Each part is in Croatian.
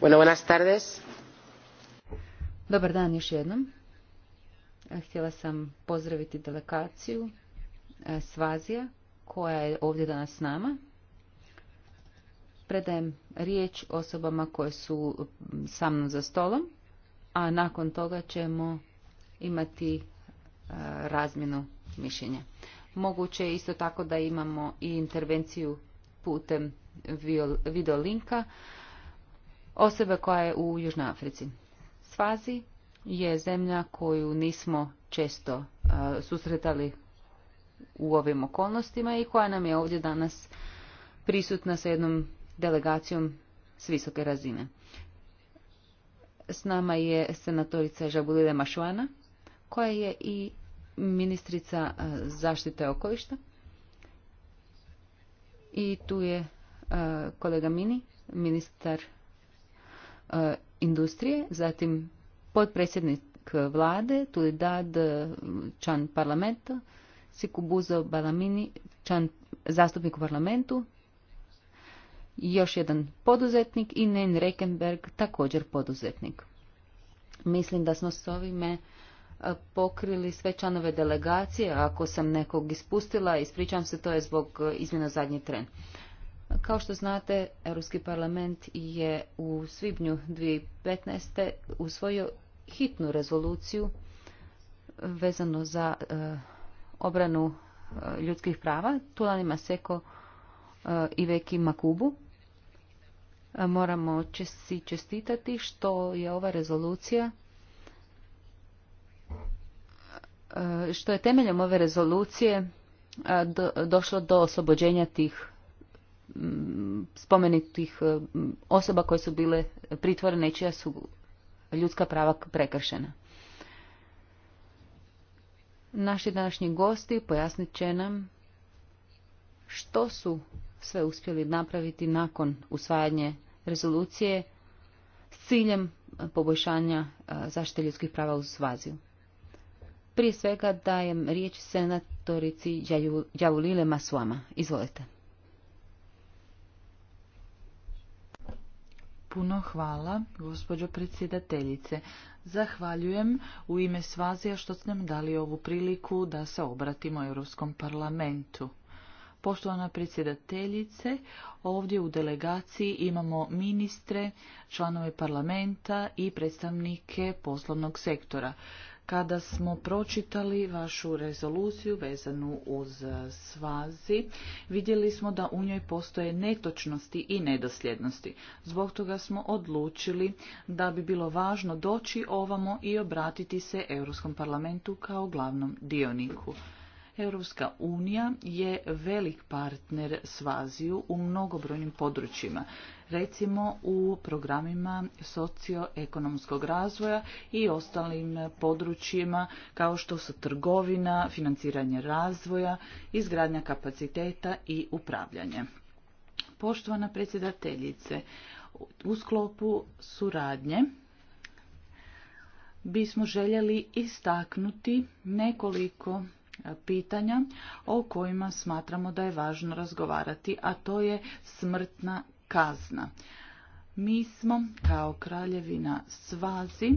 Bueno, buenas tardes. Dobar dan još jednom. E, htjela sam pozdraviti delegaciju e, Svazija koja je ovdje danas s nama. Predajem riječ osobama koje su sa mnom za stolom, a nakon toga ćemo imati e, razmjenu mišljenja. Moguće je isto tako da imamo i intervenciju putem video linka osobe koja je u Južnoj Africi. Svazi je zemlja koju nismo često uh, susretali u ovim okolnostima i koja nam je ovdje danas prisutna sa jednom delegacijom s visoke razine. S nama je senatorica Žabulile Mašuana, koja je i ministrica uh, zaštite okolišta. I tu je uh, kolega Mini, ministar E, industrije, zatim potpredsjednik vlade dad e, član parlamenta, Sikubuzo Balamini član zastupnik u parlamentu, još jedan poduzetnik i Nen Rekenberg također poduzetnik. Mislim da smo s ovime e, pokrili sve članove delegacije, ako sam nekog ispustila, ispričam se, to je zbog izmjena zadnji tren. Kao što znate, Europski parlament je u svibnju 2015. usvojio hitnu rezoluciju vezano za eh, obranu eh, ljudskih prava Tulani Maseko eh, i Veki Makubu. Moramo si čestitati što je ova rezolucija što je temeljem ove rezolucije došlo do oslobođenja tih spomenutih e, osoba koje su bile pritvorene čija su ljudska prava prekršena. Naši današnji gosti pojasnit će nam što su sve uspjeli napraviti nakon usvajanje rezolucije s ciljem poboljšanja e, zaštite ljudskih prava u Svaziju. Prije svega dajem riječ senatorici s Masuama. Izvolite. Puno hvala, gospođo predsjedateljice. Zahvaljujem u ime Svazija što ste nam dali ovu priliku da se obratimo Europskom parlamentu. Poštovana predsjedateljice, ovdje u delegaciji imamo ministre, članove parlamenta i predstavnike poslovnog sektora. Kada smo pročitali vašu rezoluciju vezanu uz svazi, vidjeli smo da u njoj postoje netočnosti i nedosljednosti. Zbog toga smo odlučili da bi bilo važno doći ovamo i obratiti se Europskom parlamentu kao glavnom dioniku. Europska unija je velik partner Svaziju u mnogobrojnim područjima, recimo u programima socioekonomskog razvoja i ostalim područjima kao što su trgovina, financiranje razvoja, izgradnja kapaciteta i upravljanje. Poštovana predsjedateljice, u sklopu suradnje bismo željeli istaknuti nekoliko pitanja o kojima smatramo da je važno razgovarati, a to je smrtna kazna. Mi smo kao kraljevina Svazi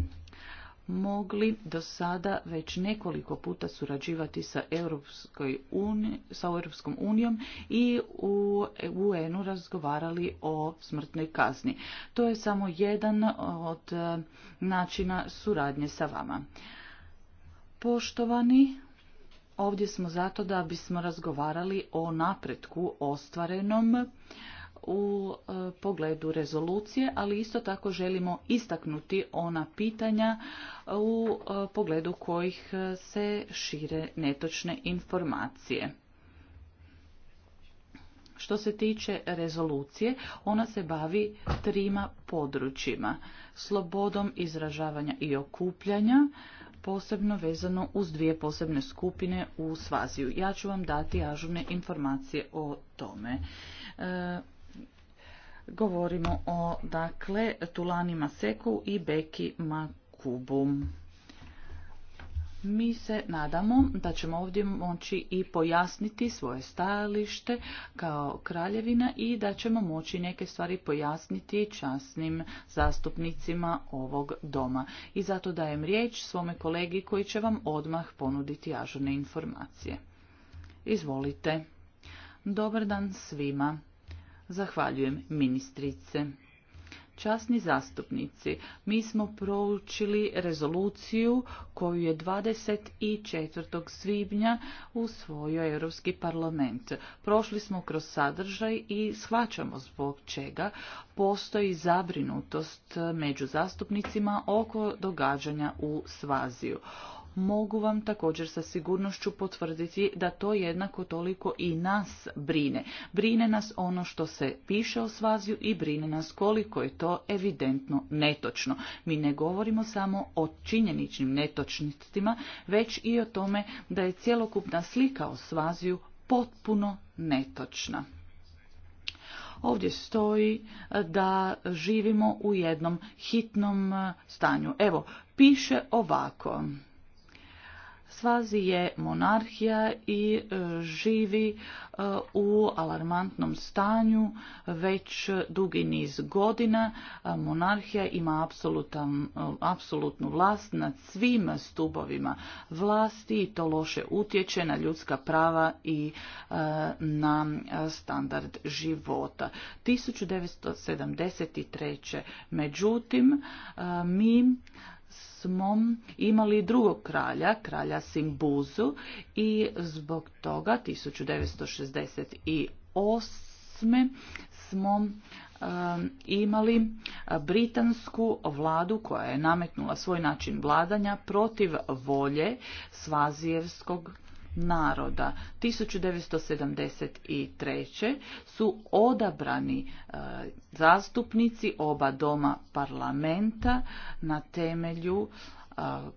mogli do sada već nekoliko puta surađivati sa, Europskoj uni, sa Europskom unijom i u UN-u razgovarali o smrtnoj kazni. To je samo jedan od e, načina suradnje sa vama. Poštovani Ovdje smo zato da bismo razgovarali o napretku ostvarenom u e, pogledu rezolucije, ali isto tako želimo istaknuti ona pitanja u e, pogledu kojih e, se šire netočne informacije. Što se tiče rezolucije, ona se bavi trima područjima: slobodom izražavanja i okupljanja, posebno vezano uz dvije posebne skupine u Svaziju. Ja ću vam dati ažurne informacije o tome. E, govorimo o dakle Tulanima Seku i Beki Makubu. Mi se nadamo da ćemo ovdje moći i pojasniti svoje stajalište kao kraljevina i da ćemo moći neke stvari pojasniti časnim zastupnicima ovog doma. I zato dajem riječ svome kolegi koji će vam odmah ponuditi ažurne informacije. Izvolite. Dobar dan svima. Zahvaljujem ministrice. Časni zastupnici, mi smo proučili rezoluciju koju je 24. svibnja usvojio Europski parlament. Prošli smo kroz sadržaj i shvaćamo zbog čega postoji zabrinutost među zastupnicima oko događanja u Svaziju mogu vam također sa sigurnošću potvrditi da to jednako toliko i nas brine. Brine nas ono što se piše o svaziju i brine nas koliko je to evidentno netočno. Mi ne govorimo samo o činjeničnim netočnostima, već i o tome da je cjelokupna slika o svaziju potpuno netočna. Ovdje stoji da živimo u jednom hitnom stanju. Evo, piše ovako. Svazi je monarhija i e, živi e, u alarmantnom stanju već dugi niz godina. E, monarhija ima apsolutnu vlast nad svim stubovima vlasti i to loše utječe na ljudska prava i na standard života. 1973. Međutim, mi smo imali drugog kralja, kralja Simbuzu i zbog toga 1968. smo um, imali britansku vladu koja je nametnula svoj način vladanja protiv volje Svazijevskog naroda 1973. su odabrani e, zastupnici oba doma parlamenta na temelju e,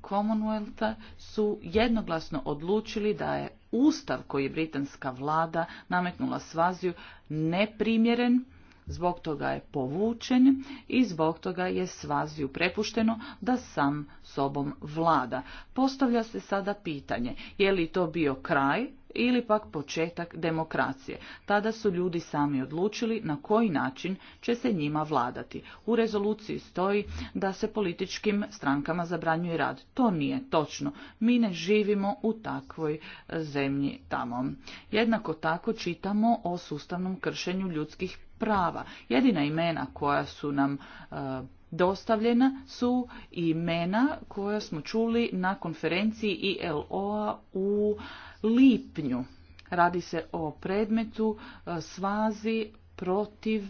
Commonwealtha su jednoglasno odlučili da je ustav koji je britanska vlada nametnula svaziju neprimjeren Zbog toga je povučen i zbog toga je Svaziju prepušteno da sam sobom vlada. Postavlja se sada pitanje je li to bio kraj ili pak početak demokracije. Tada su ljudi sami odlučili na koji način će se njima vladati. U rezoluciji stoji da se političkim strankama zabranjuje rad. To nije točno. Mi ne živimo u takvoj zemlji tamo. Jednako tako čitamo o sustavnom kršenju ljudskih prava. Jedina imena koja su nam e, dostavljena su imena koja smo čuli na konferenciji ILO-a u lipnju. Radi se o predmetu e, svazi protiv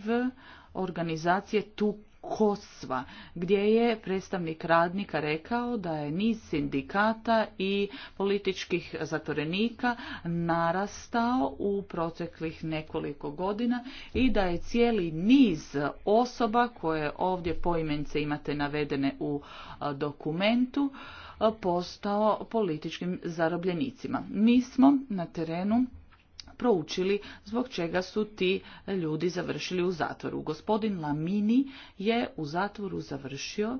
organizacije tu. Kosva, gdje je predstavnik radnika rekao da je niz sindikata i političkih zatvorenika narastao u proteklih nekoliko godina i da je cijeli niz osoba koje ovdje poimence imate navedene u dokumentu postao političkim zarobljenicima. Mi smo na terenu proučili zbog čega su ti ljudi završili u zatvoru. Gospodin Lamini je u zatvoru završio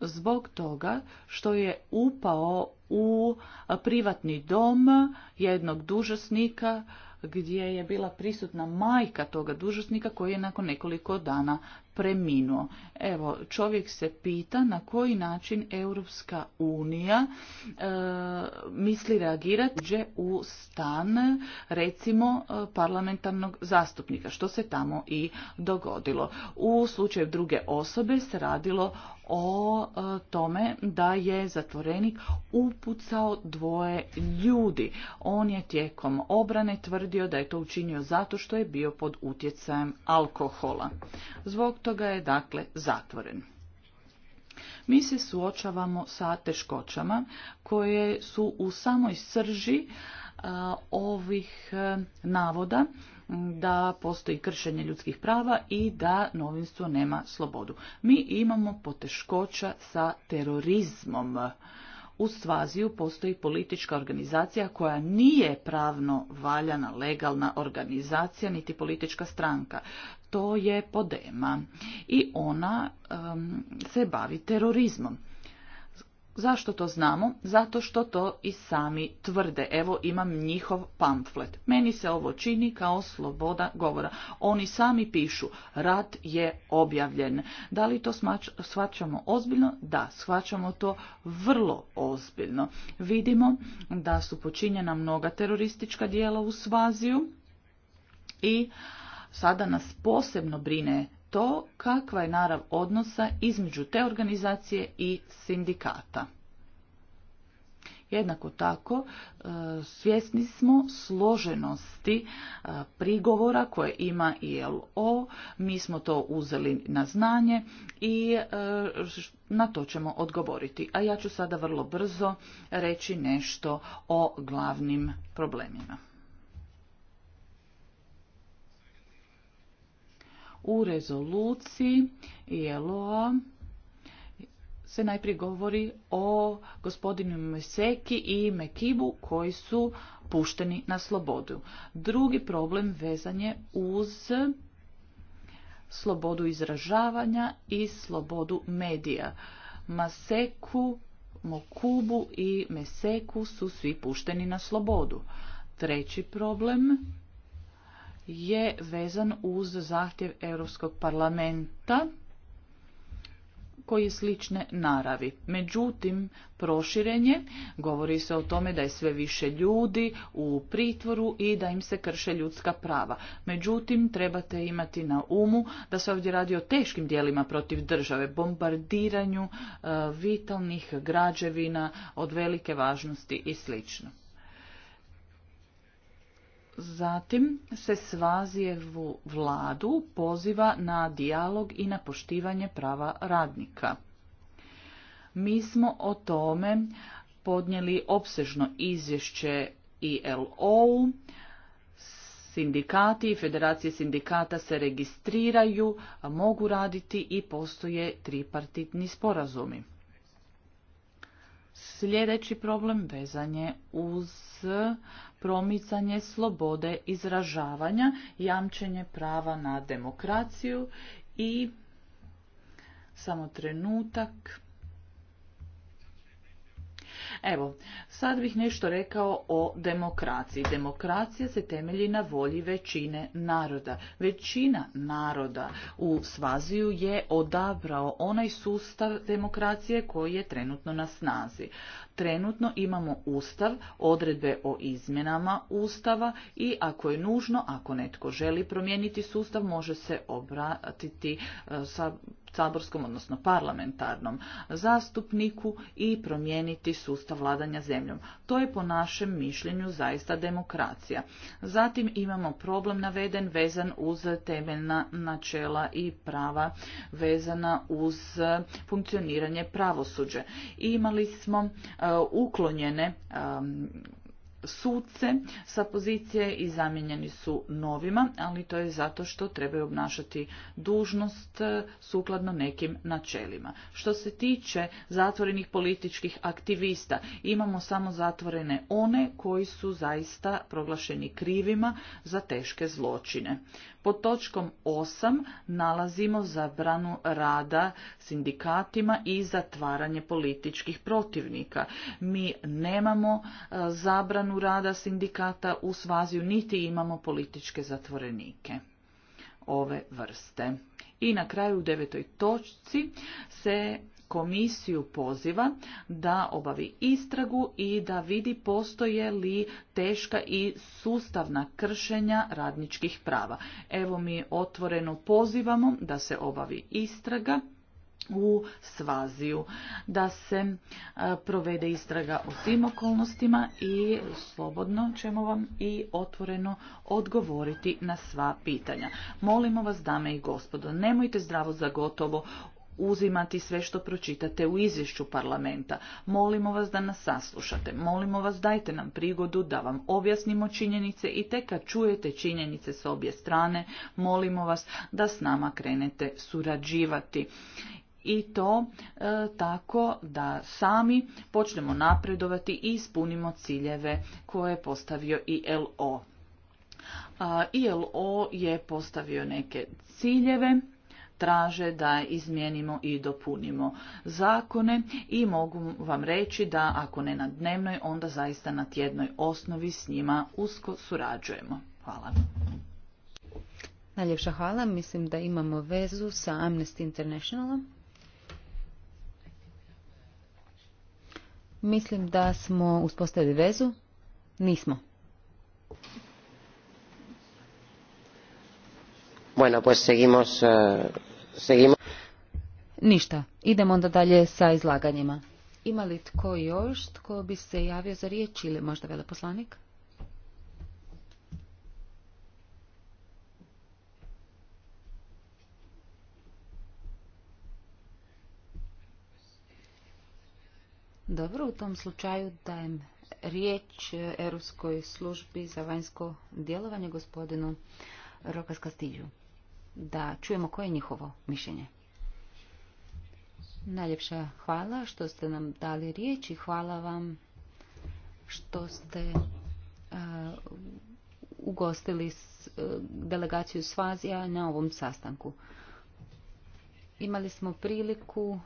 zbog toga što je upao u privatni dom jednog dužasnika gdje je bila prisutna majka toga dužnosnika koji je nakon nekoliko dana preminuo. Evo, čovjek se pita na koji način Europska unija e, misli reagirati u stan recimo e, parlamentarnog zastupnika, što se tamo i dogodilo. U slučaju druge osobe se radilo o e, tome da je zatvorenik upucao dvoje ljudi. On je tijekom obrane tvrdio da je to učinio zato što je bio pod utjecajem alkohola. Zbog toga je dakle zatvoren. Mi se suočavamo sa teškoćama koje su u samoj srži e, ovih e, navoda da postoji kršenje ljudskih prava i da novinstvo nema slobodu. Mi imamo poteškoća sa terorizmom. U Svaziju postoji politička organizacija koja nije pravno valjana legalna organizacija niti politička stranka. To je podema i ona se bavi terorizmom. Zašto to znamo? Zato što to i sami tvrde. Evo imam njihov pamflet. Meni se ovo čini kao sloboda govora. Oni sami pišu, rat je objavljen. Da li to shvaćamo ozbiljno? Da, shvaćamo to vrlo ozbiljno. Vidimo da su počinjena mnoga teroristička dijela u Svaziju i sada nas posebno brine to kakva je narav odnosa između te organizacije i sindikata. Jednako tako e, svjesni smo složenosti e, prigovora koje ima ILO, mi smo to uzeli na znanje i e, na to ćemo odgovoriti. A ja ću sada vrlo brzo reći nešto o glavnim problemima. U rezoluciji ilo se najprije govori o gospodinu Meseki i Mekibu koji su pušteni na slobodu. Drugi problem vezan je uz slobodu izražavanja i slobodu medija. Maseku, Mokubu i Meseku su svi pušteni na slobodu. Treći problem je vezan uz zahtjev Europskog parlamenta koji je slične naravi. Međutim, proširenje govori se o tome da je sve više ljudi u pritvoru i da im se krše ljudska prava. Međutim, trebate imati na umu da se ovdje radi o teškim dijelima protiv države, bombardiranju e, vitalnih građevina od velike važnosti i slično. Zatim se Svazijevu vladu poziva na dijalog i na poštivanje prava radnika. Mi smo o tome podnijeli opsežno izvješće ilo Sindikati i federacije sindikata se registriraju, mogu raditi i postoje tripartitni sporazumi. Sljedeći problem vezan je uz promicanje slobode izražavanja, jamčenje prava na demokraciju i samo trenutak. Evo, sad bih nešto rekao o demokraciji. Demokracija se temelji na volji većine naroda. Većina naroda u Svaziju je odabrao onaj sustav demokracije koji je trenutno na snazi. Trenutno imamo ustav, odredbe o izmjenama ustava i ako je nužno, ako netko želi promijeniti sustav, može se obratiti e, sa saborskom, odnosno parlamentarnom zastupniku i promijeniti sustav vladanja zemljom. To je po našem mišljenju zaista demokracija. Zatim imamo problem naveden vezan uz temeljna načela i prava vezana uz funkcioniranje pravosuđe. Imali smo e, E, uklonjene e, suce sa pozicije i zamijenjeni su novima, ali to je zato što trebaju obnašati dužnost e, sukladno nekim načelima. Što se tiče zatvorenih političkih aktivista, imamo samo zatvorene one koji su zaista proglašeni krivima za teške zločine. Pod točkom 8 nalazimo zabranu rada sindikatima i zatvaranje političkih protivnika. Mi nemamo e, zabranu rada sindikata u Svaziju, niti imamo političke zatvorenike ove vrste. I na kraju u devetoj točci se komisiju poziva da obavi istragu i da vidi postoje li teška i sustavna kršenja radničkih prava. Evo mi otvoreno pozivamo da se obavi istraga u Svaziju, da se e, provede istraga o svim okolnostima i slobodno ćemo vam i otvoreno odgovoriti na sva pitanja. Molimo vas, dame i gospodo, nemojte zdravo za gotovo uzimati sve što pročitate u izvješću parlamenta. Molimo vas da nas saslušate, molimo vas dajte nam prigodu da vam objasnimo činjenice i tek kad čujete činjenice s obje strane, molimo vas da s nama krenete surađivati i to e, tako da sami počnemo napredovati i ispunimo ciljeve koje je postavio ILO. ILO je postavio neke ciljeve traže da izmijenimo i dopunimo zakone i mogu vam reći da ako ne na dnevnoj, onda zaista na tjednoj osnovi s njima usko surađujemo. Hvala. Najljepša hvala. Mislim da imamo vezu sa Amnesty Internationalom. Mislim da smo uspostavili vezu. Nismo. Bueno, pues seguimos, eh, seguimos. Ništa. Idemo onda dalje sa izlaganjima. Ima li tko još tko bi se javio za riječ ili možda veleposlanik? Dobro, u tom slučaju dajem riječ Europskoj službi za vanjsko djelovanje gospodinu Rokas Kastilju da čujemo koje je njihovo mišljenje. Najljepša hvala što ste nam dali riječ i hvala vam što ste uh, ugostili s, e, delegaciju Svazija na ovom sastanku. Imali smo priliku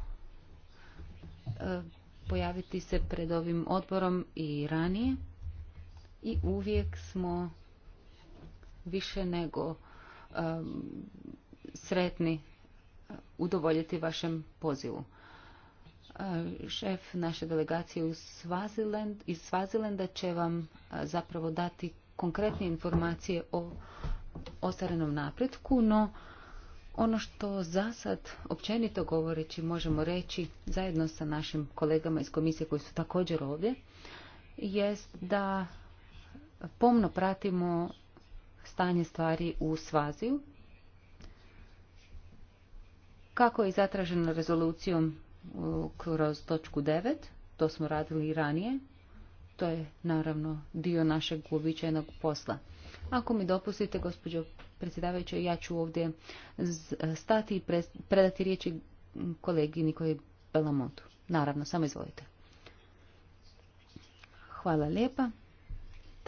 e, pojaviti se pred ovim odborom i ranije i uvijek smo više nego Um, sretni uh, udovoljiti vašem pozivu. Uh, šef naše delegacije iz Svazilenda će vam uh, zapravo dati konkretne informacije o ostvarenom napretku, no ono što za sad, općenito govoreći, možemo reći zajedno sa našim kolegama iz komisije koji su također ovdje, jest da pomno pratimo stanje stvari u Svaziju, kako je zatraženo rezolucijom kroz točku 9, to smo radili i ranije, to je naravno dio našeg uobičajenog posla. Ako mi dopustite, gospođo predsjedavajuća, ja ću ovdje stati i predati riječi kolegi Nikoli Belamontu. Naravno, samo izvolite. Hvala lijepa.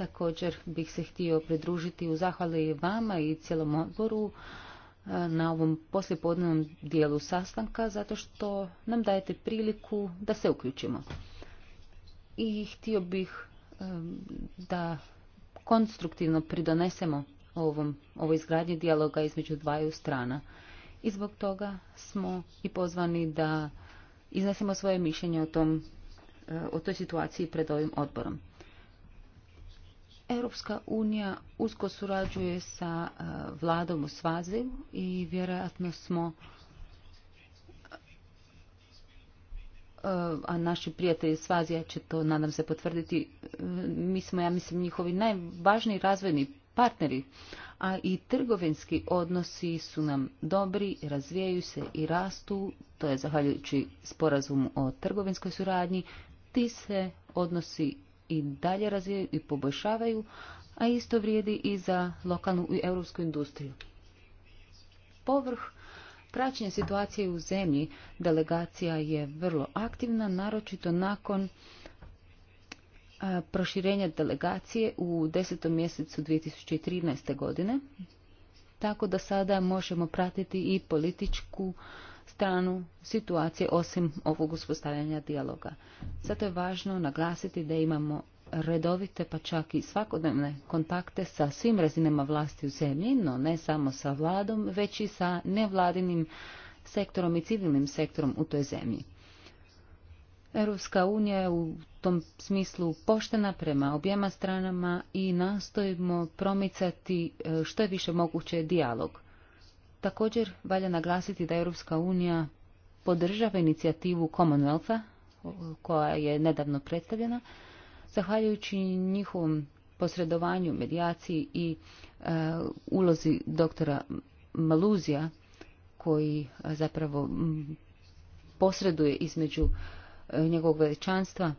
Također bih se htio pridružiti u zahvali vama i cijelom odboru e, na ovom poslijepodnevnom dijelu sastanka zato što nam dajete priliku da se uključimo. I htio bih e, da konstruktivno pridonesemo ovom, ovoj izgradnji dijaloga između dvaju strana. I zbog toga smo i pozvani da iznesemo svoje mišljenje o, tom, e, o toj situaciji pred ovim odborom. Europska unija usko surađuje sa e, vladom u Svazi i vjerojatno smo e, a naši prijatelji Svazija će to, nadam se, potvrditi. E, mi smo, ja mislim, njihovi najvažniji razvojni partneri, a i trgovinski odnosi su nam dobri, razvijaju se i rastu, to je zahvaljujući sporazumu o trgovinskoj suradnji, ti se odnosi i dalje razvijaju i poboljšavaju, a isto vrijedi i za lokalnu i europsku industriju. Povrh praćenja situacije u zemlji delegacija je vrlo aktivna, naročito nakon proširenja delegacije u 10. mjesecu 2013. godine, tako da sada možemo pratiti i političku stranu situacije osim ovog uspostavljanja dijaloga. Zato je važno naglasiti da imamo redovite pa čak i svakodnevne kontakte sa svim razinama vlasti u zemlji, no ne samo sa vladom, već i sa nevladinim sektorom i civilnim sektorom u toj zemlji. Europska unija je u tom smislu poštena prema objema stranama i nastojimo promicati e, što je više moguće dijalog. Također valja naglasiti da Europska unija podržava inicijativu Commonwealtha koja je nedavno predstavljena, zahvaljujući njihovom posredovanju, medijaciji i e, ulozi doktora Maluzija koji e, zapravo posreduje između e, njegovog veličanstva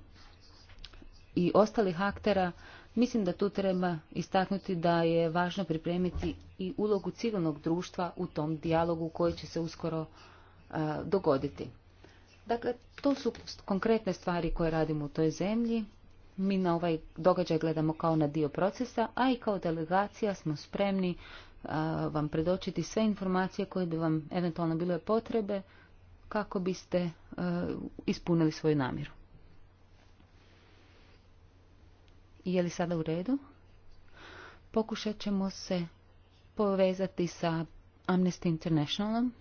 i ostalih aktera Mislim da tu treba istaknuti da je važno pripremiti i ulogu civilnog društva u tom dijalogu koji će se uskoro e, dogoditi. Dakle, to su konkretne stvari koje radimo u toj zemlji. Mi na ovaj događaj gledamo kao na dio procesa, a i kao delegacija smo spremni e, vam predočiti sve informacije koje bi vam eventualno bile potrebe kako biste e, ispunili svoju namjeru. Je li sada u redu? Pokušat ćemo se povezati sa Amnesty Internationalom.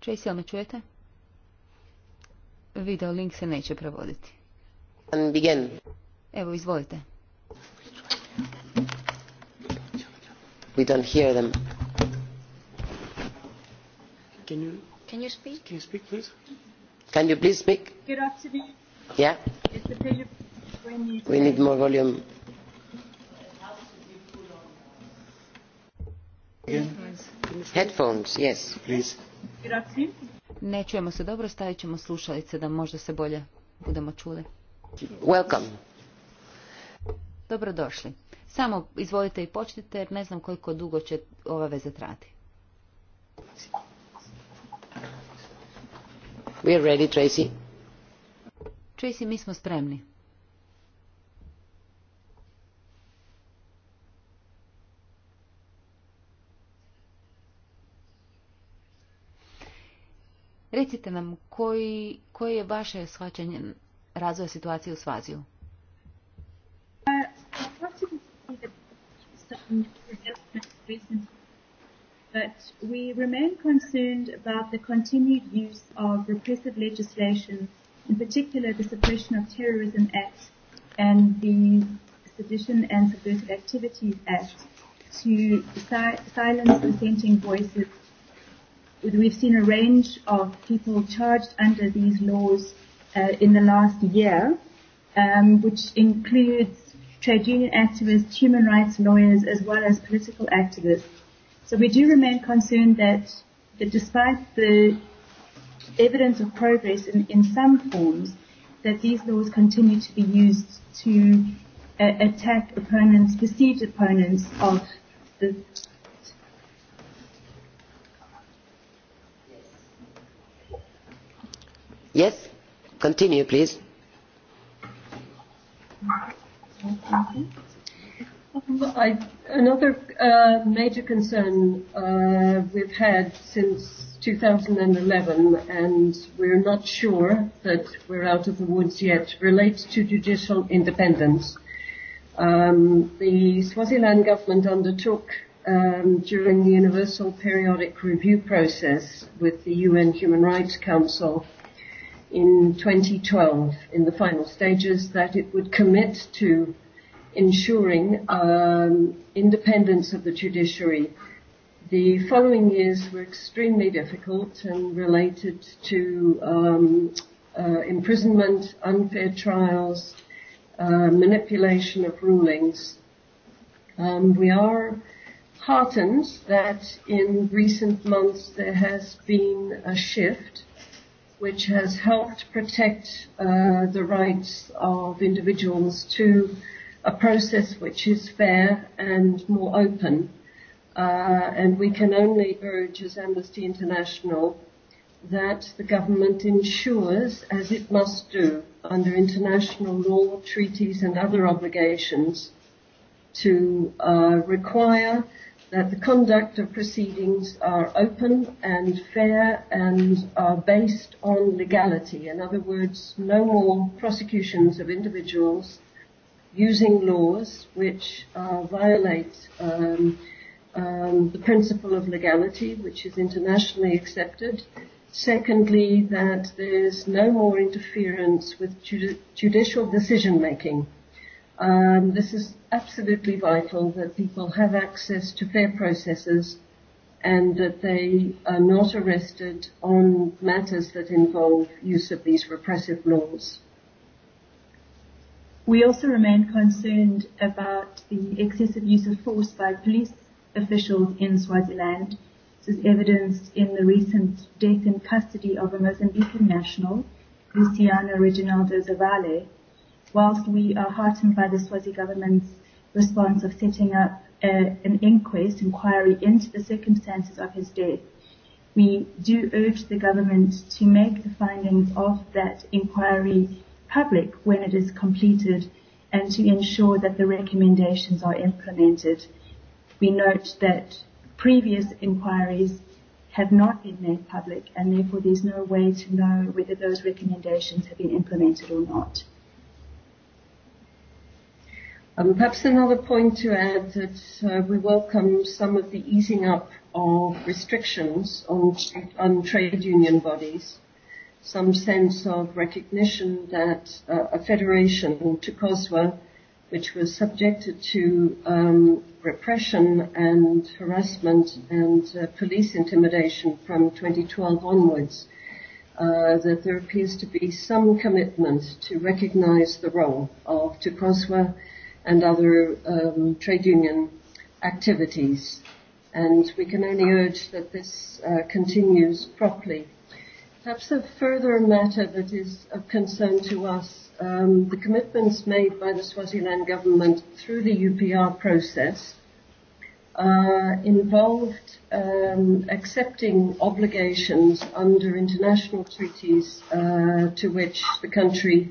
Tracy, jel me čujete? Video link se neće prevoditi. Evo, izvolite. We don't hear them. Can you, can you speak? Can you speak, please? Can you please speak? Good afternoon. Yeah. It's the when you we need more volume. Headphones, yes. Please. Good afternoon. Ne čujemo se dobro, stavit ćemo slušalice da možda se bolje budemo čuli. Welcome. Dobrodošli. Samo izvolite i počnite jer ne znam koliko dugo će ova veza trati. We are ready, Tracy. Tracy, mi smo spremni. Recite nam, koji, koji je vaše shvaćanje razvoja situacije u Svaziju? but we remain concerned about the continued use of repressive legislation, in particular the Suppression of Terrorism Act and the Sedition and Subversive Activities Act, to si- silence dissenting voices. We've seen a range of people charged under these laws uh, in the last year, um, which includes trade union activists, human rights lawyers, as well as political activists. So we do remain concerned that, that despite the evidence of progress in, in some forms, that these laws continue to be used to uh, attack opponents, perceived opponents of the Yes, continue please. I, another uh, major concern uh, we've had since 2011, and we're not sure that we're out of the woods yet, relates to judicial independence. Um, the Swaziland government undertook um, during the Universal Periodic Review process with the UN Human Rights Council in 2012 in the final stages that it would commit to ensuring um, independence of the judiciary. The following years were extremely difficult and related to um, uh, imprisonment, unfair trials, uh, manipulation of rulings. Um, we are heartened that in recent months there has been a shift which has helped protect uh, the rights of individuals to a process which is fair and more open. Uh, and we can only urge as Amnesty International that the government ensures, as it must do under international law, treaties and other obligations, to uh, require that the conduct of proceedings are open and fair and are based on legality. In other words, no more prosecutions of individuals using laws which uh, violate um, um, the principle of legality, which is internationally accepted. Secondly, that there's no more interference with judi- judicial decision making. Um, this is absolutely vital that people have access to fair processes and that they are not arrested on matters that involve use of these repressive laws. We also remain concerned about the excessive use of force by police officials in Swaziland. This is evidenced in the recent death in custody of a Mozambican national, Luciano Reginaldo Zavale. Whilst we are heartened by the Swazi government's response of setting up a, an inquest inquiry into the circumstances of his death. We do urge the government to make the findings of that inquiry public when it is completed and to ensure that the recommendations are implemented. We note that previous inquiries have not been made public and therefore there's no way to know whether those recommendations have been implemented or not. Um, perhaps another point to add that uh, we welcome some of the easing up of restrictions on, on trade union bodies, some sense of recognition that uh, a federation to COSWA, which was subjected to um, repression and harassment and uh, police intimidation from 2012 onwards, uh, that there appears to be some commitment to recognize the role of TUCOSWA and other um, trade union activities. And we can only urge that this uh, continues properly. Perhaps a further matter that is of concern to us, um, the commitments made by the Swaziland government through the UPR process uh, involved um, accepting obligations under international treaties uh, to which the country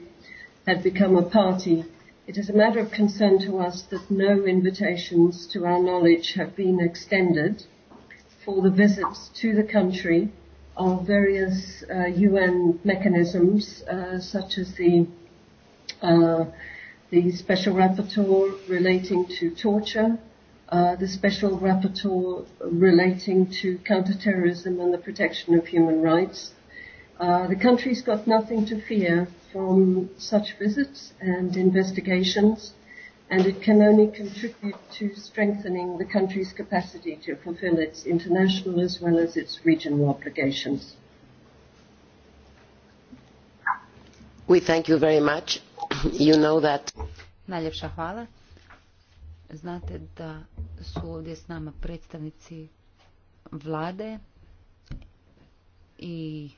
had become a party It is a matter of concern to us that no invitations to our knowledge have been extended for the visits to the country of various uh, UN mechanisms uh, such as the uh, the special rapporteur relating to torture, uh, the special rapporteur relating to counterterrorism and the protection of human rights, Uh, the country's got nothing to fear from such visits and investigations, and it can only contribute to strengthening the country's capacity to fulfill its international as well as its regional obligations. We thank you very much. You know that. Najljepša hvala. Znate da su ovdje s nama predstavnici vlade i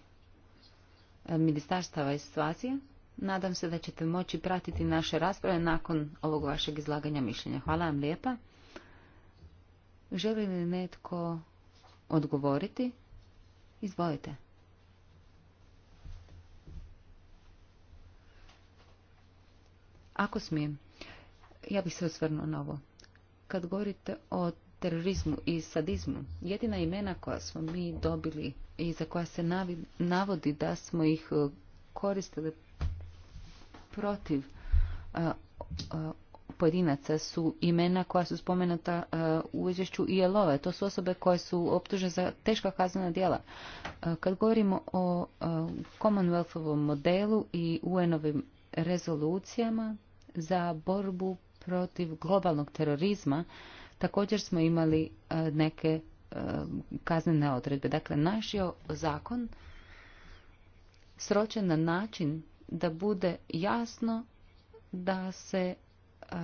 ministarstava i situacije. Nadam se da ćete moći pratiti naše rasprave nakon ovog vašeg izlaganja mišljenja. Hvala vam lijepa. Želi li netko odgovoriti? Izvolite. Ako smijem, ja bih se osvrnuo na ovo. Kad govorite o terorizmu i sadizmu, jedina imena koja smo mi dobili i za koja se navodi da smo ih e, koristili protiv e, e, pojedinaca su imena koja su spomenuta u izvješću ILO-a. To su osobe koje su optužene za teška kaznena djela. Kad govorimo o Commonwealthovom modelu i UN-ovim rezolucijama za borbu protiv globalnog terorizma, također smo imali neke E, kaznene odredbe. Dakle, naš je zakon sročen na način da bude jasno da se e,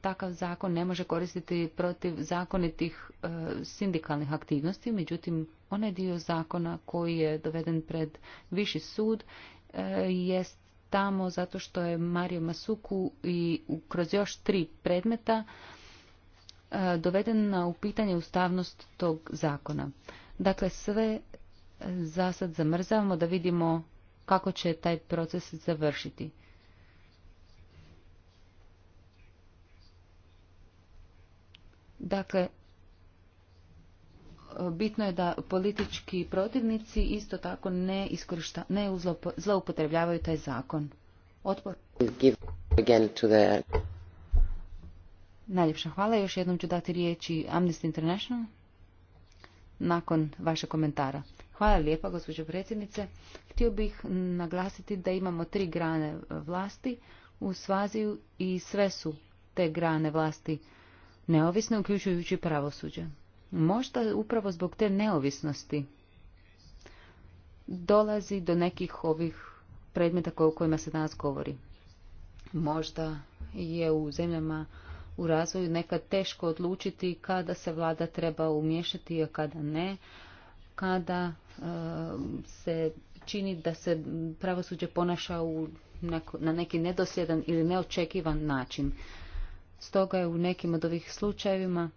takav zakon ne može koristiti protiv zakonitih e, sindikalnih aktivnosti, međutim onaj dio zakona koji je doveden pred viši sud jest tamo zato što je Mario Masuku i kroz još tri predmeta E, dovedena u pitanje ustavnost tog zakona. Dakle, sve za sad zamrzavamo da vidimo kako će taj proces završiti. Dakle, bitno je da politički protivnici isto tako ne, ne zloupotrebljavaju taj zakon. Najljepša hvala. Još jednom ću dati riječi Amnesty International nakon vašeg komentara. Hvala lijepa, gospođo predsjednice. Htio bih naglasiti da imamo tri grane vlasti u Svaziju i sve su te grane vlasti neovisne, uključujući pravosuđe. Možda upravo zbog te neovisnosti dolazi do nekih ovih predmeta o kojima se danas govori. Možda je u zemljama u razvoju nekad teško odlučiti kada se vlada treba umješati, a kada ne, kada e, se čini da se pravosuđe ponaša u neko, na neki nedosljedan ili neočekivan način. Stoga je u nekim od ovih slučajevima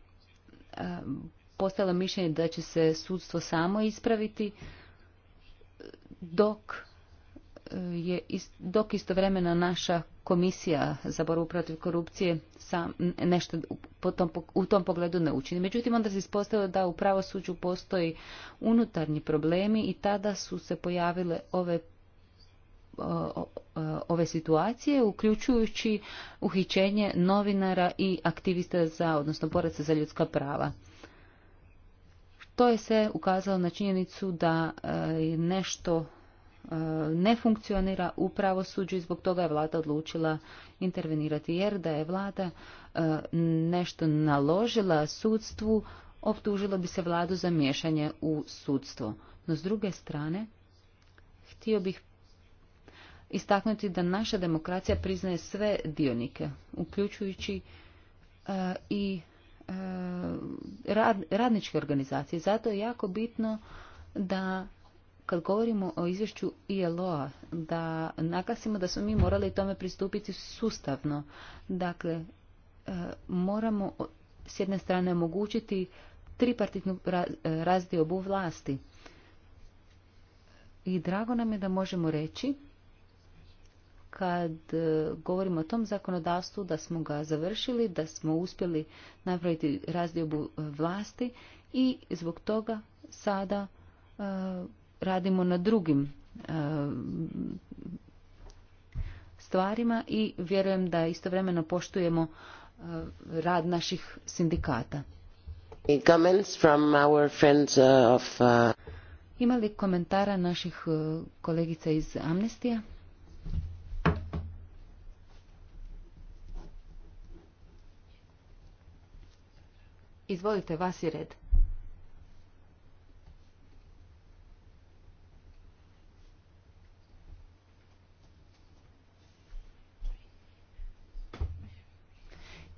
e, postalo mišljenje da će se sudstvo samo ispraviti dok e, je dok istovremeno naša komisija za borbu protiv korupcije sam nešto u tom, pogledu ne učini. Međutim, onda se ispostavilo da u pravosuđu postoji unutarnji problemi i tada su se pojavile ove ove situacije, uključujući uhićenje novinara i aktivista za, odnosno boraca za ljudska prava. To je se ukazalo na činjenicu da je nešto ne funkcionira u pravosuđu i zbog toga je vlada odlučila intervenirati jer da je vlada e, nešto naložila sudstvu, optužilo bi se vladu za miješanje u sudstvo. No s druge strane, htio bih istaknuti da naša demokracija priznaje sve dionike, uključujući e, i e, radničke organizacije. Zato je jako bitno da kad govorimo o izvješću ILO-a, da naglasimo da smo mi morali tome pristupiti sustavno. Dakle, e, moramo s jedne strane omogućiti tripartitnu e, razdiobu vlasti. I drago nam je da možemo reći kad e, govorimo o tom zakonodavstvu da smo ga završili, da smo uspjeli napraviti razdiobu vlasti i zbog toga sada radimo na drugim e, stvarima i vjerujem da istovremeno poštujemo e, rad naših sindikata. Uh, uh, Ima li komentara naših e, kolegica iz Amnestija? Izvolite, vas je red.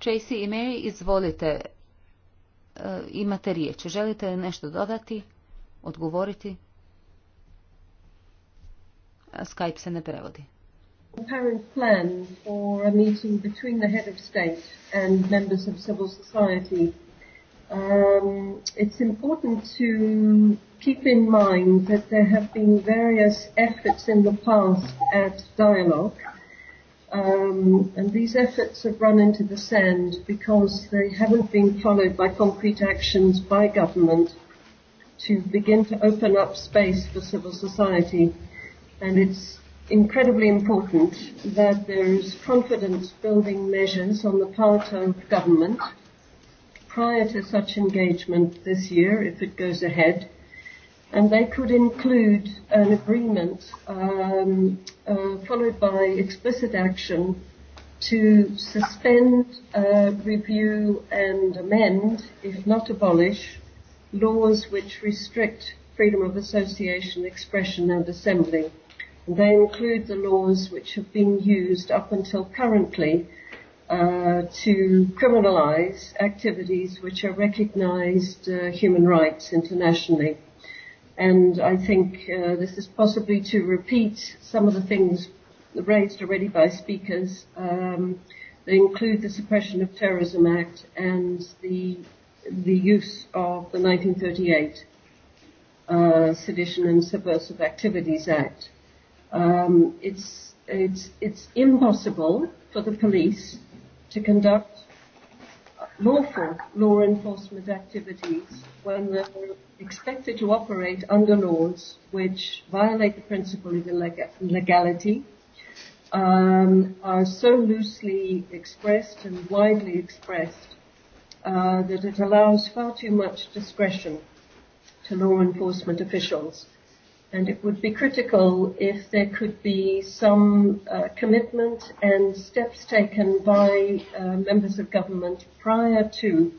Tracy i Mary, izvolite, uh imate riječ. Želite nešto dodati, odgovoriti? Skype se ne prevodi. Apparent plan for a meeting between the head of state and members of civil society. Um, it's important to keep in mind that there have been various efforts in the past at dialogue um, and these efforts have run into the sand because they haven't been followed by concrete actions by government to begin to open up space for civil society. And it's incredibly important that there is confidence building measures on the part of government prior to such engagement this year if it goes ahead and they could include an agreement um, uh, followed by explicit action to suspend, uh, review and amend, if not abolish, laws which restrict freedom of association, expression and assembly. And they include the laws which have been used up until currently uh, to criminalize activities which are recognized uh, human rights internationally and I think uh, this is possibly to repeat some of the things raised already by speakers. Um, they include the Suppression of Terrorism Act and the the use of the 1938 uh, Sedition and Subversive Activities Act. Um, it's it's it's impossible for the police to conduct lawful law enforcement activities when they're expected to operate under laws which violate the principle of legality, um, are so loosely expressed and widely expressed uh, that it allows far too much discretion to law enforcement officials and it would be critical if there could be some uh, commitment and steps taken by uh, members of government prior to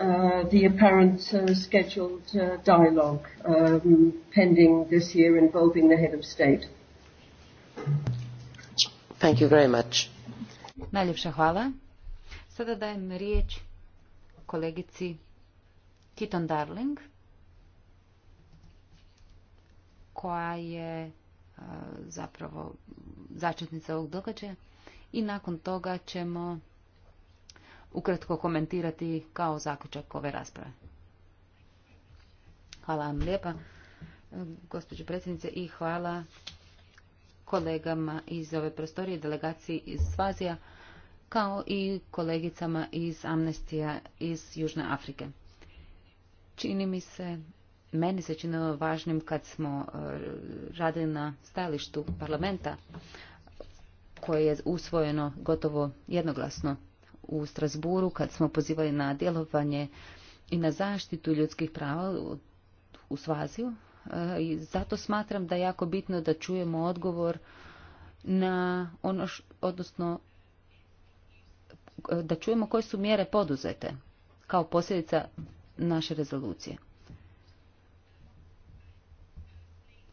uh, the apparent uh, scheduled uh, dialogue um, pending this year involving the head of state. Thank you very much. Najljepša hvala. Sada dajem riječ kolegici Kiton Darling koja je e, zapravo začetnica ovog događaja i nakon toga ćemo ukratko komentirati kao zaključak ove rasprave. Hvala vam lijepa, e, gospođo predsjednice, i hvala kolegama iz ove prostorije, delegaciji iz Svazija, kao i kolegicama iz Amnestija iz Južne Afrike. Čini mi se meni se činilo važnim kad smo e, radili na stajalištu parlamenta koje je usvojeno gotovo jednoglasno u Strasburu kad smo pozivali na djelovanje i na zaštitu ljudskih prava u Svaziju. E, I zato smatram da je jako bitno da čujemo odgovor na ono, š, odnosno e, da čujemo koje su mjere poduzete kao posljedica naše rezolucije.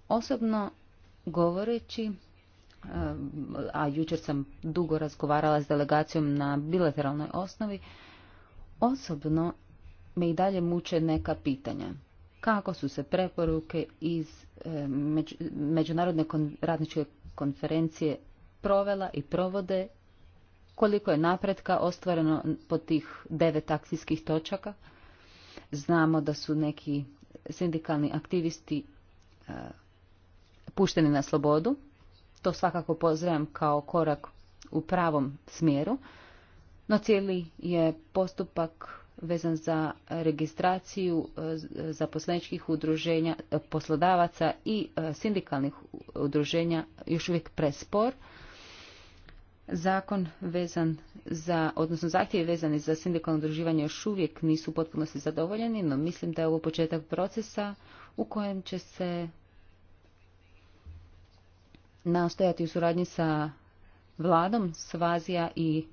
Osobno govoreći, e, a jučer sam dugo razgovarala s delegacijom na bilateralnoj osnovi, osobno me i dalje muče neka pitanja. Kako su se preporuke iz e, Međunarodne radničke konferencije provela i provode, koliko je napretka ostvareno po tih devet akcijskih točaka. Znamo da su neki sindikalni aktivisti e, pušteni na slobodu. To svakako pozdravljam kao korak u pravom smjeru. No cijeli je postupak vezan za registraciju e, zaposleničkih udruženja, e, poslodavaca i e, sindikalnih udruženja još uvijek prespor. Zakon vezan za, odnosno zahtjevi vezani za sindikalno udruživanje još uvijek nisu potpuno se zadovoljeni, no mislim da je ovo početak procesa u kojem će se nastojati u suradnji sa vladom Svazija i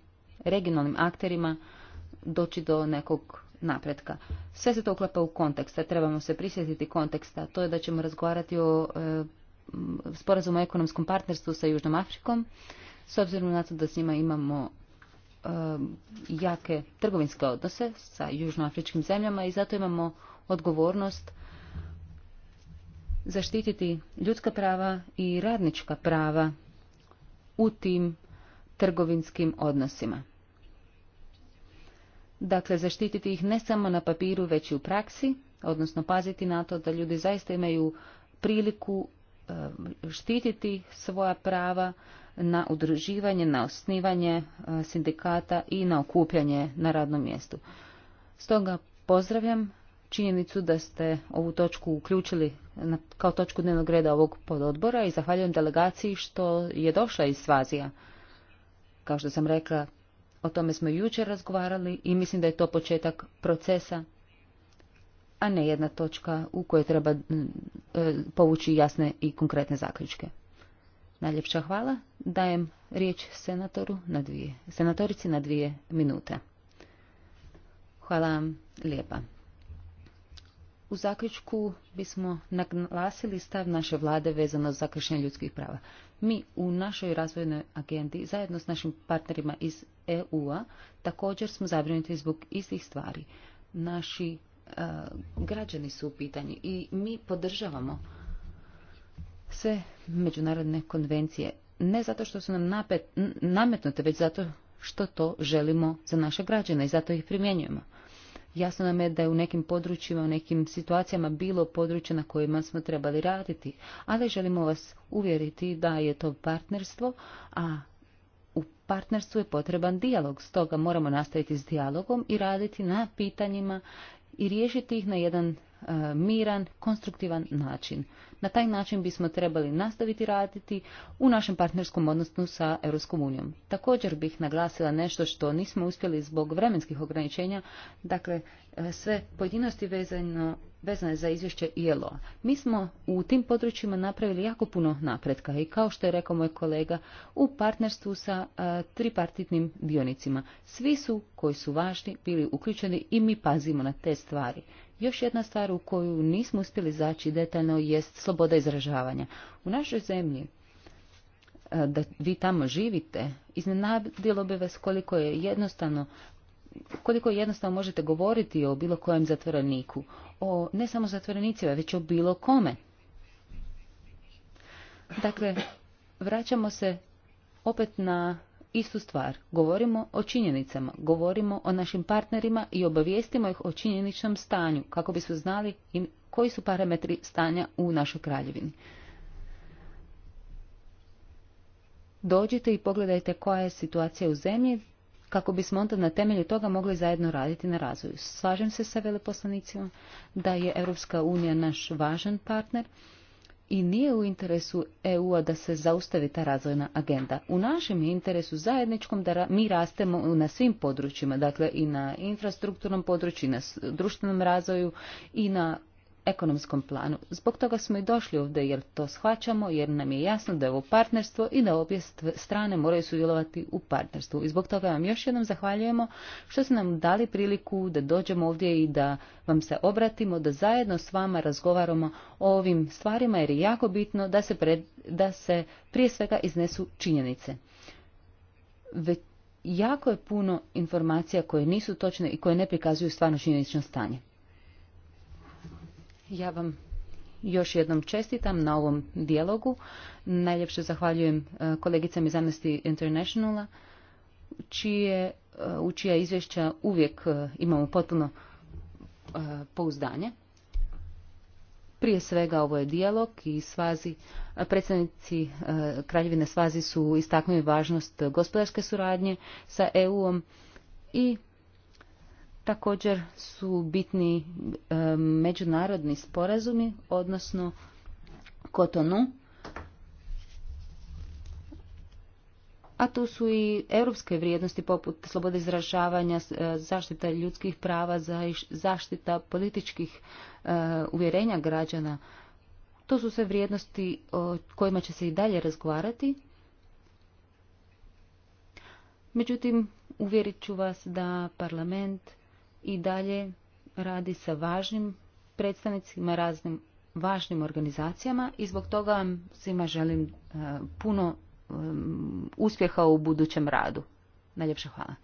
regionalnim akterima doći do nekog napretka. Sve se to uklapa u kontekst, trebamo se prisjetiti konteksta. To je da ćemo razgovarati o e, sporazumu o ekonomskom partnerstvu sa Južnom Afrikom, s obzirom na to da s njima imamo e, jake trgovinske odnose sa južnoafričkim zemljama i zato imamo odgovornost zaštititi ljudska prava i radnička prava u tim trgovinskim odnosima. Dakle, zaštititi ih ne samo na papiru, već i u praksi, odnosno paziti na to da ljudi zaista imaju priliku e, štititi svoja prava na udruživanje, na osnivanje e, sindikata i na okupljanje na radnom mjestu. Stoga pozdravljam činjenicu da ste ovu točku uključili kao točku dnevnog reda ovog pododbora i zahvaljujem delegaciji što je došla iz Svazija. Kao što sam rekla, o tome smo jučer razgovarali i mislim da je to početak procesa, a ne jedna točka u kojoj treba e, povući jasne i konkretne zaključke. Najljepša hvala. Dajem riječ senatoru na dvije, senatorici na dvije minute. Hvala vam lijepa. U zaključku bismo naglasili stav naše vlade vezano za kršenje ljudskih prava. Mi u našoj razvojnoj agendi zajedno s našim partnerima iz EU-a također smo zabrinuti zbog istih stvari. Naši e, građani su u pitanju i mi podržavamo sve međunarodne konvencije ne zato što su nam nametnute, već zato što to želimo za naše građane i zato ih primjenjujemo. Jasno nam je da je u nekim područjima, u nekim situacijama bilo područja na kojima smo trebali raditi, ali želimo vas uvjeriti da je to partnerstvo, a u partnerstvu je potreban dijalog, stoga moramo nastaviti s dijalogom i raditi na pitanjima i riješiti ih na jedan E, miran, konstruktivan način. Na taj način bismo trebali nastaviti raditi u našem partnerskom odnosu sa Europskom unijom. Također bih naglasila nešto što nismo uspjeli zbog vremenskih ograničenja, dakle e, sve pojedinosti vezano vezane za izvješće ILO. Mi smo u tim područjima napravili jako puno napretka i kao što je rekao moj kolega, u partnerstvu sa e, tripartitnim dionicima. Svi su koji su važni bili uključeni i mi pazimo na te stvari. Još jedna stvar u koju nismo uspjeli zaći detaljno jest sloboda izražavanja. U našoj zemlji e, da vi tamo živite, iznenadilo bi vas koliko je jednostavno koliko jednostavno možete govoriti o bilo kojem zatvoreniku, o ne samo zatvorenicima, već o bilo kome. Dakle, vraćamo se opet na istu stvar. Govorimo o činjenicama, govorimo o našim partnerima i obavijestimo ih o činjeničnom stanju, kako bismo znali i koji su parametri stanja u našoj kraljevini. Dođite i pogledajte koja je situacija u zemlji, kako bismo onda na temelju toga mogli zajedno raditi na razvoju. Slažem se sa veleposlanicima da je Europska unija naš važan partner, i nije u interesu EU-a da se zaustavi ta razvojna agenda. U našem je interesu zajedničkom da mi rastemo na svim područjima, dakle i na infrastrukturnom području, i na društvenom razvoju i na ekonomskom planu. Zbog toga smo i došli ovdje jer to shvaćamo, jer nam je jasno da je ovo partnerstvo i da obje strane moraju sudjelovati u partnerstvu. I zbog toga vam još jednom zahvaljujemo što ste nam dali priliku da dođemo ovdje i da vam se obratimo, da zajedno s vama razgovaramo o ovim stvarima jer je jako bitno da se, da se prije svega iznesu činjenice. jako je puno informacija koje nisu točne i koje ne prikazuju stvarno činjenično stanje. Ja vam još jednom čestitam na ovom dijalogu. Najljepše zahvaljujem e, kolegicama iz Amnesty Internationala, čije, e, u čija izvješća uvijek e, imamo potpuno pouzdanje. Prije svega ovo je dijalog i svazi, predstavnici Kraljevine Svazi su istaknuli važnost gospodarske suradnje sa EU-om i Također su bitni e, međunarodni sporazumi, odnosno Kotonu, a tu su i europske vrijednosti poput slobode izražavanja, e, zaštita ljudskih prava, zaštita političkih e, uvjerenja građana. To su sve vrijednosti o kojima će se i dalje razgovarati. Međutim, uvjerit ću vas da parlament i dalje radi sa važnim predstavnicima, raznim važnim organizacijama i zbog toga vam svima želim e, puno e, uspjeha u budućem radu. Najljepše hvala.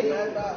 i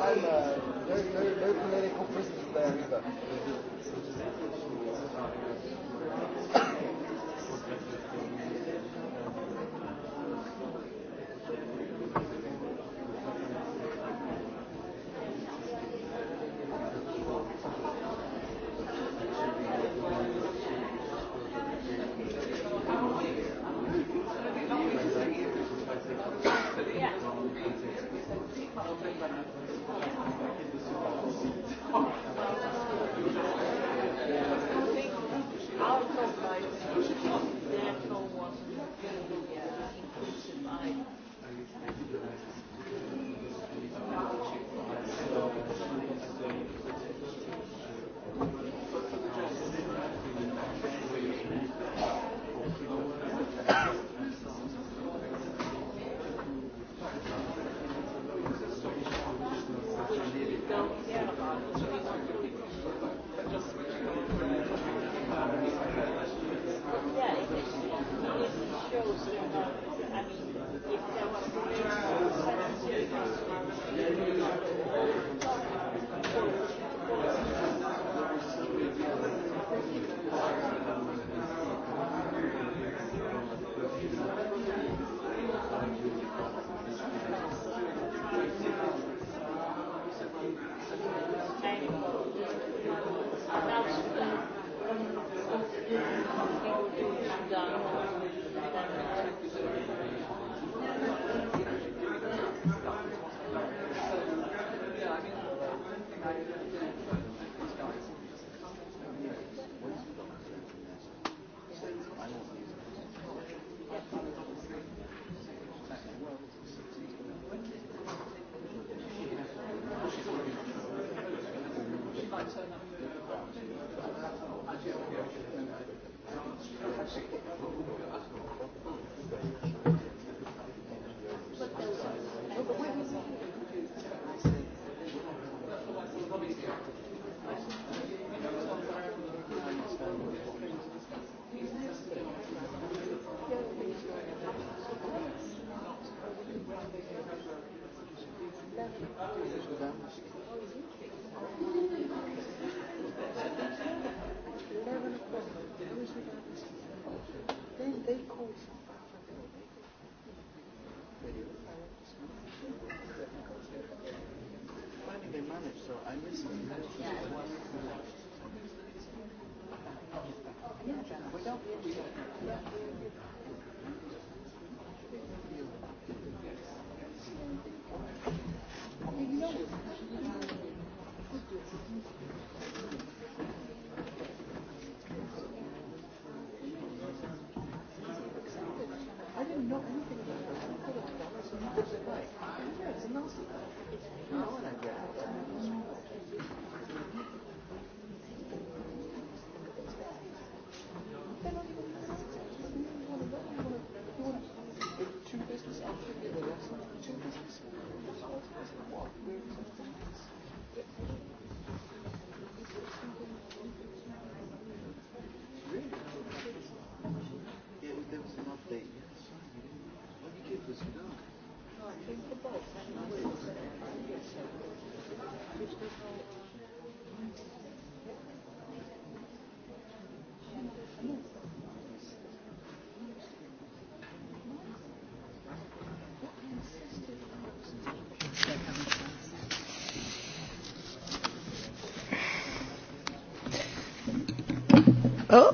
Oh.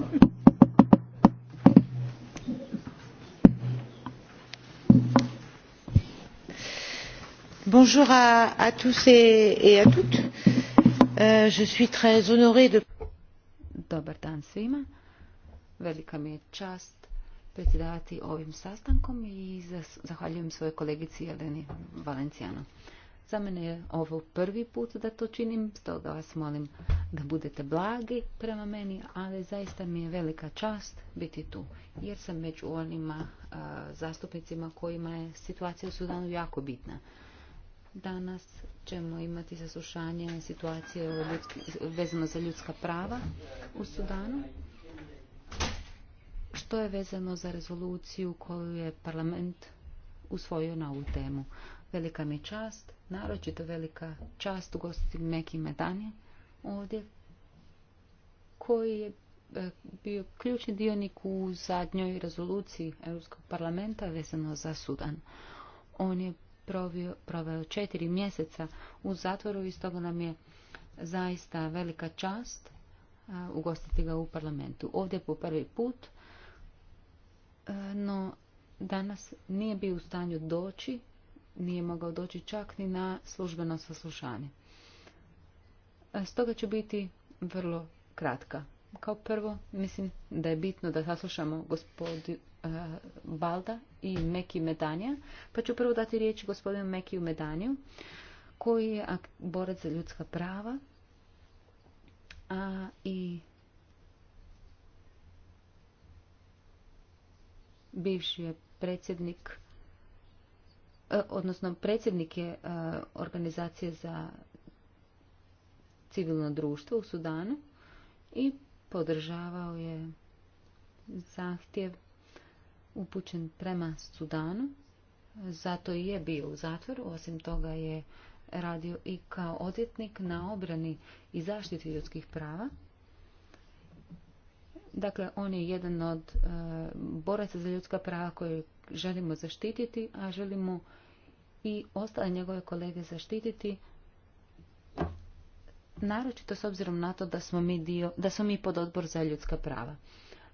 Bonjour à, tous et, à toutes. Euh, je suis très honorée de... Dobar dan svima. Velika mi je čast predsjedavati ovim sastankom i zahvaljujem svojoj kolegici Jeleni Valencijano. Za mene je ovo prvi put da to činim, stoga vas molim da budete blagi prema meni, ali zaista mi je velika čast biti tu, jer sam među onima zastupnicima kojima je situacija u Sudanu jako bitna. Danas ćemo imati saslušanje situacije vezano za ljudska prava u Sudanu, što je vezano za rezoluciju koju je parlament usvojio na ovu temu. Velika mi čast, naročito velika čast ugostiti Meki Medanje, ovdje koji je e, bio ključni dionik u zadnjoj rezoluciji Europskog parlamenta vezano za Sudan. On je provio, proveo četiri mjeseca u zatvoru i stoga nam je zaista velika čast e, ugostiti ga u parlamentu. Ovdje po prvi put, e, no danas nije bio u stanju doći, nije mogao doći čak ni na službeno saslušanje. Stoga ću biti vrlo kratka. Kao prvo, mislim da je bitno da saslušamo gospodin Balda eh, i Meki Medanja, pa ću prvo dati riječ gospodinu Mekiju Medaniju, koji je borac za ljudska prava a i bivši je predsjednik eh, odnosno predsjednik je eh, organizacije za civilno društvo u Sudanu i podržavao je zahtjev upućen prema Sudanu. Zato i je bio u zatvoru, osim toga je radio i kao odvjetnik na obrani i zaštiti ljudskih prava. Dakle, on je jedan od e, boraca za ljudska prava koje želimo zaštititi, a želimo i ostale njegove kolege zaštititi naročito s obzirom na to da smo mi, dio, da smo mi pod odbor za ljudska prava.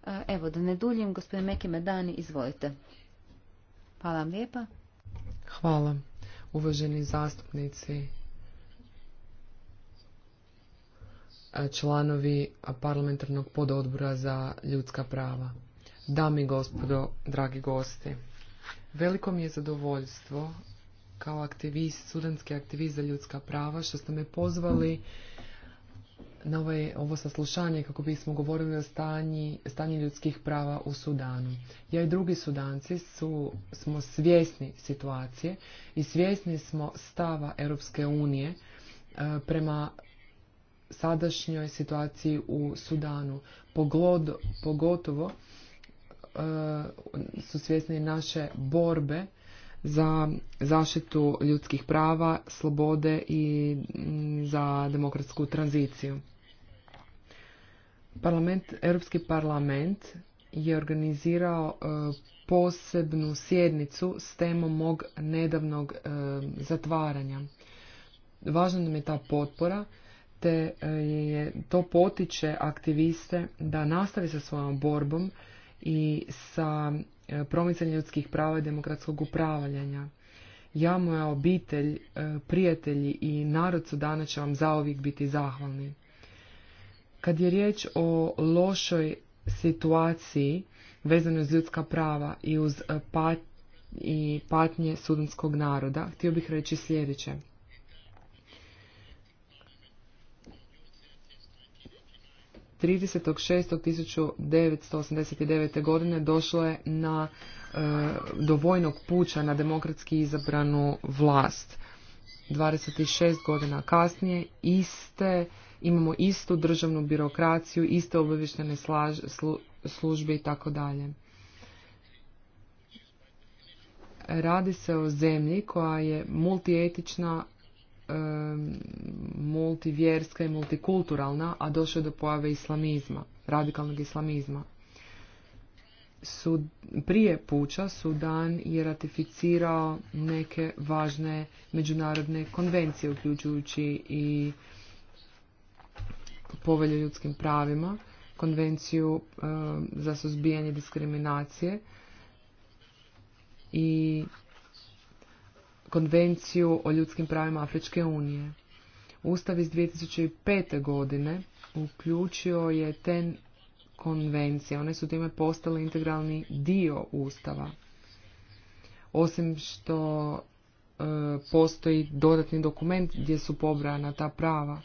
E, evo, da ne duljim, gospodin Meki Medani, izvolite. Hvala vam lijepa. Hvala, uvaženi zastupnici, e, članovi parlamentarnog pododbora za ljudska prava. Dami i gospodo, dragi gosti, veliko mi je zadovoljstvo kao aktivist, sudanski aktivist za ljudska prava, što ste me pozvali na ovaj, ovo saslušanje kako bismo govorili o stanji, stanju ljudskih prava u Sudanu. Ja i drugi Sudanci su, smo svjesni situacije i svjesni smo stava Europske unije e, prema sadašnjoj situaciji u Sudanu. pogotovo e, su svjesni naše borbe za zaštitu ljudskih prava, slobode i mm, za demokratsku tranziciju. Parlament, Europski parlament je organizirao e, posebnu sjednicu s temom mog nedavnog e, zatvaranja. Važna nam je ta potpora, te e, je, to potiče aktiviste da nastavi sa svojom borbom i sa E, promicanje ljudskih prava i demokratskog upravljanja. Ja, moja obitelj, e, prijatelji i narod su dana će vam zaovijek biti zahvalni. Kad je riječ o lošoj situaciji vezano uz ljudska prava i uz e, i patnje sudanskog naroda, htio bih reći sljedeće. 30.6.1989. godine došlo je na, e, do vojnog puća na demokratski izabranu vlast. 26 godina kasnije iste, imamo istu državnu birokraciju, iste obavještene službe i tako dalje. Radi se o zemlji koja je multietična multivjerska i multikulturalna, a došlo je do pojave islamizma, radikalnog islamizma. Sud, prije Puča Sudan je ratificirao neke važne međunarodne konvencije, uključujući i povelju ljudskim pravima, konvenciju za suzbijanje diskriminacije i konvenciju o ljudskim pravima Afričke unije. Ustav iz 2005. godine uključio je ten konvencije. One su time postale integralni dio Ustava. Osim što e, postoji dodatni dokument gdje su pobrana ta prava.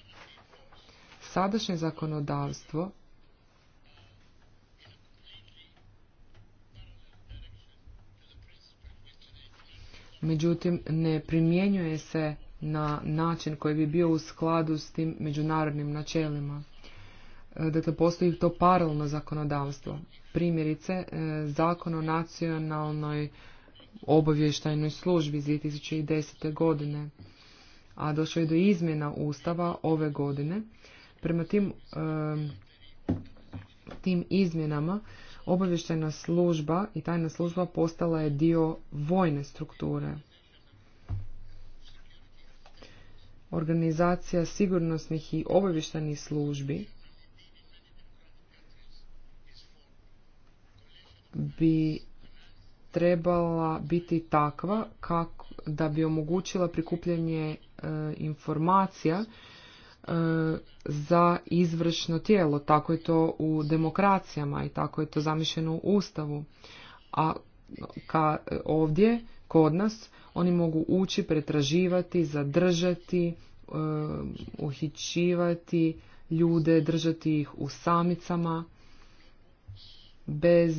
Sadašnje zakonodavstvo međutim ne primjenjuje se na način koji bi bio u skladu s tim međunarodnim načelima. E, dakle, postoji to paralelno zakonodavstvo. Primjerice, e, zakon o nacionalnoj obavještajnoj službi iz 2010. godine, a došlo je do izmjena Ustava ove godine. Prema tim, e, tim izmjenama obavještajna služba i tajna služba postala je dio vojne strukture. Organizacija sigurnosnih i obavještajnih službi bi trebala biti takva da bi omogućila prikupljanje e, informacija E, za izvršno tijelo. Tako je to u demokracijama i tako je to zamišljeno u Ustavu. A ka, ovdje, kod nas, oni mogu ući, pretraživati, zadržati, e, uhičivati ljude, držati ih u samicama bez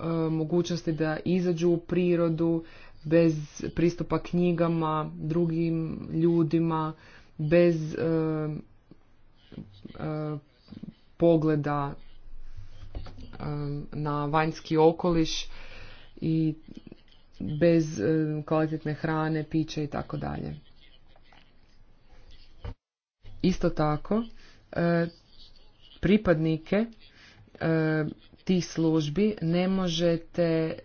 e, mogućnosti da izađu u prirodu, bez pristupa knjigama, drugim ljudima, bez e, e pogleda e, na vanjski okoliš i bez e, kvalitetne hrane, piće i tako dalje. Isto tako, pripadnike tih službi ne možete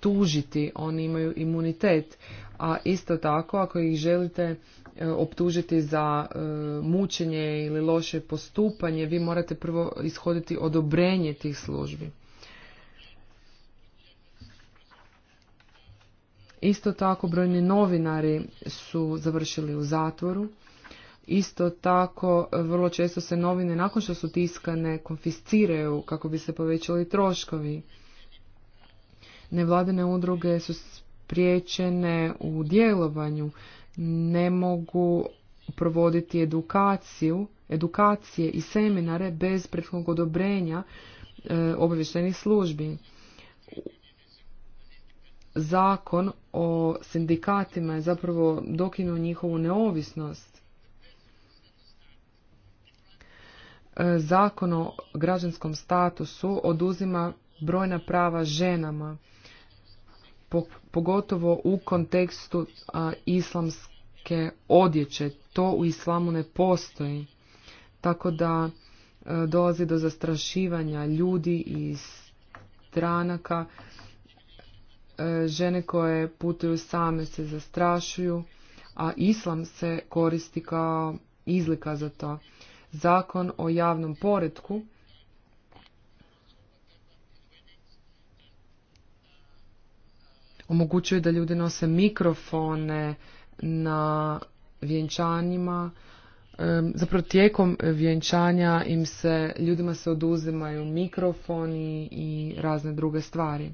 tužiti, oni imaju imunitet, a isto tako ako ih želite E, optužiti za e, mučenje ili loše postupanje, vi morate prvo ishoditi odobrenje tih službi. Isto tako brojni novinari su završili u zatvoru. Isto tako vrlo često se novine nakon što su tiskane konfisciraju kako bi se povećali troškovi. Nevladine udruge su spriječene u djelovanju ne mogu provoditi edukaciju, edukacije i seminare bez prethodnog odobrenja e, obavještajnih službi. Zakon o sindikatima je zapravo dokinuo njihovu neovisnost. E, zakon o građanskom statusu oduzima brojna prava ženama pogotovo u kontekstu islamske odjeće. To u islamu ne postoji. Tako da a, e, dolazi do zastrašivanja ljudi iz stranaka. E, žene koje putuju same se zastrašuju, a islam se koristi kao izlika za to. Zakon o javnom poretku, omogućuje da ljudi nose mikrofone na vjenčanjima. Zapravo tijekom vjenčanja im se, ljudima se oduzimaju mikrofoni i razne druge stvari.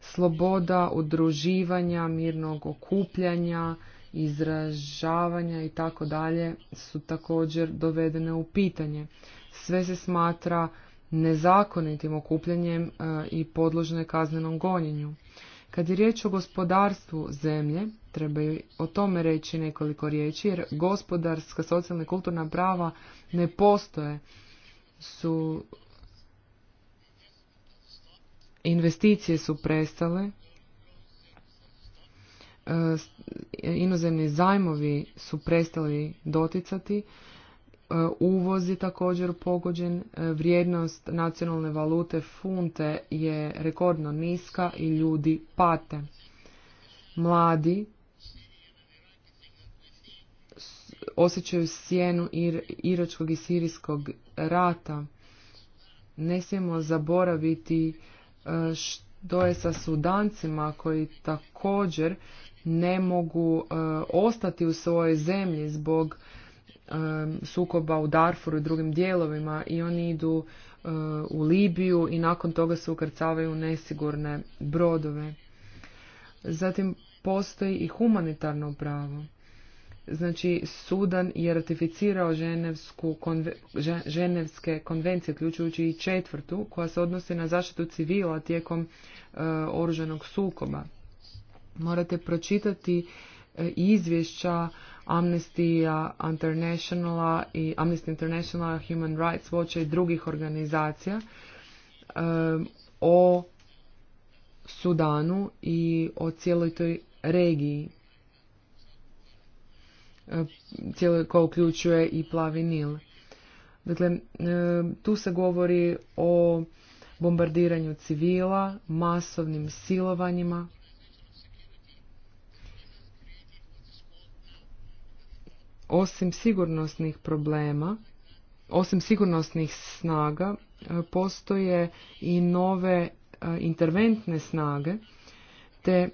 Sloboda udruživanja, mirnog okupljanja, izražavanja i tako dalje su također dovedene u pitanje. Sve se smatra nezakonitim okupljanjem e, i podložne kaznenom gonjenju. Kad je riječ o gospodarstvu zemlje, treba o tome reći nekoliko riječi, jer gospodarska, socijalna i kulturna prava ne postoje, su investicije su prestale, e, inozemni zajmovi su prestali doticati, E, Uvoz je također pogođen, e, vrijednost nacionalne valute funte je rekordno niska i ljudi pate. Mladi osjećaju sjenu iračkog i sirijskog rata. Ne smijemo zaboraviti e, što je sa sudancima koji također ne mogu ostati u svojoj zemlji zbog sukoba u Darfuru i drugim dijelovima i oni idu eh, u Libiju i nakon toga se ukrcavaju u nesigurne brodove. Zatim postoji i humanitarno pravo. Znači, Sudan je ratificirao ženevske konvencije, uključujući i četvrtu, koja se odnosi na zaštitu civila tijekom eh, oružanog oruženog sukoba. Morate pročitati eh, izvješća Amnesty International i Amnesty International Human Rights Watch i drugih organizacija o Sudanu i o cijeloj toj regiji cijelo koja uključuje i plavi nil. Dakle, tu se govori o bombardiranju civila, masovnim silovanjima, osim sigurnosnih problema, osim sigurnosnih snaga, e, postoje i nove e, interventne snage, te e,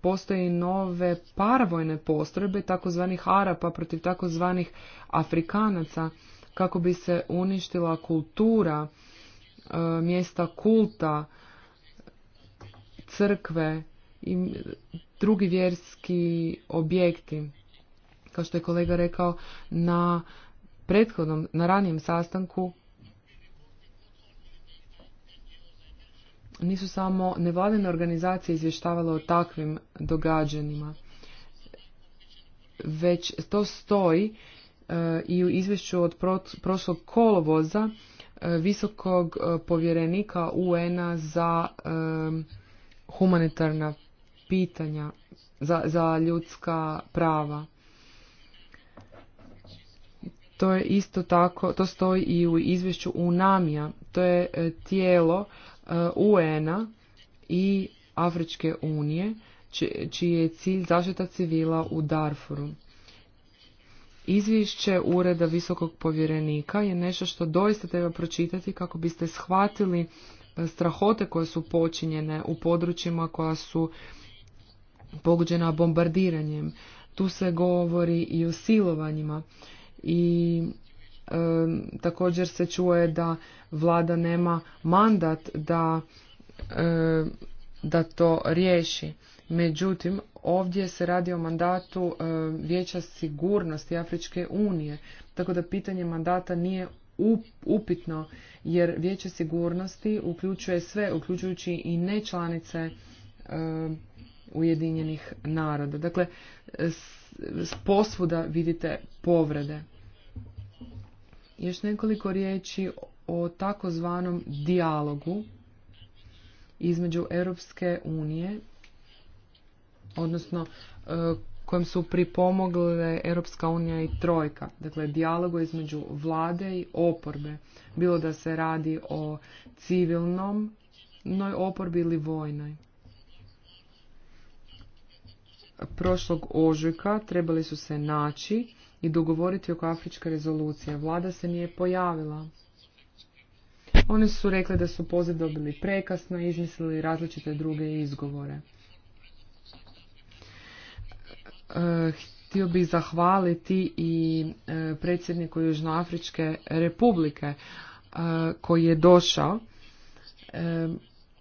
postoje i nove paravojne postrojbe takozvanih Arapa protiv takozvanih Afrikanaca kako bi se uništila kultura mjesta kulta crkve i drugi vjerski objekti. Kao što je kolega rekao, na prethodnom, na ranijem sastanku nisu samo nevladine organizacije izvještavale o takvim događanjima, već to stoji e, i u izvješću od prošlog kolovoza e, visokog e, povjerenika UN-a za humanitarna pitanja, za, za ljudska prava. To je isto tako, to stoji i u izvješću UNAMIA, to je e, tijelo e, UN-a i Afričke unije, čiji je cilj zaštita civila u Darfuru. Izvješće Ureda visokog povjerenika je nešto što doista treba pročitati kako biste shvatili e, strahote koje su počinjene u područjima koja su pogođena bombardiranjem. Tu se govori i o silovanjima i također se čuje da vlada nema mandat da, da to riješi. Međutim, ovdje se radi o mandatu Vijeća sigurnosti Afričke unije, tako da pitanje mandata nije upitno jer Vijeće sigurnosti uključuje sve, uključujući i nečlanice Ujedinjenih naroda. Dakle, posvuda vidite povrede. Još nekoliko riječi o takozvanom dijalogu između Europske unije, odnosno e, kojem su pripomogle Europska unija i Trojka. Dakle, dijalogu između vlade i oporbe. Bilo da se radi o civilnom oporbi ili vojnoj prošlog ožujka trebali su se naći i dogovoriti oko afričke rezolucije. Vlada se nije pojavila. Oni su rekli da su poziv dobili prekasno i izmislili različite druge izgovore. E, htio bih zahvaliti i e, predsjedniku Južnoafričke republike e, koji je došao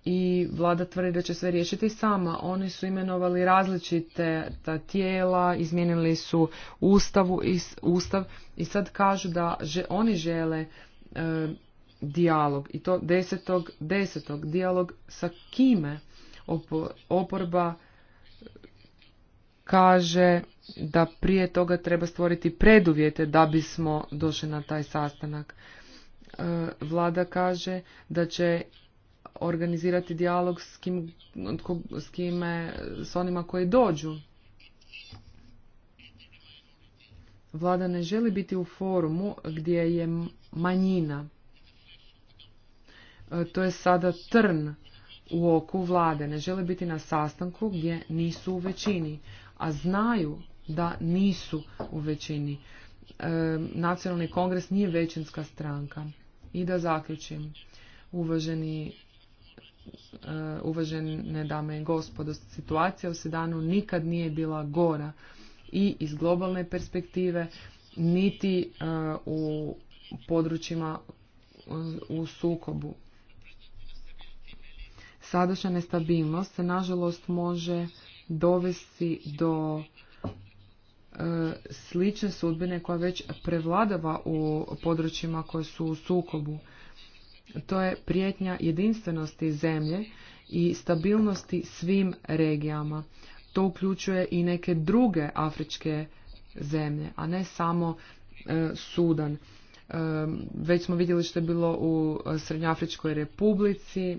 i vlada tvrdi da će sve riješiti sama. Oni su imenovali različite ta tijela, izmijenili su ustavu i, ustav i sad kažu da oni žele e, dijalog i to desetog, desetog dijalog sa kime oporba kaže da prije toga treba stvoriti preduvjete da bismo došli na taj sastanak. E, vlada kaže da će organizirati dijalog s, kim, s kime, s onima koji dođu. Vlada ne želi biti u forumu gdje je manjina. E, to je sada trn u oku vlade. Ne žele biti na sastanku gdje nisu u većini, a znaju da nisu u većini. E, Nacionalni kongres nije većinska stranka. I da zaključim, uvaženi E, uvažene dame i gospodo, situacija u sedanu nikad nije bila gora i iz globalne perspektive, niti e, u područjima u sukobu. Sadašnja nestabilnost se nažalost može dovesti do e, slične sudbine koja već prevladava u područjima koje su u sukobu to je prijetnja jedinstvenosti zemlje i stabilnosti svim regijama. To uključuje i neke druge afričke zemlje, a ne samo e, Sudan. E, već smo vidjeli što je bilo u Srednjoafričkoj republici, e,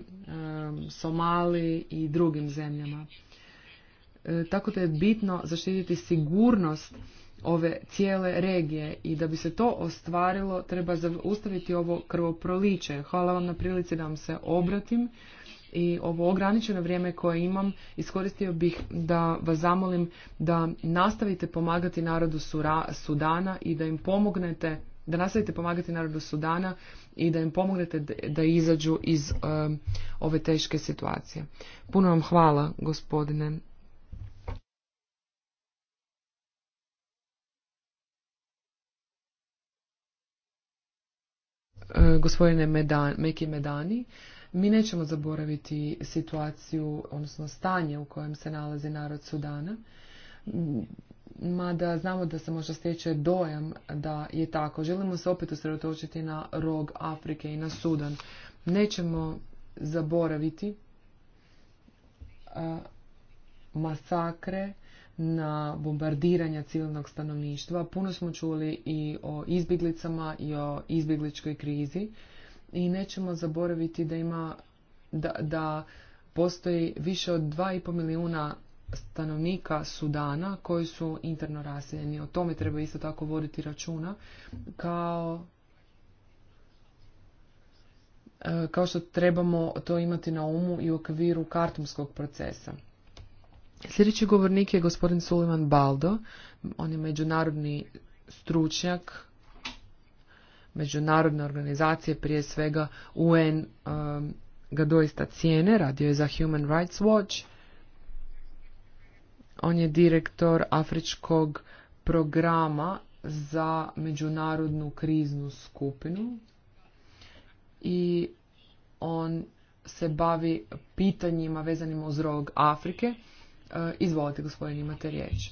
Somaliji i drugim zemljama. E, tako da je bitno zaštititi sigurnost ove cijele regije i da bi se to ostvarilo treba zaustaviti ovo krvoproliće. Hvala vam na prilici da vam se obratim i ovo ograničeno vrijeme koje imam iskoristio bih da vas zamolim da nastavite pomagati narodu Sudana i da im pomognete da nastavite pomagati narodu Sudana i da im pomognete da izađu iz eh, ove teške situacije. Puno vam hvala gospodine E, gospodine Medan, Meki Medani, mi nećemo zaboraviti situaciju, odnosno stanje u kojem se nalazi narod Sudana, mada znamo da se možda stječe dojam da je tako. Želimo se opet usredotočiti na rog Afrike i na Sudan. Nećemo zaboraviti e, masakre, na bombardiranja civilnog stanovništva. Puno smo čuli i o izbjeglicama i o izbjegličkoj krizi i nećemo zaboraviti da ima da, da postoji više od 2,5 milijuna stanovnika Sudana koji su interno raseljeni. O tome treba isto tako voditi računa kao e, kao što trebamo to imati na umu i u okviru kartumskog procesa. Sljedeći govornik je gospodin Suliman Baldo. On je međunarodni stručnjak međunarodne organizacije, prije svega UN um, ga doista cijene, radio je za Human Rights Watch. On je direktor afričkog programa za međunarodnu kriznu skupinu i on se bavi pitanjima vezanim uz rog Afrike E, izvolite, gospodin, imate riječ.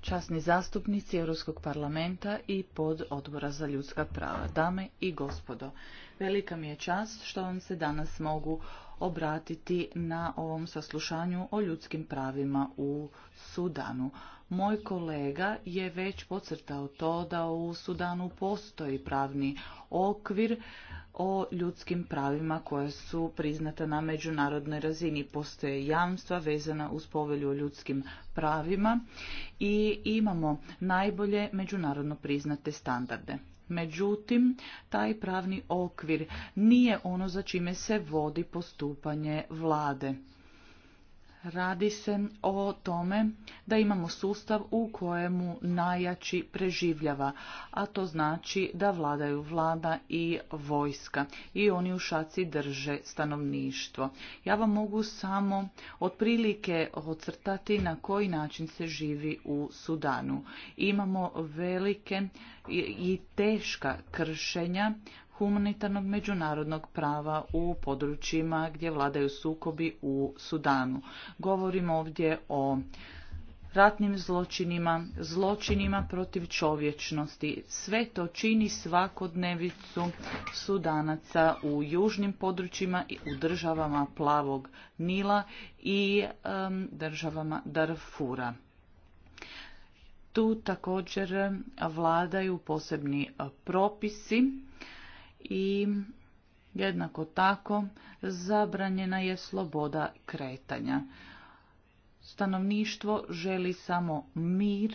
Časni zastupnici Europskog parlamenta i pod odbora za ljudska prava, dame i gospodo, velika mi je čast što vam se danas mogu obratiti na ovom saslušanju o ljudskim pravima u Sudanu. Moj kolega je već podcrtao to da u Sudanu postoji pravni okvir o ljudskim pravima koja su priznata na međunarodnoj razini. Postoje jamstva vezana uz povelju o ljudskim pravima i imamo najbolje međunarodno priznate standarde. Međutim, taj pravni okvir nije ono za čime se vodi postupanje vlade. Radi se o tome da imamo sustav u kojemu najjači preživljava, a to znači da vladaju vlada i vojska i oni u šaci drže stanovništvo. Ja vam mogu samo otprilike ocrtati na koji način se živi u Sudanu. Imamo velike i teška kršenja humanitarnog međunarodnog prava u područjima gdje vladaju sukobi u Sudanu. Govorimo ovdje o ratnim zločinima, zločinima protiv čovječnosti. Sve to čini svakodnevicu sudanaca u južnim područjima i u državama Plavog Nila i državama Darfura. Tu također vladaju posebni propisi i jednako tako zabranjena je sloboda kretanja. Stanovništvo želi samo mir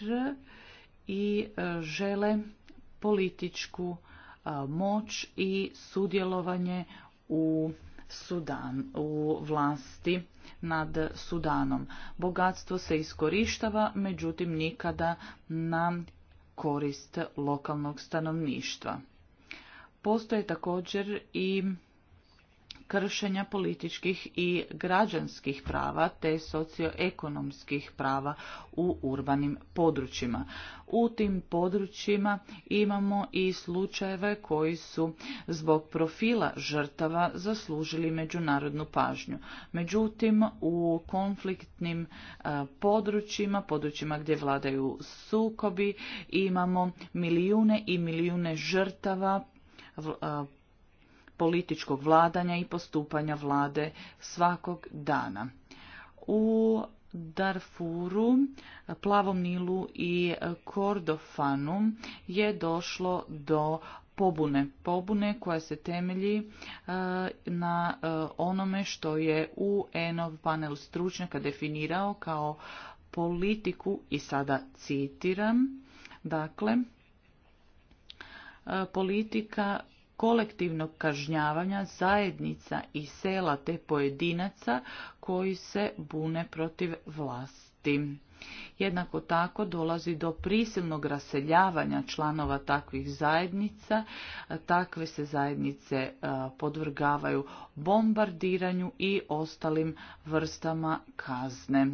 i e, žele političku e, moć i sudjelovanje u Sudan, u vlasti nad Sudanom. Bogatstvo se iskorištava, međutim nikada na korist lokalnog stanovništva. Postoje također i kršenja političkih i građanskih prava te socioekonomskih prava u urbanim područjima. U tim područjima imamo i slučajeve koji su zbog profila žrtava zaslužili međunarodnu pažnju. Međutim, u konfliktnim e, područjima, područjima gdje vladaju sukobi, imamo milijune i milijune žrtava političkog vladanja i postupanja vlade svakog dana. U Darfuru, Plavom Nilu i Kordofanu je došlo do pobune. Pobune koja se temelji e, na e, onome što je u enov panel stručnjaka definirao kao politiku i sada citiram. Dakle, E, politika kolektivnog kažnjavanja zajednica i sela te pojedinaca koji se bune protiv vlasti. Jednako tako dolazi do prisilnog raseljavanja članova takvih zajednica. Takve se zajednice e, podvrgavaju bombardiranju i ostalim vrstama kazne.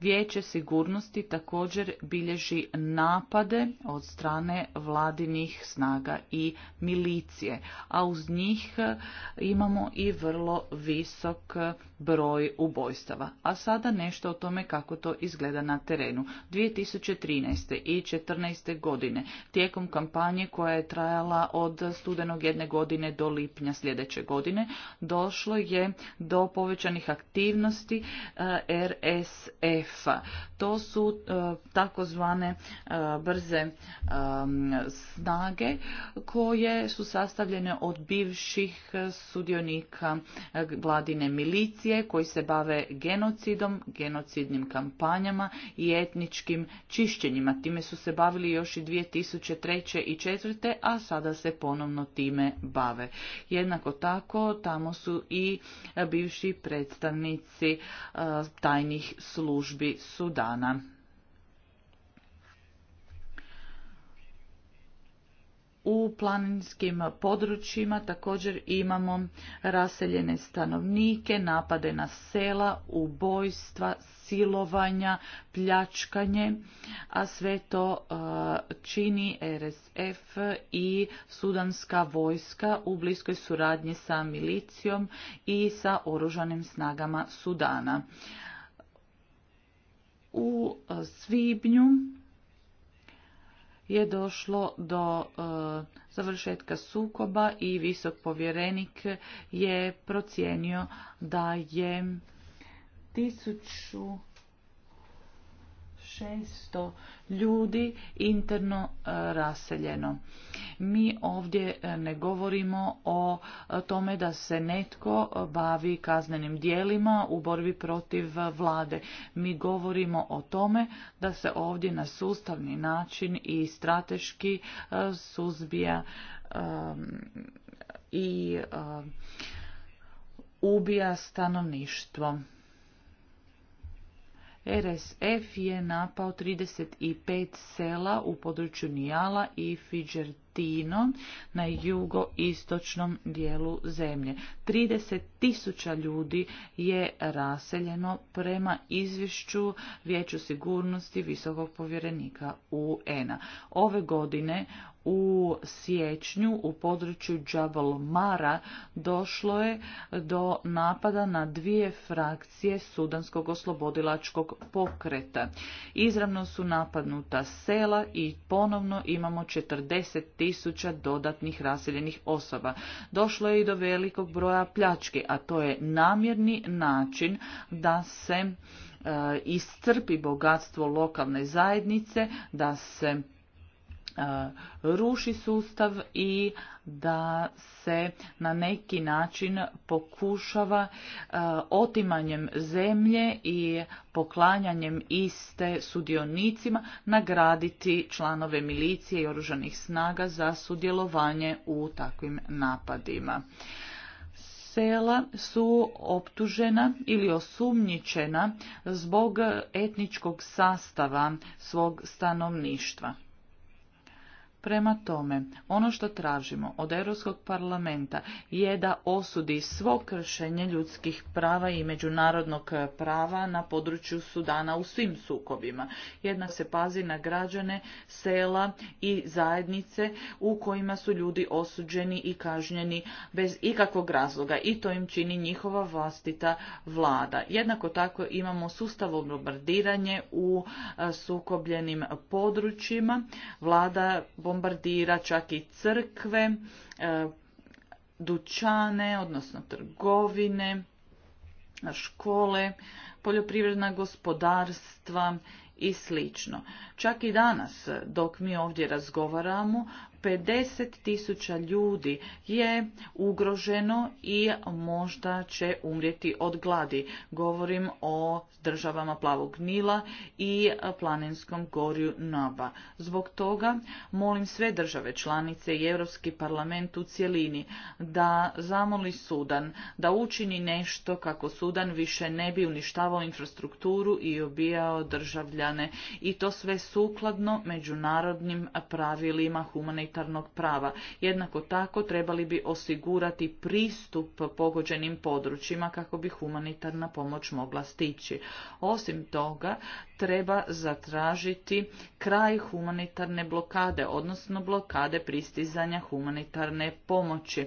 Vijeće sigurnosti također bilježi napade od strane vladinih snaga i milicije, a uz njih e, imamo i vrlo visok broj ubojstava. A sada nešto o tome kako to izgleda na terenu. 2013. i 2014. godine, tijekom kampanje koja je trajala od studenog jedne godine do lipnja sljedeće godine, došlo je do povećanih aktivnosti e, RSF life to su e, takozvane e, brze e, snage koje su sastavljene od bivših sudionika vladine milicije koji se bave genocidom, genocidnim kampanjama i etničkim čišćenjima. Time su se bavili još i 2003. i 2004. a sada se ponovno time bave. Jednako tako tamo su i bivši predstavnici tajnih službi suda dana. U planinskim područjima također imamo raseljene stanovnike, napade na sela, ubojstva, silovanja, pljačkanje, a sve to e, čini RSF i sudanska vojska u bliskoj suradnji sa milicijom i sa oružanim snagama Sudana. U e, svibnju je došlo do e, završetka sukoba i visok povjerenik je procijenio da je tisuću 600 ljudi interno e, raseljeno. Mi ovdje e, ne govorimo o e, tome da se netko bavi kaznenim dijelima u borbi protiv vlade. Mi govorimo o tome da se ovdje na sustavni način i strateški suzbija i ubija stanovništvo. RSF je napao 35 sela u području Nijala i Fidžertino na jugoistočnom dijelu zemlje. 30 tisuća ljudi je raseljeno prema izvješću Vijeću sigurnosti visokog povjerenika un Ove godine u siječnju u području Jabal Mara došlo je do napada na dvije frakcije Sudanskog oslobodilačkog pokreta. Izravno su napadnuta sela i ponovno imamo 40.000 dodatnih raseljenih osoba. Došlo je i do velikog broja pljačke, a to je namjerni način da se e, iscrpi bogatstvo lokalne zajednice, da se E, ruši sustav i da se na neki način pokušava e, otimanjem zemlje i poklanjanjem iste sudionicima nagraditi članove milicije i oružanih snaga za sudjelovanje u takvim napadima sela su optužena ili osumnjičena zbog etničkog sastava svog stanovništva. Prema tome, ono što tražimo od Europskog parlamenta je da osudi svo kršenje ljudskih prava i međunarodnog prava na području Sudana u svim sukobima. Jedna se pazi na građane, sela i zajednice u kojima su ljudi osuđeni i kažnjeni bez ikakvog razloga i to im čini njihova vlastita vlada. Jednako tako imamo sustavno bombardiranje u e, sukobljenim područjima. Vlada bombardira čak i crkve, e, dućane, odnosno trgovine, škole, poljoprivredna gospodarstva i slično. Čak i danas, dok mi ovdje razgovaramo, 50 tisuća ljudi je ugroženo i možda će umrijeti od gladi. Govorim o državama Plavog Nila i Planinskom gorju Naba. Zbog toga molim sve države članice i Europski parlament u cjelini da zamoli Sudan da učini nešto kako Sudan više ne bi uništavao infrastrukturu i obijao državljane i to sve sukladno međunarodnim pravilima humanitarnog humanitarnog prava. Jednako tako trebali bi osigurati pristup pogođenim područjima kako bi humanitarna pomoć mogla stići. Osim toga, treba zatražiti kraj humanitarne blokade, odnosno blokade pristizanja humanitarne pomoći.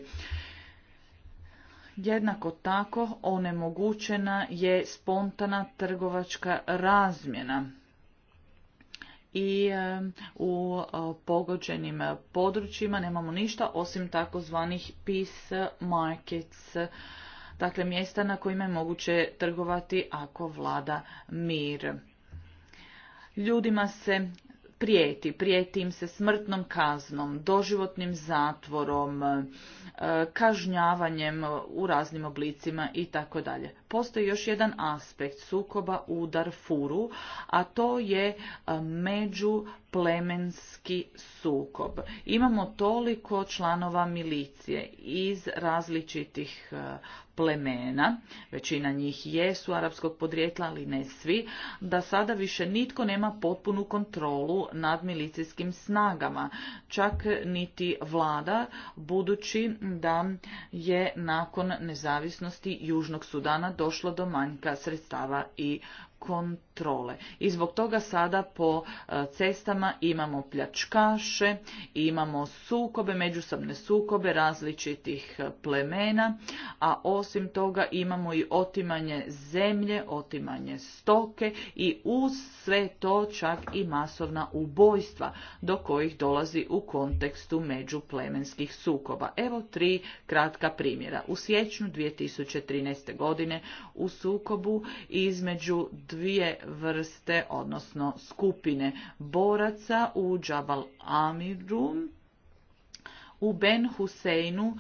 Jednako tako onemogućena je spontana trgovačka razmjena i u pogođenim područjima nemamo ništa osim takozvanih peace markets, dakle mjesta na kojima je moguće trgovati ako vlada mir. Ljudima se prijeti. Prijeti im se smrtnom kaznom, doživotnim zatvorom, e, kažnjavanjem u raznim oblicima i tako dalje. Postoji još jedan aspekt sukoba u Darfuru, a to je e, među sukob. Imamo toliko članova milicije iz različitih e, plemena, većina njih jesu arapskog podrijetla, ali ne svi, da sada više nitko nema potpunu kontrolu nad milicijskim snagama, čak niti vlada, budući da je nakon nezavisnosti Južnog Sudana došlo do manjka sredstava i kontrola kontrole. I zbog toga sada po e, cestama imamo pljačkaše, imamo sukobe, međusobne sukobe različitih e, plemena, a osim toga imamo i otimanje zemlje, otimanje stoke i uz sve to čak i masovna ubojstva do kojih dolazi u kontekstu međuplemenskih sukoba. Evo tri kratka primjera. U siječnju 2013. godine u sukobu između dvije vrste, odnosno skupine boraca u Džabal Amiru. U Ben Huseinu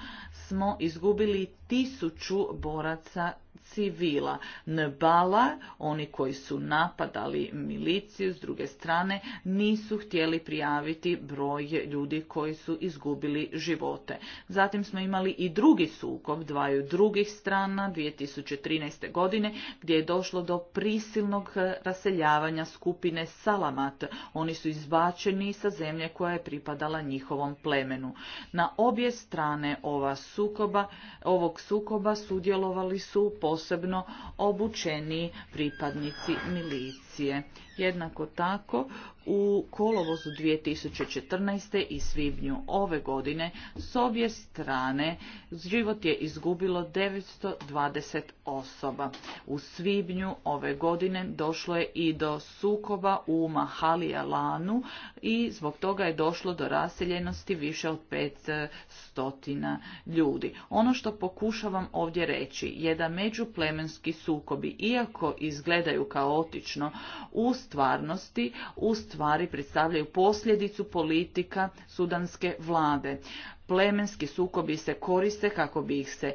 smo izgubili tisuću boraca civila. Nbala, oni koji su napadali miliciju, s druge strane, nisu htjeli prijaviti broj ljudi koji su izgubili živote. Zatim smo imali i drugi sukob dvaju drugih strana 2013. godine, gdje je došlo do prisilnog raseljavanja skupine Salamat. Oni su izbačeni sa zemlje koja je pripadala njihovom plemenu. Na obje strane ova sukoba, ovog sukoba sudjelovali su posebno obučeni pripadnici milicije. Jednako tako, u kolovozu 2014. i svibnju ove godine s obje strane život je izgubilo 920 osoba. U svibnju ove godine došlo je i do sukoba u Mahalijalanu i zbog toga je došlo do raseljenosti više od 500 ljudi. Ono što pokušavam ovdje reći je da međuplemenski sukobi, iako izgledaju kaotično, uz stvarnosti u stvari predstavljaju posljedicu politika sudanske vlade. Plemenski sukobi se koriste kako bi ih se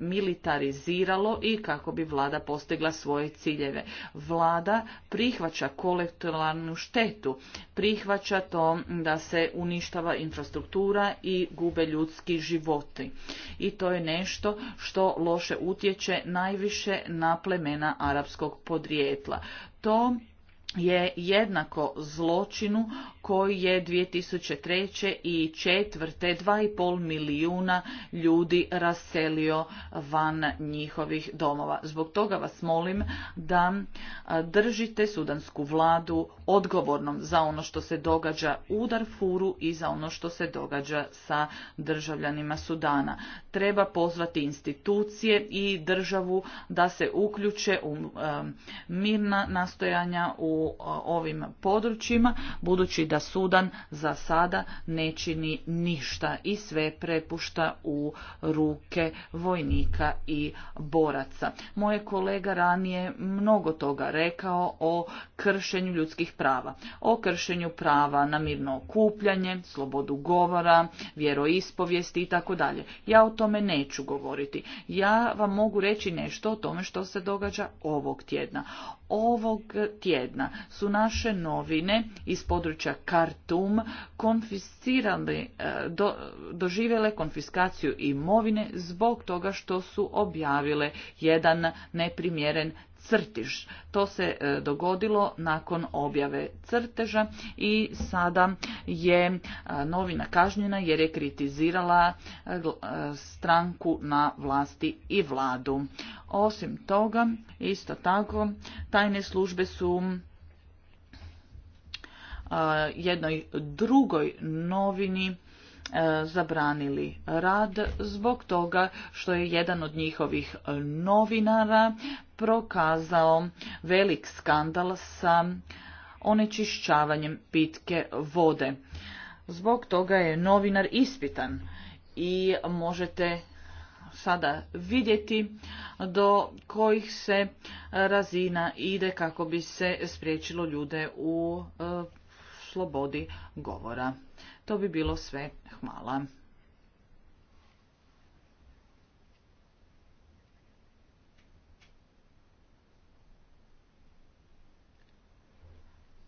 militariziralo i kako bi vlada postigla svoje ciljeve. Vlada prihvaća kolektualnu štetu, prihvaća to da se uništava infrastruktura i gube ljudski životi. I to je nešto što loše utječe najviše na plemena arapskog podrijetla to je jednako zločinu koji je 2003. i 2004. 2,5 milijuna ljudi raselio van njihovih domova. Zbog toga vas molim da držite sudansku vladu odgovornom za ono što se događa u Darfuru i za ono što se događa sa državljanima Sudana. Treba pozvati institucije i državu da se uključe u mirna nastojanja u ovim područjima, budući da Sudan za sada ne čini ništa i sve prepušta u ruke vojnika i boraca. Moje kolega ranije mnogo toga rekao o kršenju ljudskih prava, o kršenju prava na mirno okupljanje, slobodu govora, vjeroispovijesti i tako dalje. Ja o tome neću govoriti. Ja vam mogu reći nešto o tome što se događa ovog tjedna. Ovog tjedna su naše novine iz područja Kartum konfiscirali e, doživjele konfiskaciju imovine zbog toga što su objavile jedan neprimjeren crtiž. To se e, dogodilo nakon objave crteža i sada je e, novina kažnjena jer je kritizirala stranku na vlasti i vladu. Osim toga, isto tako, tajne službe su jednoj drugoj novini e, zabranili rad zbog toga što je jedan od njihovih novinara prokazao velik skandal sa onečišćavanjem pitke vode. Zbog toga je novinar ispitan i možete sada vidjeti do kojih se razina ide kako bi se spriječilo ljude u e, slobodi govora. To bi bilo sve. Hvala.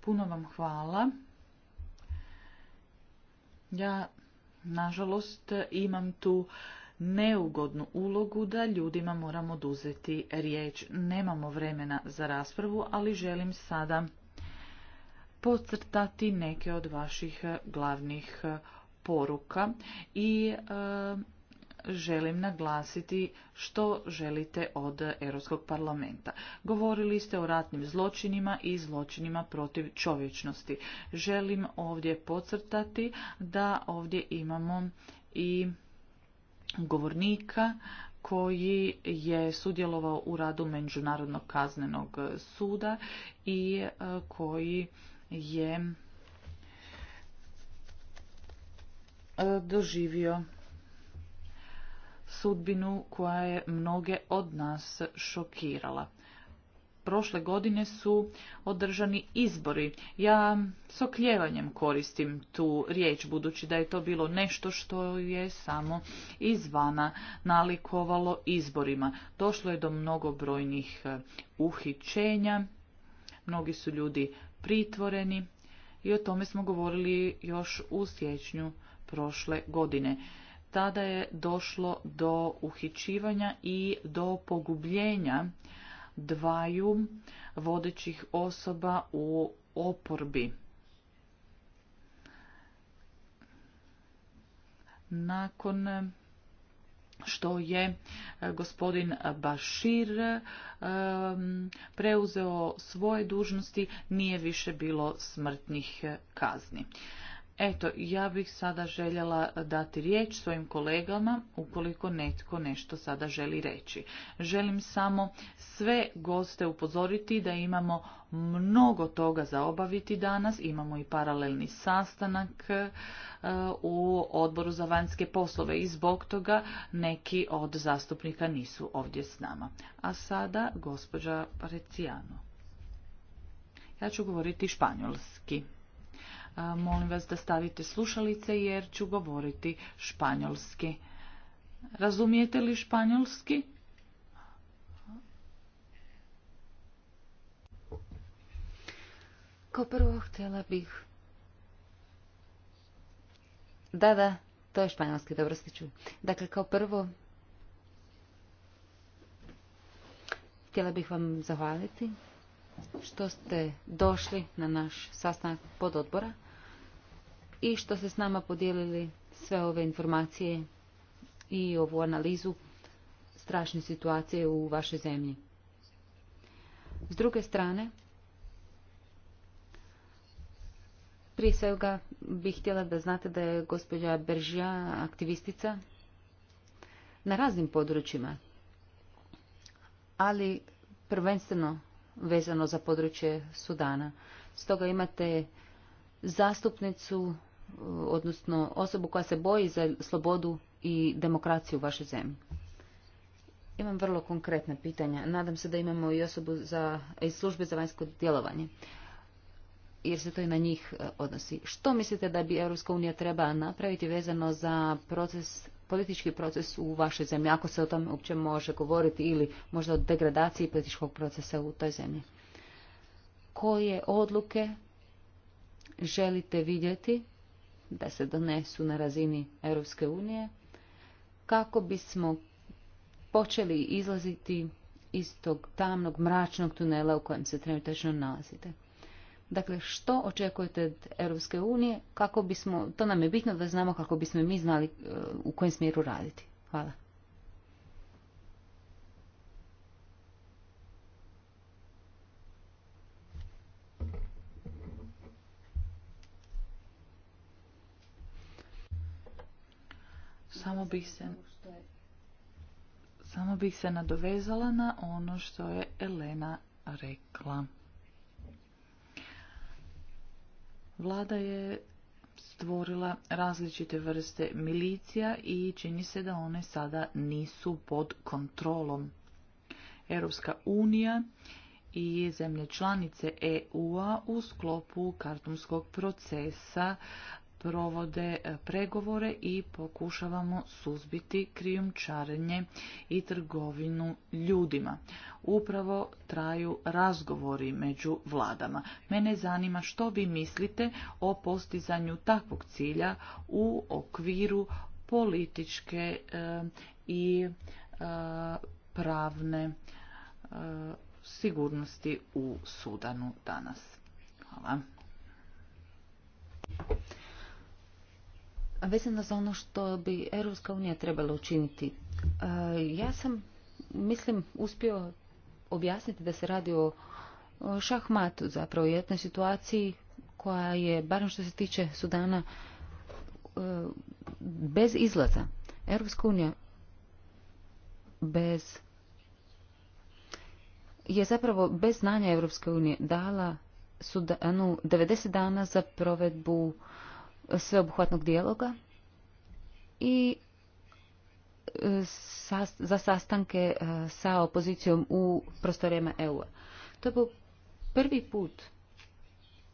Puno vam hvala. Ja, nažalost, imam tu neugodnu ulogu da ljudima moram oduzeti riječ. Nemamo vremena za raspravu, ali želim sada pocrtati neke od vaših e, glavnih e, poruka i e, želim naglasiti što želite od Europskog parlamenta. Govorili ste o ratnim zločinima i zločinima protiv čovječnosti. Želim ovdje pocrtati da ovdje imamo i govornika koji je sudjelovao u radu Međunarodnog kaznenog suda i koji je e, doživio sudbinu koja je mnoge od nas šokirala. Prošle godine su održani izbori. Ja s okljevanjem koristim tu riječ, budući da je to bilo nešto što je samo izvana nalikovalo izborima. Došlo je do mnogobrojnih e, uhićenja, mnogi su ljudi pritvoreni i o tome smo govorili još u siječnju prošle godine. Tada je došlo do uhićivanja i do pogubljenja dvaju vodećih osoba u oporbi. Nakon što je e, gospodin Bašir e, preuzeo svoje dužnosti, nije više bilo smrtnih kazni. Eto, ja bih sada željela dati riječ svojim kolegama ukoliko netko nešto sada želi reći. Želim samo sve goste upozoriti da imamo mnogo toga za obaviti danas. Imamo i paralelni sastanak e, u odboru za vanjske poslove i zbog toga neki od zastupnika nisu ovdje s nama. A sada gospođa Parecijano. Ja ću govoriti španjolski. E, molim vas da stavite slušalice jer ću govoriti španjolski. Razumijete li španjolski? Kao prvo htjela bih... Da, da, to je španjolski, dobro ste čuli. Dakle, kao prvo... Htjela bih vam zahvaliti što ste došli na naš sastanak odbora i što ste s nama podijelili sve ove informacije i ovu analizu strašne situacije u vašoj zemlji. S druge strane, Prije svega bih htjela da znate da je gospođa Beržija aktivistica na raznim područjima, ali prvenstveno vezano za područje Sudana. Stoga imate zastupnicu, odnosno osobu koja se boji za slobodu i demokraciju u vašoj zemlji. Imam vrlo konkretna pitanja. Nadam se da imamo i osobu za, iz službe za vanjsko djelovanje jer se to i na njih e, odnosi. Što mislite da bi Europska unija treba napraviti vezano za proces, politički proces u vašoj zemlji, ako se o tome uopće može govoriti ili možda o degradaciji političkog procesa u toj zemlji? Koje odluke želite vidjeti da se donesu na razini Europske unije kako bismo počeli izlaziti iz tog tamnog mračnog tunela u kojem se trenutno nalazite? Dakle, što očekujete od Europske unije, kako bismo, to nam je bitno da znamo kako bismo mi znali e, u kojem smjeru raditi. Hvala. Samo bih se samo bih se nadovezala na ono što je Elena rekla. Vlada je stvorila različite vrste milicija i čini se da one sada nisu pod kontrolom. Europska unija i zemlje članice EU-a u sklopu kartumskog procesa provode e, pregovore i pokušavamo suzbiti krijumčarenje i trgovinu ljudima. Upravo traju razgovori među vladama. Mene zanima što vi mislite o postizanju takvog cilja u okviru političke e, i e, pravne sigurnosti u Sudanu danas. Hvala. Vezano za ono što bi Europska unija trebala učiniti, e, ja sam, mislim, uspio objasniti da se radi o šahmatu, zapravo jednoj situaciji koja je, barem što se tiče Sudana, e, bez izlaza. Europska unija bez je zapravo bez znanja Europske unije dala Sudanu 90 dana za provedbu sveobuhvatnog dijaloga i e, za sastanke e, sa opozicijom u prostorijama eu To je bio prvi put,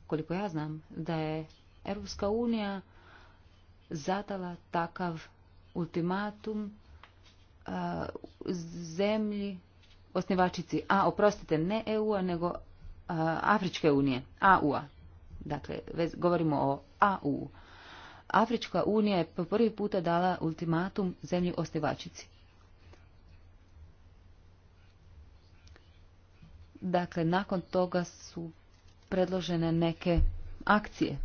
koliko ja znam, da je Europska unija zadala takav ultimatum e, zemlji osnivačici, a oprostite, ne EU-a, nego Afričke unije, AU-a. Dakle, govorimo o AU. -u. Afrička unija je po prvi puta dala ultimatum zemlji osnivačici. Dakle, nakon toga su predložene neke akcije.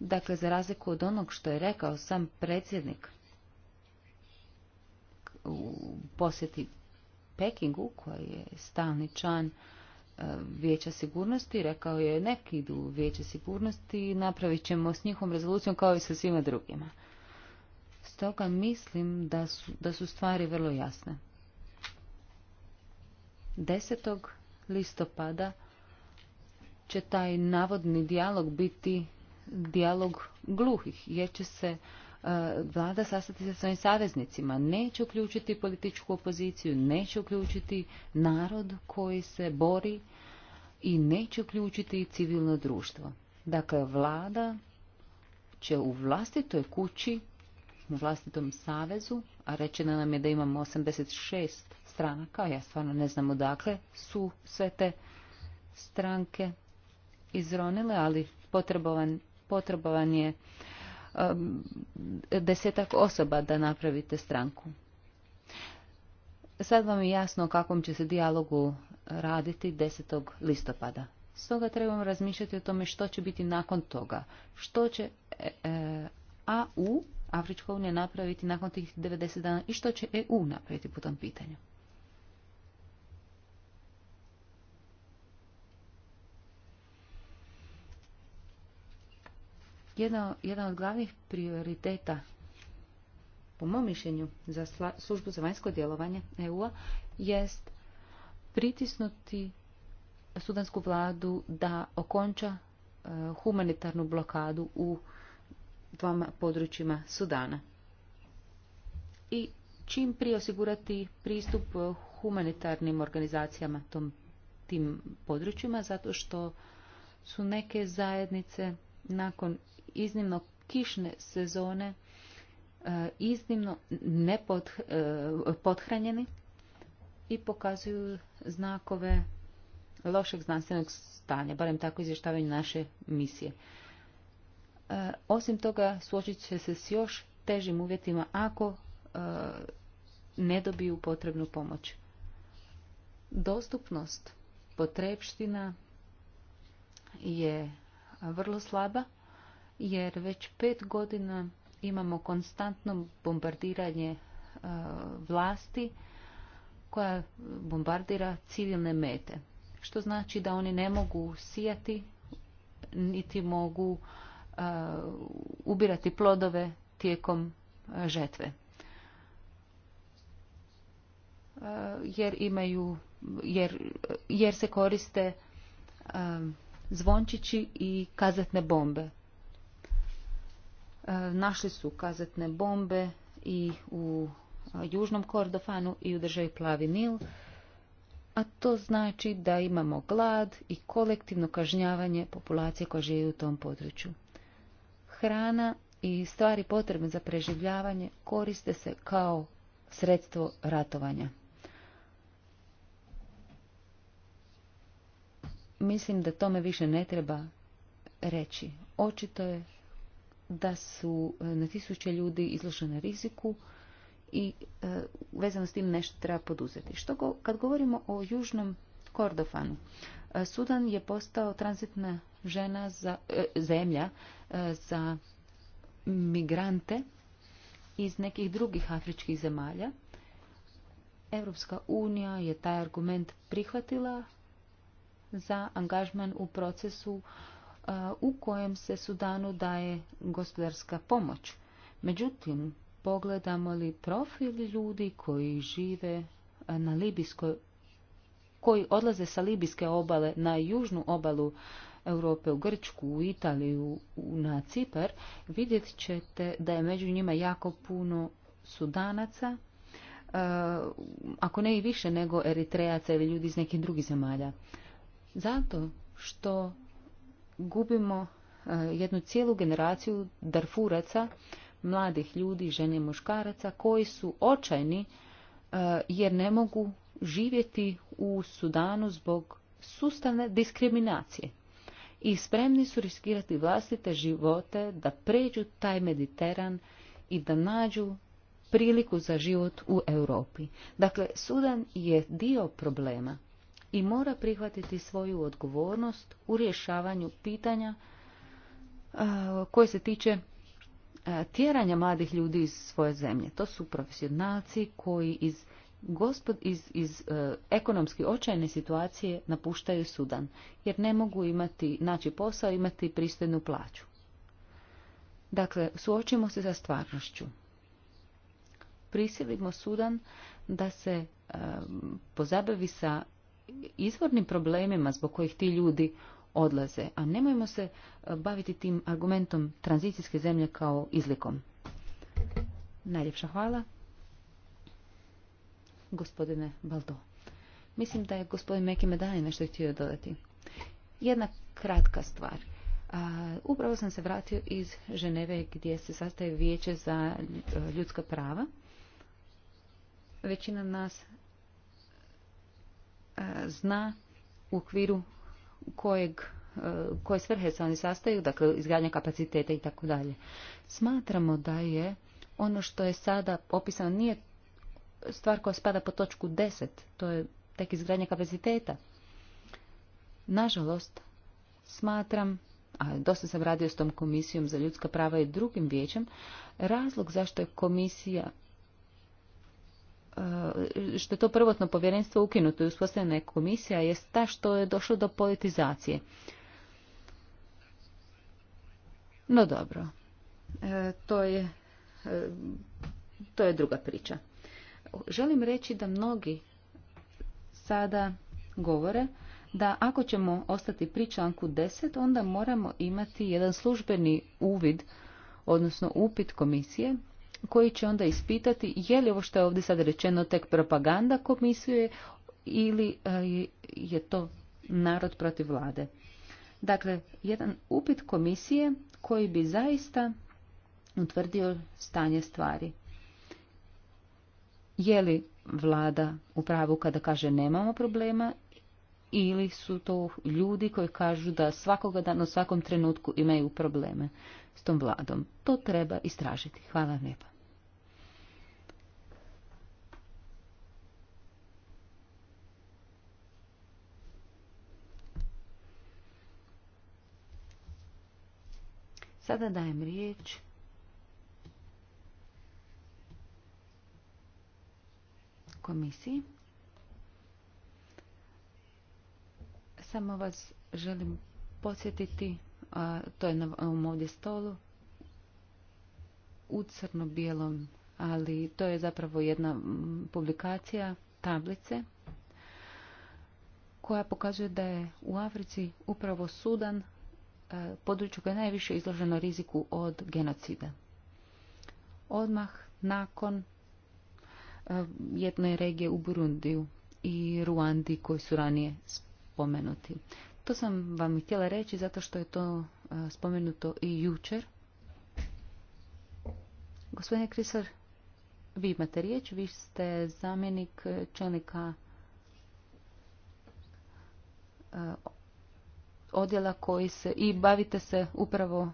Dakle, za razliku od onog što je rekao sam predsjednik u posjeti Pekingu, koji je stalni član E, vijeća sigurnosti, rekao je neki idu u vijeće sigurnosti i napravit ćemo s njihom rezolucijom kao i sa svima drugima. Stoga mislim da su, da su stvari vrlo jasne. 10. listopada će taj navodni dijalog biti dijalog gluhih, jer će se E, vlada sastati se sa svojim saveznicima, neće uključiti političku opoziciju, neće uključiti narod koji se bori i neće uključiti civilno društvo. Dakle, vlada će u vlastitoj kući, u vlastitom savezu, a rečeno nam je da imamo 86 stranaka, ja stvarno ne znam odakle su sve te stranke izronile, ali potrebovan, potrebovan je Um, desetak osoba da napravite stranku. Sad vam je jasno o kakvom će se dijalogu raditi 10. listopada. Stoga trebamo razmišljati o tome što će biti nakon toga. Što će e, e, AU, Afrička unija, napraviti nakon tih 90 dana i što će EU napraviti po tom pitanju. Jedna, jedan od glavnih prioriteta, po mom mišljenju, za službu za vanjsko djelovanje EU-a jest pritisnuti sudansku vladu da okonča e, humanitarnu blokadu u dvama područjima Sudana. I čim prije osigurati pristup humanitarnim organizacijama tom, tim područjima, zato što su neke zajednice nakon iznimno kišne sezone e, iznimno nepothranjeni e, i pokazuju znakove lošeg znanstvenog stanja, barem tako izvještavaju naše misije. E, osim toga, suočit će se s još težim uvjetima ako ne dobiju potrebnu pomoć. Dostupnost potrepština je vrlo slaba jer već pet godina imamo konstantno bombardiranje e, vlasti koja bombardira civilne mete. Što znači da oni ne mogu sijati, niti mogu e, ubirati plodove tijekom e, žetve. Jer imaju, jer, jer se koriste zvončići i kazetne bombe. E, našli su kazetne bombe i u e, južnom Kordofanu i u državi Plavi Nil, a to znači da imamo glad i kolektivno kažnjavanje populacije koja živi u tom području. Hrana i stvari potrebne za preživljavanje koriste se kao sredstvo ratovanja. Mislim da tome više ne treba reći. Očito je da su e, na tisuće ljudi izložene riziku i e, vezano s tim nešto treba poduzeti. Što kad govorimo o južnom Kordofanu, e, Sudan je postao tranzitna žena za, zemlja za migrante iz nekih drugih afričkih zemalja. Europska unija je taj argument prihvatila za angažman u procesu u kojem se Sudanu daje gospodarska pomoć. Međutim, pogledamo li profil ljudi koji žive na libijskoj koji odlaze sa libijske obale na južnu obalu Europe u Grčku, u Italiju, na Cipar, vidjet ćete da je među njima jako puno sudanaca, ako ne i više nego eritrejaca ili ljudi iz nekih drugih zemalja. Zato što gubimo e, jednu cijelu generaciju darfuraca, mladih ljudi, žene i muškaraca, koji su očajni e, jer ne mogu živjeti u Sudanu zbog sustavne diskriminacije i spremni su riskirati vlastite živote da pređu taj Mediteran i da nađu priliku za život u Europi. Dakle, Sudan je dio problema i mora prihvatiti svoju odgovornost u rješavanju pitanja koje se tiče tjeranja mladih ljudi iz svoje zemlje. To su profesionalci koji iz, gospod, iz, iz e, ekonomski očajne situacije napuštaju Sudan, jer ne mogu imati, naći posao, imati pristojnu plaću. Dakle, suočimo se sa stvarnošću. Prisilimo Sudan da se e, pozabavi sa izvornim problemima zbog kojih ti ljudi odlaze, a nemojmo se e, baviti tim argumentom tranzicijske zemlje kao izlikom. Najljepša hvala. Gospodine Baldo. Mislim da je gospodin Meki Medani nešto htio dodati. Jedna kratka stvar. upravo sam se vratio iz Ženeve gdje se sastaje vijeće za e, ljudska prava. Većina nas E, zna u okviru kojeg e, koje svrhe se oni sastaju, dakle izgradnja kapaciteta i tako dalje. Smatramo da je ono što je sada opisano nije stvar koja spada po točku 10, to je tek izgradnja kapaciteta. Nažalost, smatram, a dosta sam radio s tom komisijom za ljudska prava i drugim vijećem, razlog zašto je komisija E, što je to prvotno povjerenstvo ukinuto i uspostavljena je komisija je ta što je došlo do politizacije. No dobro, e, to, je, e, to je druga priča. Želim reći da mnogi sada govore da ako ćemo ostati pri članku 10, onda moramo imati jedan službeni uvid, odnosno upit komisije koji će onda ispitati je li ovo što je ovdje sad rečeno tek propaganda komisije ili e, je to narod protiv vlade. Dakle, jedan upit komisije koji bi zaista utvrdio stanje stvari. Je li vlada u pravu kada kaže nemamo problema ili su to ljudi koji kažu da svakoga dana u svakom trenutku imaju probleme s tom vladom. To treba istražiti. Hvala vam lijepa. Sada dajem riječ komisiji. Samo vas želim podsjetiti a, to je na ovom ovdje stolu, u crno-bijelom, ali to je zapravo jedna publikacija tablice koja pokazuje da je u Africi upravo Sudan e, području koje je najviše izloženo riziku od genocida. Odmah nakon e, jedne regije u Burundiju i Ruandi koji su ranije spomenuti. To sam vam htjela reći zato što je to e, spomenuto i jučer. Gospodine Krisar, vi imate riječ, vi ste zamjenik e, čelnika e, odjela koji se i bavite se upravo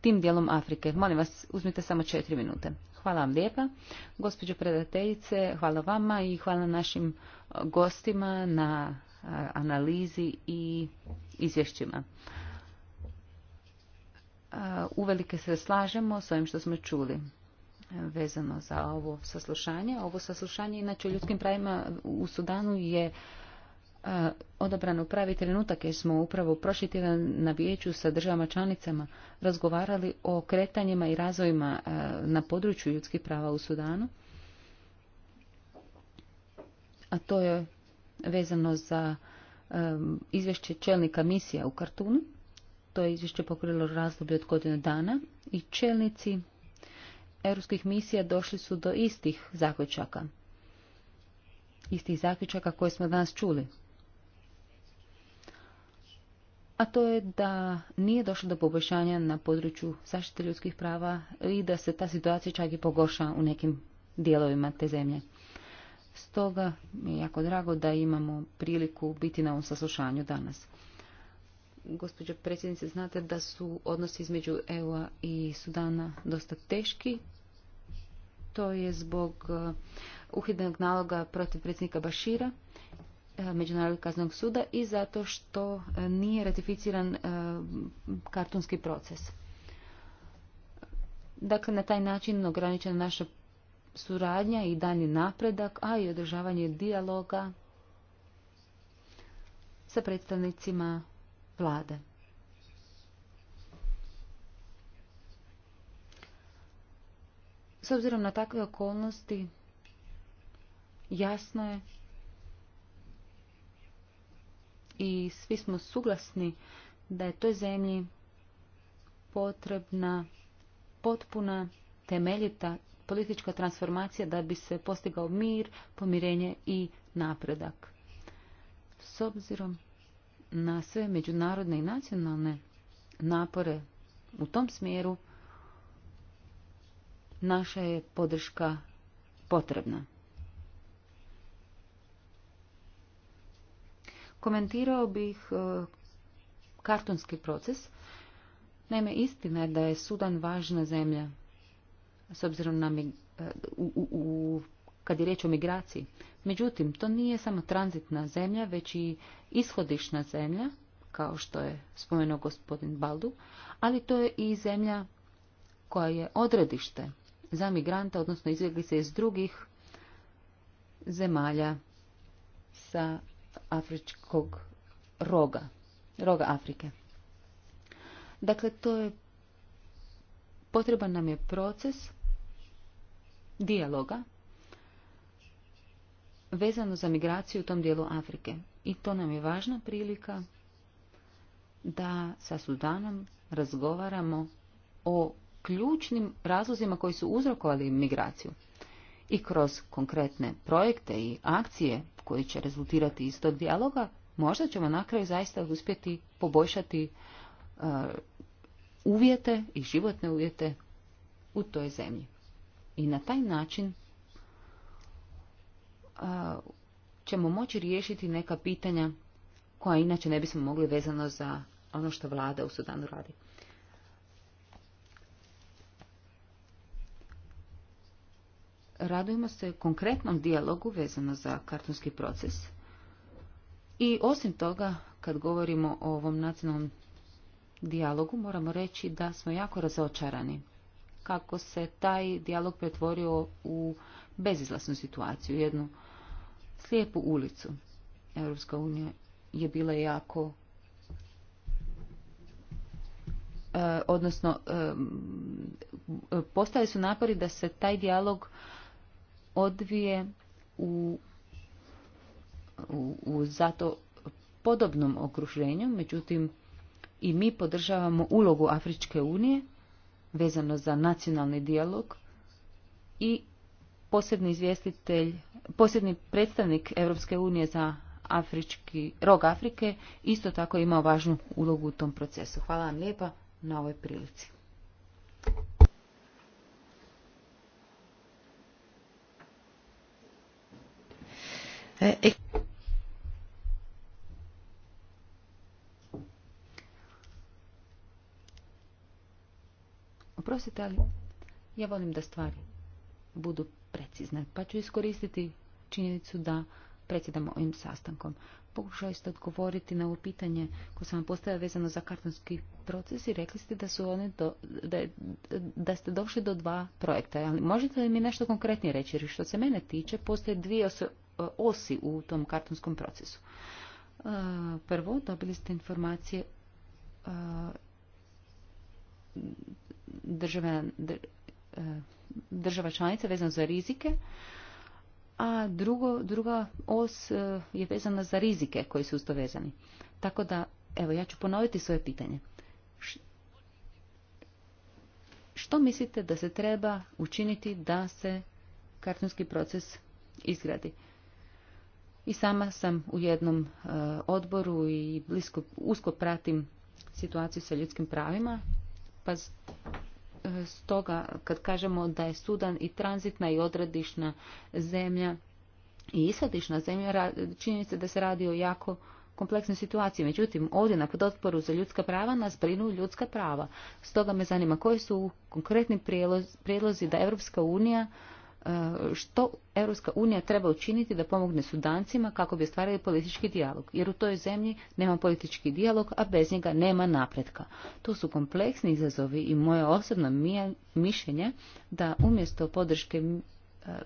tim dijelom Afrike. Molim vas, uzmite samo četiri minute. Hvala vam lijepa, gospođo predateljice, hvala vama i hvala našim gostima na analizi i izvješćima. Uvelike se slažemo s ovim što smo čuli e, vezano za ovo saslušanje. Ovo saslušanje inače o ljudskim pravima u Sudanu je e, odabrano pravi trenutak jer smo upravo prošli tjedan na vijeću sa državama članicama razgovarali o kretanjima i razvojima e, na području ljudskih prava u Sudanu. A to je vezano za izvješće čelnika misija u kartunu. To je izvješće pokrilo razdoblje od godine dana i čelnici europskih misija došli su do istih zaključaka. Istih zaključaka koje smo danas čuli. A to je da nije došlo do poboljšanja na području zaštite ljudskih prava i da se ta situacija čak i pogorša u nekim dijelovima te zemlje. Stoga mi je jako drago da imamo priliku biti na ovom saslušanju danas. Gospođo predsjednice, znate da su odnosi između EU-a i Sudana dosta teški. To je zbog e, uhidnog naloga protiv predsjednika Bašira, e, Međunarodnog kaznog suda i zato što e, nije ratificiran kartonski proces. Dakle, na taj način ograničena naša suradnja i dalji napredak, a i održavanje dijaloga sa predstavnicima vlade. S obzirom na takve okolnosti, jasno je i svi smo suglasni da je toj zemlji potrebna potpuna temeljita politička transformacija da bi se postigao mir, pomirenje i napredak. S obzirom na sve međunarodne i nacionalne napore u tom smjeru, naša je podrška potrebna. Komentirao bih e, kartonski proces. Naime, istina je da je Sudan važna zemlja s obzirom na e, u, u, kad je riječ o migraciji. Međutim, to nije samo tranzitna zemlja, već i ishodišna zemlja, kao što je spomenuo gospodin Baldu, ali to je i zemlja koja je odredište za migranta, odnosno se iz drugih zemalja sa afričkog roga, roga Afrike. Dakle, to je potreban nam je proces dijaloga vezano za migraciju u tom dijelu Afrike. I to nam je važna prilika da sa Sudanom razgovaramo o ključnim razlozima koji su uzrokovali migraciju. I kroz konkretne projekte i akcije koji će rezultirati iz tog dijaloga, možda ćemo na kraju zaista uspjeti poboljšati e, uvjete i životne uvjete u toj zemlji. I na taj način ćemo moći riješiti neka pitanja koja inače ne bismo mogli vezano za ono što vlada u Sudanu radi. Radujemo se konkretnom dijalogu vezano za kartonski proces. I osim toga, kad govorimo o ovom nacionalnom dijalogu, moramo reći da smo jako razočarani kako se taj dijalog pretvorio u bezizlasnu situaciju, jednu slijepu ulicu. Europska unija je bila jako e, odnosno e, su napori da se taj dijalog odvije u, u, u zato podobnom okruženju, međutim i mi podržavamo ulogu Afričke unije vezano za nacionalni dijalog i posebni izvjestitelj, posebni predstavnik Europske unije za afrički rog Afrike isto tako ima imao važnu ulogu u tom procesu. Hvala vam lijepa na ovoj prilici. E, e- Oprostite, ali ja volim da stvari budu precizne, pa ću iskoristiti činjenicu da predsjedam ovim sastankom. Pokušali ste odgovoriti na ovo pitanje koje sam vam postavila vezano za kartonski proces i rekli ste da, su one da, da ste došli do dva projekta, ali možete li mi nešto konkretnije reći? Jer što se mene tiče, postoje dvije osi, osi u tom kartonskom procesu. E, prvo, dobili ste informacije e, država, e, država članica vezano za rizike, a drugo, druga os e, je vezana za rizike koji su to vezani. Tako da, evo, ja ću ponoviti svoje pitanje. Što mislite da se treba učiniti da se kartonski proces izgradi? I sama sam u jednom e, odboru i blisko, usko pratim situaciju sa ljudskim pravima pa stoga kad kažemo da je Sudan i tranzitna i odredišna zemlja i isadišna zemlja, čini se da se radi o jako kompleksnoj situaciji. Međutim, ovdje na podotporu za ljudska prava nas brinu ljudska prava. Stoga me zanima koji su konkretni prijedlozi da Europska unija E, što Europska unija treba učiniti da pomogne Sudancima kako bi stvarali politički dijalog, jer u toj zemlji nema politički dijalog, a bez njega nema napretka. To su kompleksni izazovi i moje osobno mišljenje da umjesto podrške e,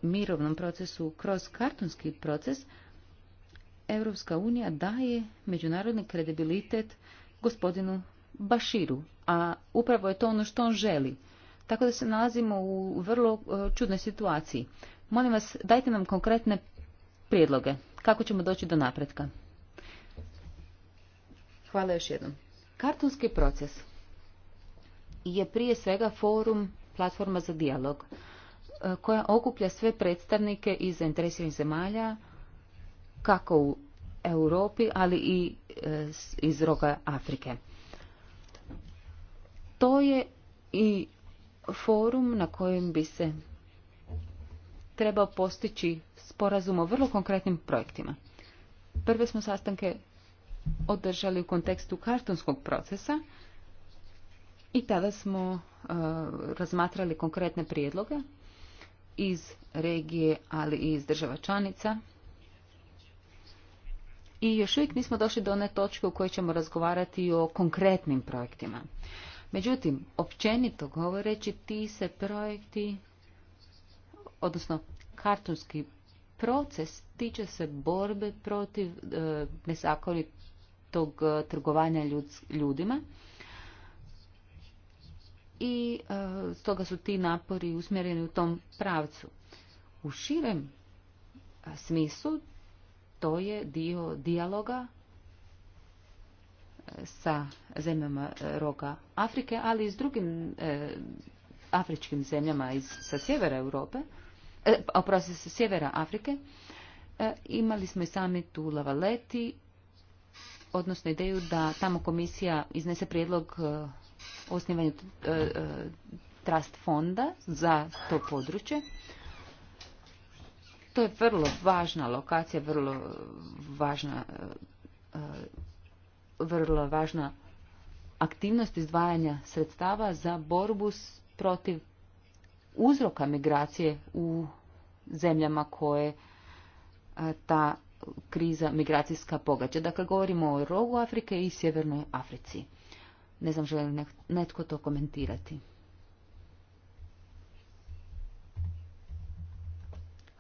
mirovnom procesu kroz kartonski proces, Europska unija daje međunarodni kredibilitet gospodinu Baširu, a upravo je to ono što on želi. Tako da se nalazimo u vrlo e, čudnoj situaciji. Molim vas, dajte nam konkretne prijedloge. Kako ćemo doći do napretka? Hvala još jednom. Kartonski proces je prije svega forum platforma za dijalog e, koja okuplja sve predstavnike iz zainteresiranih zemalja kako u Europi, ali i e, iz roga Afrike. To je i forum na kojem bi se trebao postići sporazum o vrlo konkretnim projektima. Prve smo sastanke održali u kontekstu kartonskog procesa i tada smo e, razmatrali konkretne prijedloge iz regije, ali i iz država članica. I još uvijek nismo došli do one točke u kojoj ćemo razgovarati o konkretnim projektima. Međutim, općenito govoreći, ti se projekti, odnosno kartonski proces, tiče se borbe protiv e, nezakonitog e, trgovanja ljudima i e, stoga su ti napori usmjereni u tom pravcu. U širem e, smislu to je dio dijaloga sa zemljama e, roga Afrike, ali i s drugim e, afričkim zemljama iz, sa sjevera Europe, e, oprosti, sa sjevera Afrike. E, imali smo i sami u Lavaleti, odnosno ideju da tamo komisija iznese prijedlog osnivanja trust fonda za to područje. To je vrlo važna lokacija, vrlo važna vrlo važna aktivnost izdvajanja sredstava za borbu protiv uzroka migracije u zemljama koje ta kriza migracijska pogađa. Dakle, govorimo o rogu Afrike i sjevernoj Africi. Ne znam, želi netko to komentirati.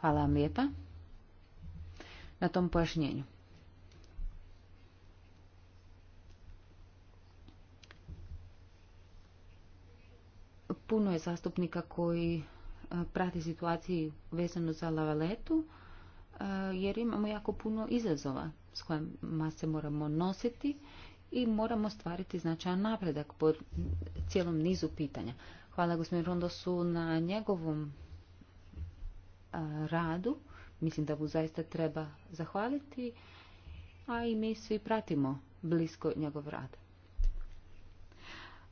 Hvala vam lijepa na tom pojašnjenju. puno je zastupnika koji e, prati situaciju vezanu za lavaletu, e, jer imamo jako puno izazova s kojima se moramo nositi i moramo stvariti značajan napredak po cijelom nizu pitanja. Hvala gospodinu Rondosu na njegovom e, radu. Mislim da mu zaista treba zahvaliti, a i mi svi pratimo blisko njegov rad.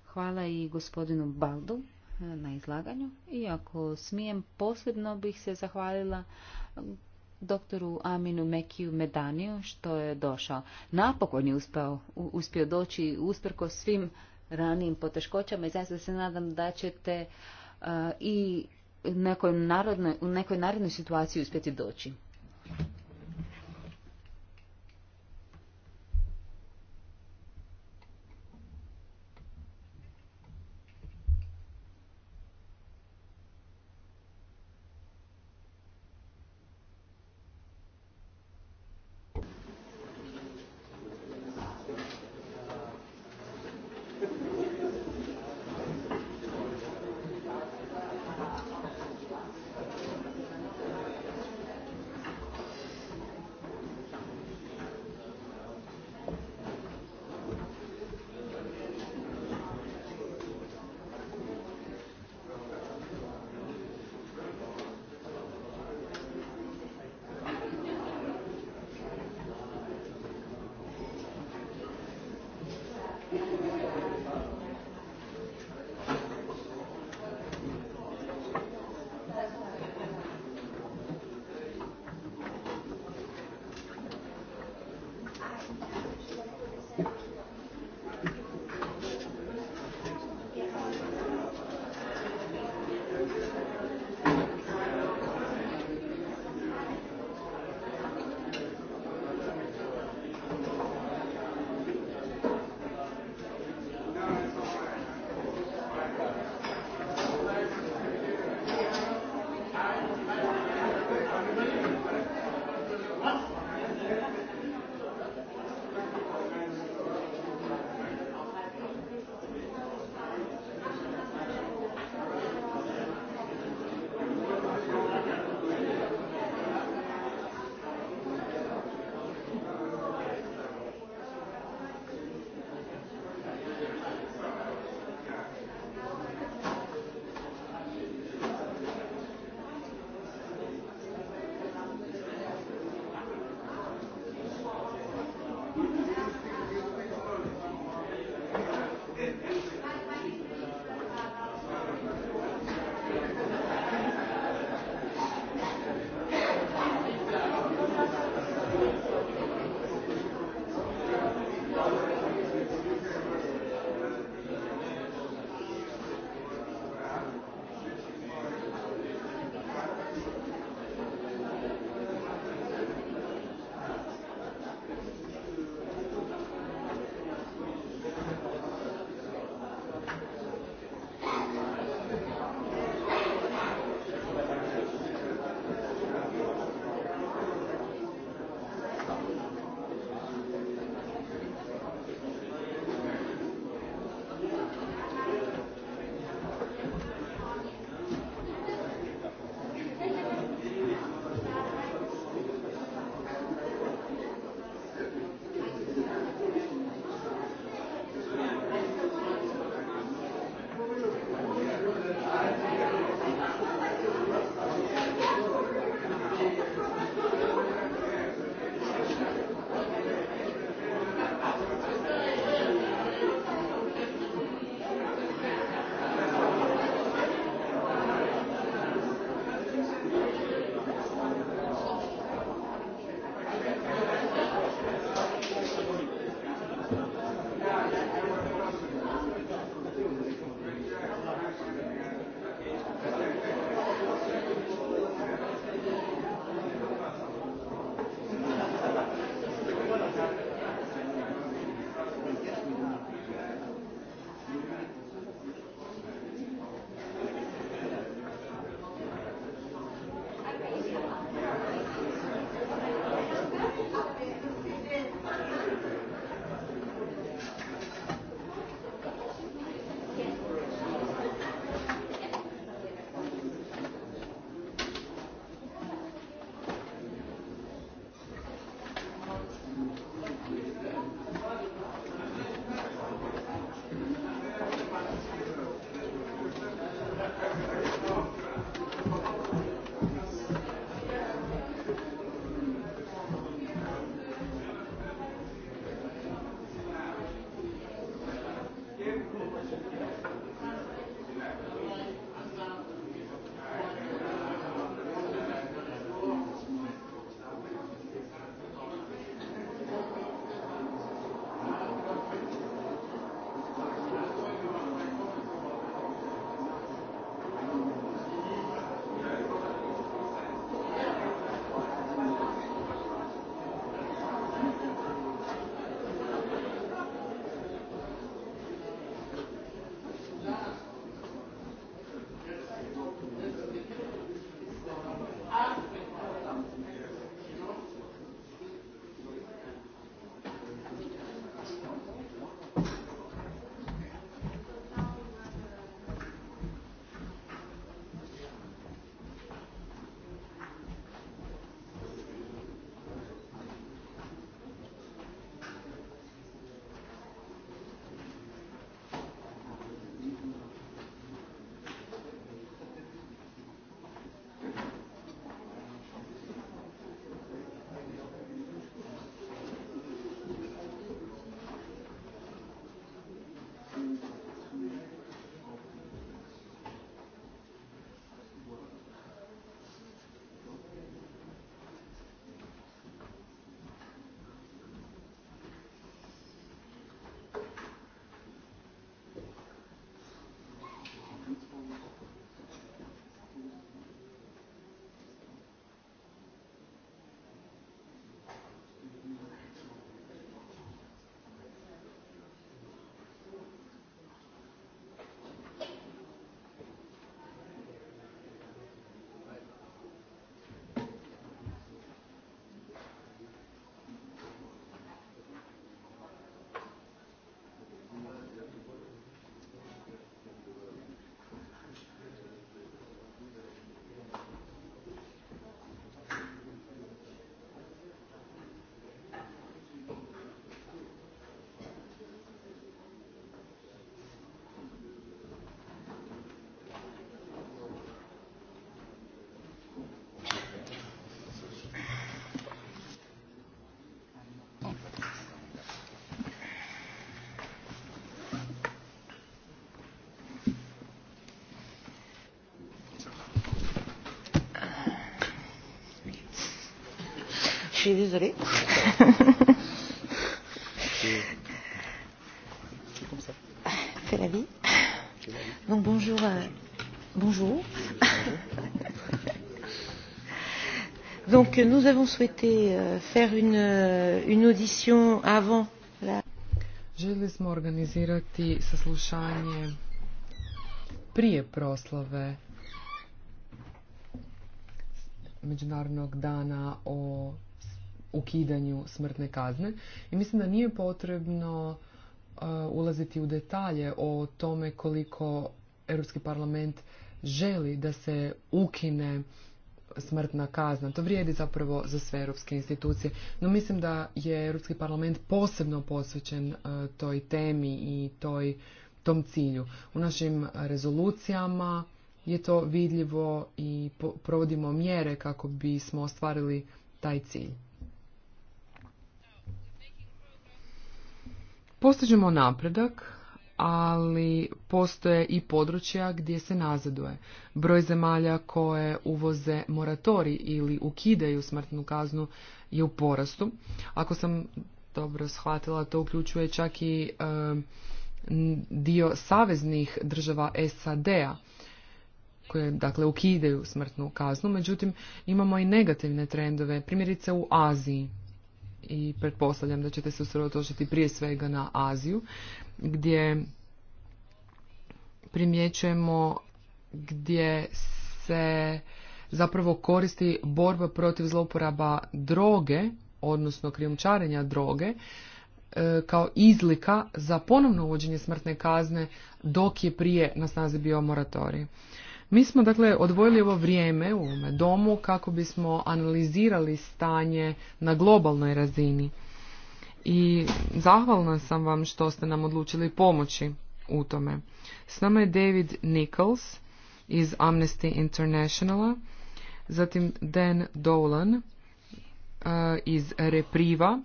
Hvala i gospodinu Baldu na izlaganju i ako smijem posebno bih se zahvalila doktoru Aminu Mekiju Medaniju što je došao. Napokon je uspio, uspio doći usprko svim ranijim poteškoćama i zaista se nadam da ćete uh, i nekoj u nekoj narodnoj situaciji uspjeti doći. je suis désolée. Fait la vie. Donc bonjour. Euh, bonjour. Donc nous avons souhaité euh, faire une, euh, une audition avant la... Željeli smo organizirati saslušanje prije proslave Međunarodnog dana o ukidanju smrtne kazne i mislim da nije potrebno uh, ulaziti u detalje o tome koliko Europski parlament želi da se ukine smrtna kazna. To vrijedi zapravo za sve europske institucije. No mislim da je Europski parlament posebno posvećen uh, toj temi i toj, tom cilju. U našim rezolucijama je to vidljivo i provodimo mjere kako bismo ostvarili taj cilj. Postižemo napredak, ali postoje i područja gdje se nazaduje. Broj zemalja koje uvoze moratori ili ukidaju smrtnu kaznu je u porastu. Ako sam dobro shvatila, to uključuje čak i dio saveznih država SAD-a koje dakle ukidaju smrtnu kaznu, međutim imamo i negativne trendove, primjerice u Aziji i pretpostavljam da ćete se usredotočiti prije svega na Aziju, gdje primjećujemo gdje se zapravo koristi borba protiv zlouporaba droge, odnosno krijumčarenja droge, e, kao izlika za ponovno uvođenje smrtne kazne dok je prije na snazi bio moratorij. Mi smo dakle odvojili ovo vrijeme u ovome domu kako bismo analizirali stanje na globalnoj razini. I zahvalna sam vam što ste nam odlučili pomoći u tome. S nama je David Nichols iz Amnesty Internationala, zatim Dan Dolan uh, iz Repriva,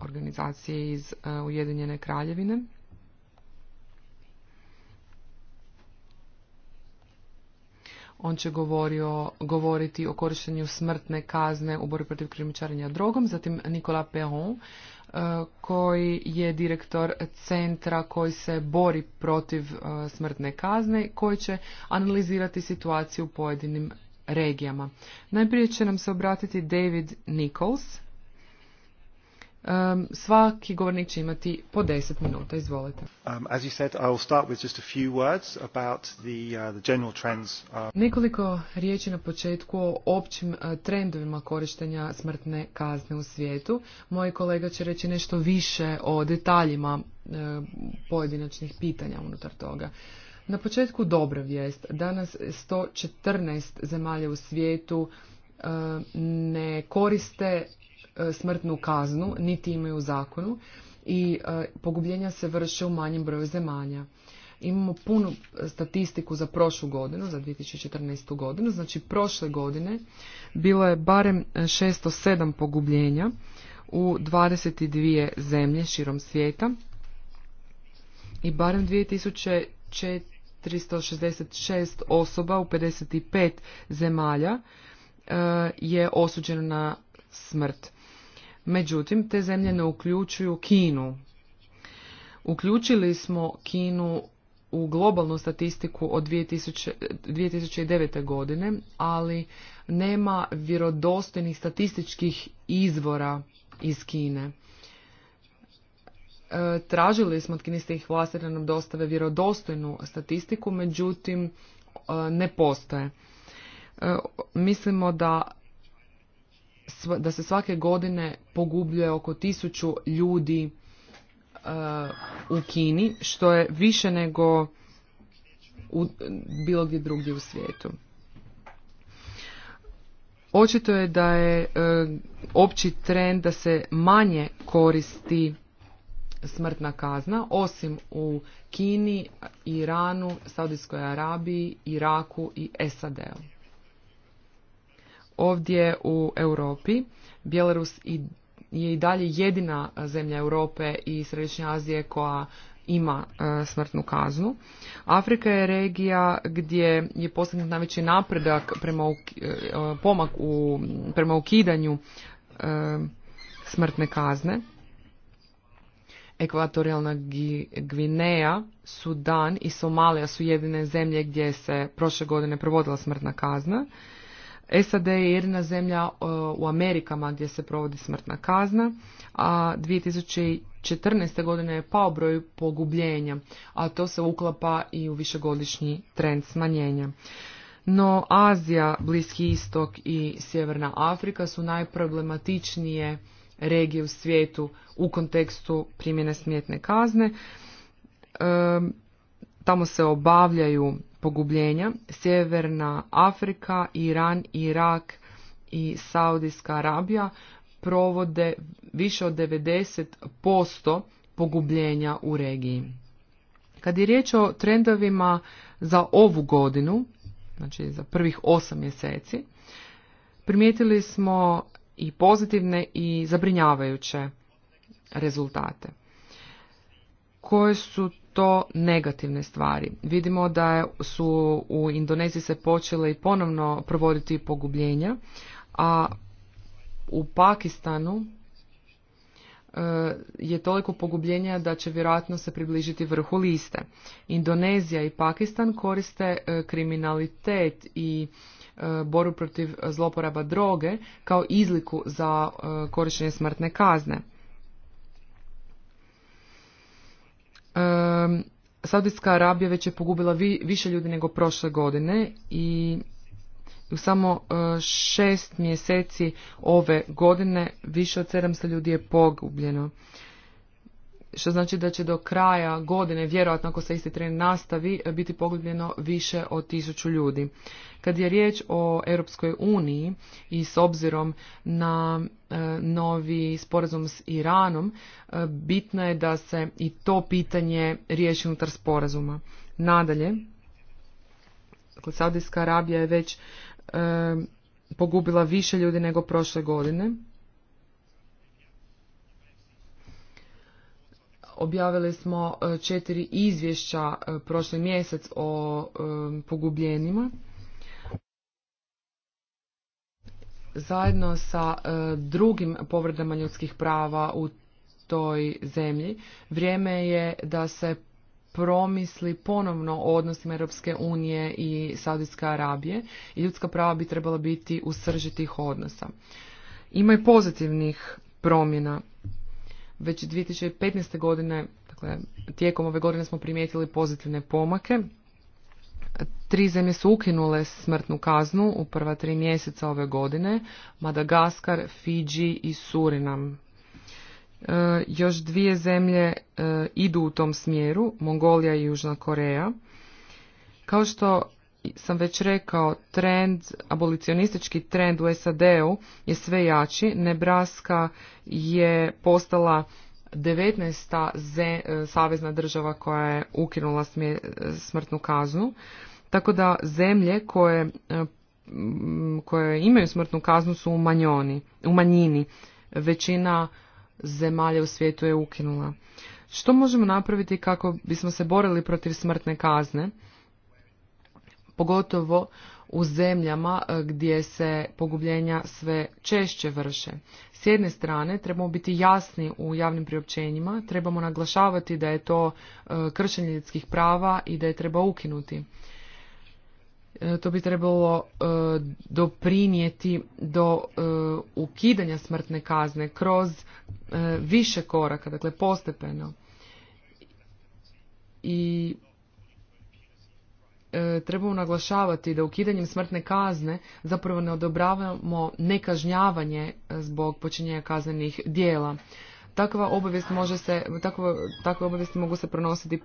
organizacije iz uh, Ujedinjene kraljevine, On će govorio, govoriti o korištenju smrtne kazne u borbi protiv krimičarenja drogom. Zatim Nikola Peron e, koji je direktor centra koji se bori protiv e, smrtne kazne, koji će analizirati situaciju u pojedinim regijama. Najprije će nam se obratiti David Nichols, svaki govornik će imati po 10 minuta. Izvolite. a Nekoliko riječi na početku o općim uh, trendovima korištenja smrtne kazne u svijetu. Moj kolega će reći nešto više o detaljima uh, pojedinačnih pitanja unutar toga. Na početku dobra vijest. Danas 114 zemalja u svijetu uh, ne koriste E, smrtnu kaznu, niti imaju u zakonu i e, pogubljenja se vrše u manjem broju zemalja. Imamo punu e, statistiku za prošlu godinu, za 2014. godinu, znači prošle godine bilo je barem 607 pogubljenja u 22 zemlje širom svijeta i barem 2466 osoba u 55 zemalja je osuđeno na smrt. Međutim, te zemlje ne uključuju Kinu. Uključili smo Kinu u globalnu statistiku od 2000, 2009. godine, ali nema vjerodostojnih statističkih izvora iz Kine. E, tražili smo od kinistih vlasti da nam dostave vjerodostojnu statistiku, međutim e, ne postoje. E, mislimo da da se svake godine pogubljuje oko tisuću ljudi uh, u Kini, što je više nego u bilo gdje drugdje u svijetu. Očito je da je uh, opći trend da se manje koristi smrtna kazna, osim u Kini, Iranu, Saudijskoj Arabiji, Iraku i SAD-u. Ovdje u Europi Bjelarus je i dalje jedina e, zemlja Europe i Središnje Azije koja ima e, smrtnu kaznu. Afrika je regija gdje je postignut najveći napredak prema e, pomak u, prema ukidanju smrtne kazne. Ekvatorijalna Gvineja, Sudan i Somalija su jedine zemlje gdje se prošle godine provodila smrtna kazna. SAD je jedina zemlja e, u Amerikama gdje se provodi smrtna kazna, a 2014. godine je pao broj pogubljenja, a to se uklapa i u višegodišnji trend smanjenja. No Azija, Bliski istok i Sjeverna Afrika su najproblematičnije regije u svijetu u kontekstu primjene smjetne kazne. E, tamo se obavljaju pogubljenja, Sjeverna Afrika, Iran, Irak i Saudijska Arabija provode više od 90% pogubljenja u regiji. Kad je riječ o trendovima za ovu godinu, znači za prvih osam mjeseci, primijetili smo i pozitivne i zabrinjavajuće rezultate. Koje su to negativne stvari. Vidimo da su u Indoneziji se počele i ponovno provoditi pogubljenja, a u Pakistanu e, je toliko pogubljenja da će vjerojatno se približiti vrhu liste. Indonezija i Pakistan koriste e, kriminalitet i e, boru protiv zloporaba droge kao izliku za korištenje smrtne kazne. um, Saudijska Arabija već je pogubila više ljudi nego prošle godine i u samo e, šest mjeseci ove godine više od 700 ljudi je pogubljeno što znači da će do kraja godine, vjerojatno ako se isti tren nastavi, biti pogubljeno više od tisuću ljudi. Kad je riječ o Europskoj uniji i s obzirom na e, novi sporazum s Iranom, e, bitno je da se i to pitanje riješi unutar sporazuma. Nadalje, dakle, Saudijska Arabija je već e, pogubila više ljudi nego prošle godine. Objavili smo e, četiri izvješća e, prošli mjesec o e, pogubljenima. Zajedno sa drugim povredama ljudskih prava u toj zemlji, vrijeme je da se promisli ponovno o odnosima Europske unije i Saudijske Arabije i ljudska prava bi trebala biti u srži tih odnosa. Ima i pozitivnih promjena već 2015. godine, dakle, tijekom ove godine smo primijetili pozitivne pomake. Tri zemlje su ukinule smrtnu kaznu u prva tri mjeseca ove godine, Madagaskar, Fiji i Surinam. E, još dvije zemlje e, idu u tom smjeru, Mongolija i Južna Koreja. Kao što sam već rekao, trend, abolicionistički trend u SAD-u je sve jači. Nebraska je postala 19. E, savezna država koja je ukinula e, smrtnu kaznu. Tako da zemlje koje, e, koje imaju smrtnu kaznu su u, manjoni, u manjini. Većina zemalja u svijetu je ukinula. Što možemo napraviti kako bismo se borili protiv smrtne kazne? pogotovo u zemljama e, gdje se pogubljenja sve češće vrše. S jedne strane trebamo biti jasni u javnim priopćenjima, trebamo naglašavati da je to e, kršenje ljudskih prava i da je treba ukinuti. E, to bi trebalo doprinijeti do ukidanja smrtne kazne kroz više koraka, dakle postepeno. I E, trebamo naglašavati da ukidanjem smrtne kazne zapravo ne odobravamo nekažnjavanje e, zbog počinjenja kaznenih dijela. Takva obavijest može se, takve obavijesti mogu se pronositi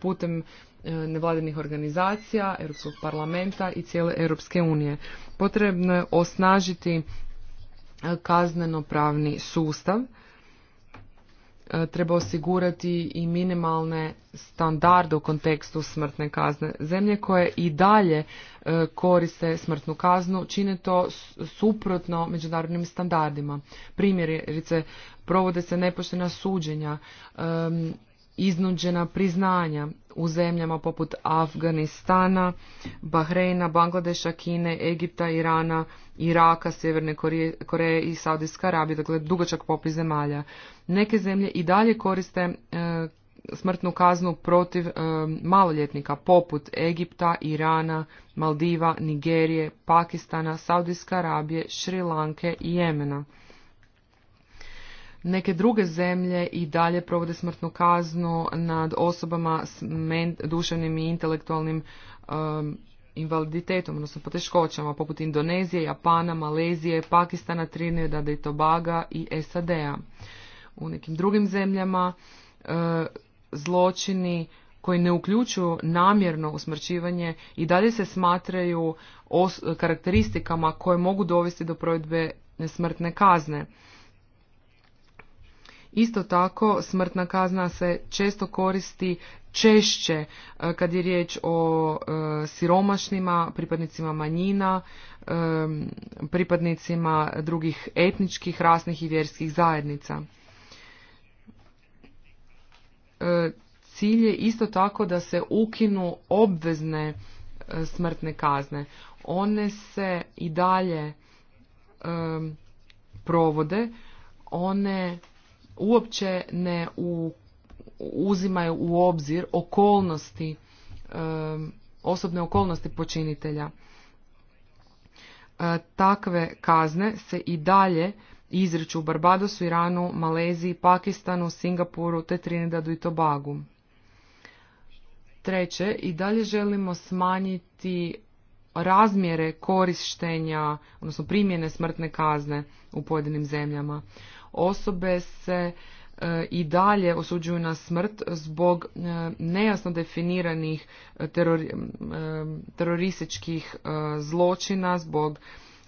putem e, nevladinih organizacija, Europskog parlamenta i cijele Europske unije. Potrebno je osnažiti kazneno-pravni sustav E, treba osigurati i minimalne standarde u kontekstu smrtne kazne. Zemlje koje i dalje e, koriste smrtnu kaznu čine to suprotno međunarodnim standardima. Primjerice, provode se nepoštena suđenja, e, iznuđena priznanja, u zemljama poput Afganistana, Bahreina, Bangladeša, Kine, Egipta, Irana, Iraka, Sjeverne Koreje, i Saudijske Arabije, dakle dugačak popis zemalja. Neke zemlje i dalje koriste e, smrtnu kaznu protiv e, maloljetnika poput Egipta, Irana, Maldiva, Nigerije, Pakistana, Saudijske Arabije, Šrilanke i Jemena. Neke druge zemlje i dalje provode smrtnu kaznu nad osobama s duševnim i intelektualnim um, invaliditetom, odnosno poteškoćama, poput Indonezije, Japana, Malezije, Pakistana, Trinidada i Tobaga i SAD-a. U nekim drugim zemljama uh, zločini koji ne uključuju namjerno usmrćivanje i dalje se smatraju karakteristikama koje mogu dovesti do provedbe smrtne kazne. Isto tako, smrtna kazna se često koristi češće e, kad je riječ o e, siromašnima, pripadnicima manjina, e, pripadnicima drugih etničkih, rasnih i vjerskih zajednica. cilj je isto tako da se ukinu obvezne smrtne kazne. One se i dalje provode, one uopće ne uzimaju u obzir okolnosti, osobne okolnosti počinitelja. E, takve kazne se i dalje izriču u Barbadosu, Iranu, Maleziji, Pakistanu, Singapuru te Trinidadu i Tobagu. Treće, i dalje želimo smanjiti razmjere korištenja, odnosno primjene smrtne kazne u pojedinim zemljama osobe se e, i dalje osuđuju na smrt zbog e, nejasno definiranih e, terorističkih zločina, zbog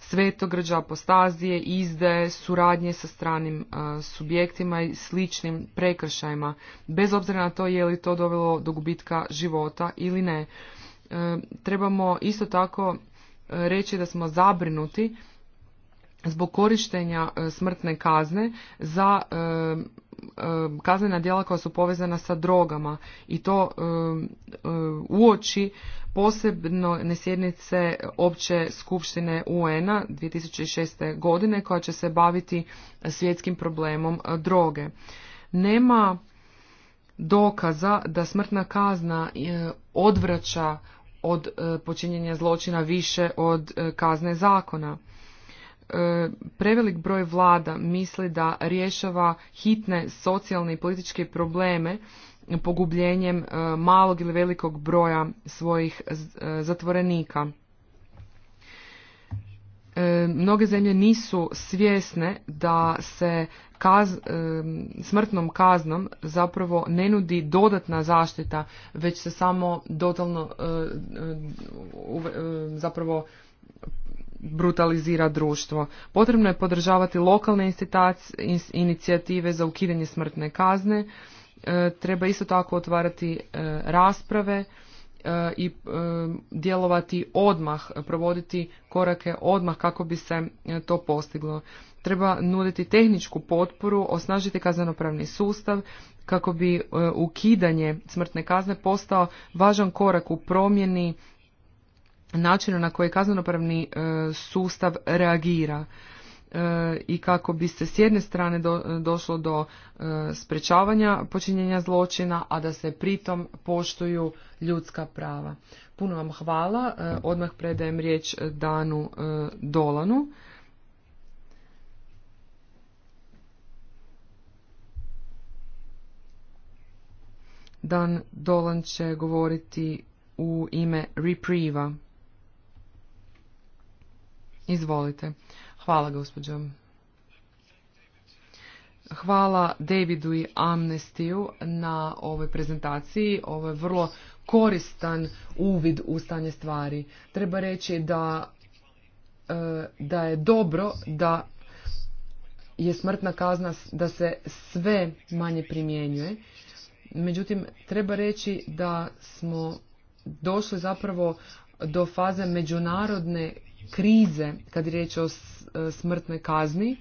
svetogrđa, apostazije, izde, suradnje sa stranim subjektima i sličnim prekršajima, bez obzira na to je li to dovelo do gubitka života ili ne. Trebamo isto tako reći da smo zabrinuti zbog korištenja e, smrtne kazne za e, e, kaznena djela koja su povezana sa drogama i to uoči posebno nesjednice opće skupštine UN-a 2006. godine koja će se baviti svjetskim problemom droge. Nema dokaza da smrtna kazna odvraća od počinjenja zločina više od kazne zakona. E, prevelik broj vlada misli da rješava hitne socijalne i političke probleme pogubljenjem e, malog ili velikog broja svojih e, zatvorenika. Mnoge zemlje nisu svjesne da se smrtnom kaznom zapravo ne nudi dodatna zaštita, već se samo dodatno zapravo brutalizira društvo. Potrebno je podržavati lokalne inicijative za ukidanje smrtne kazne, e, treba isto tako otvarati e, rasprave e, i djelovati odmah, provoditi korake odmah kako bi se to postiglo. Treba nuditi tehničku potporu, osnažiti kaznenopravni sustav kako bi ukidanje smrtne kazne postao važan korak u promjeni načinu na koji kaznenopravni e, sustav reagira e, i kako bi se s jedne strane došlo do e, sprečavanja počinjenja zločina, a da se pritom poštuju ljudska prava. Puno vam hvala. Odmah predajem riječ Danu Dolanu. Dan Dolan će govoriti u ime Reprieva. Izvolite. Hvala, gospođo. Hvala Davidu i Amnestiju na ovoj prezentaciji. Ovo je vrlo koristan uvid u stanje stvari. Treba reći da, e, da je dobro da je smrtna kazna da se sve manje primjenjuje. Međutim, treba reći da smo došli zapravo do faze međunarodne krize kad je riječ o e, smrtnoj kazni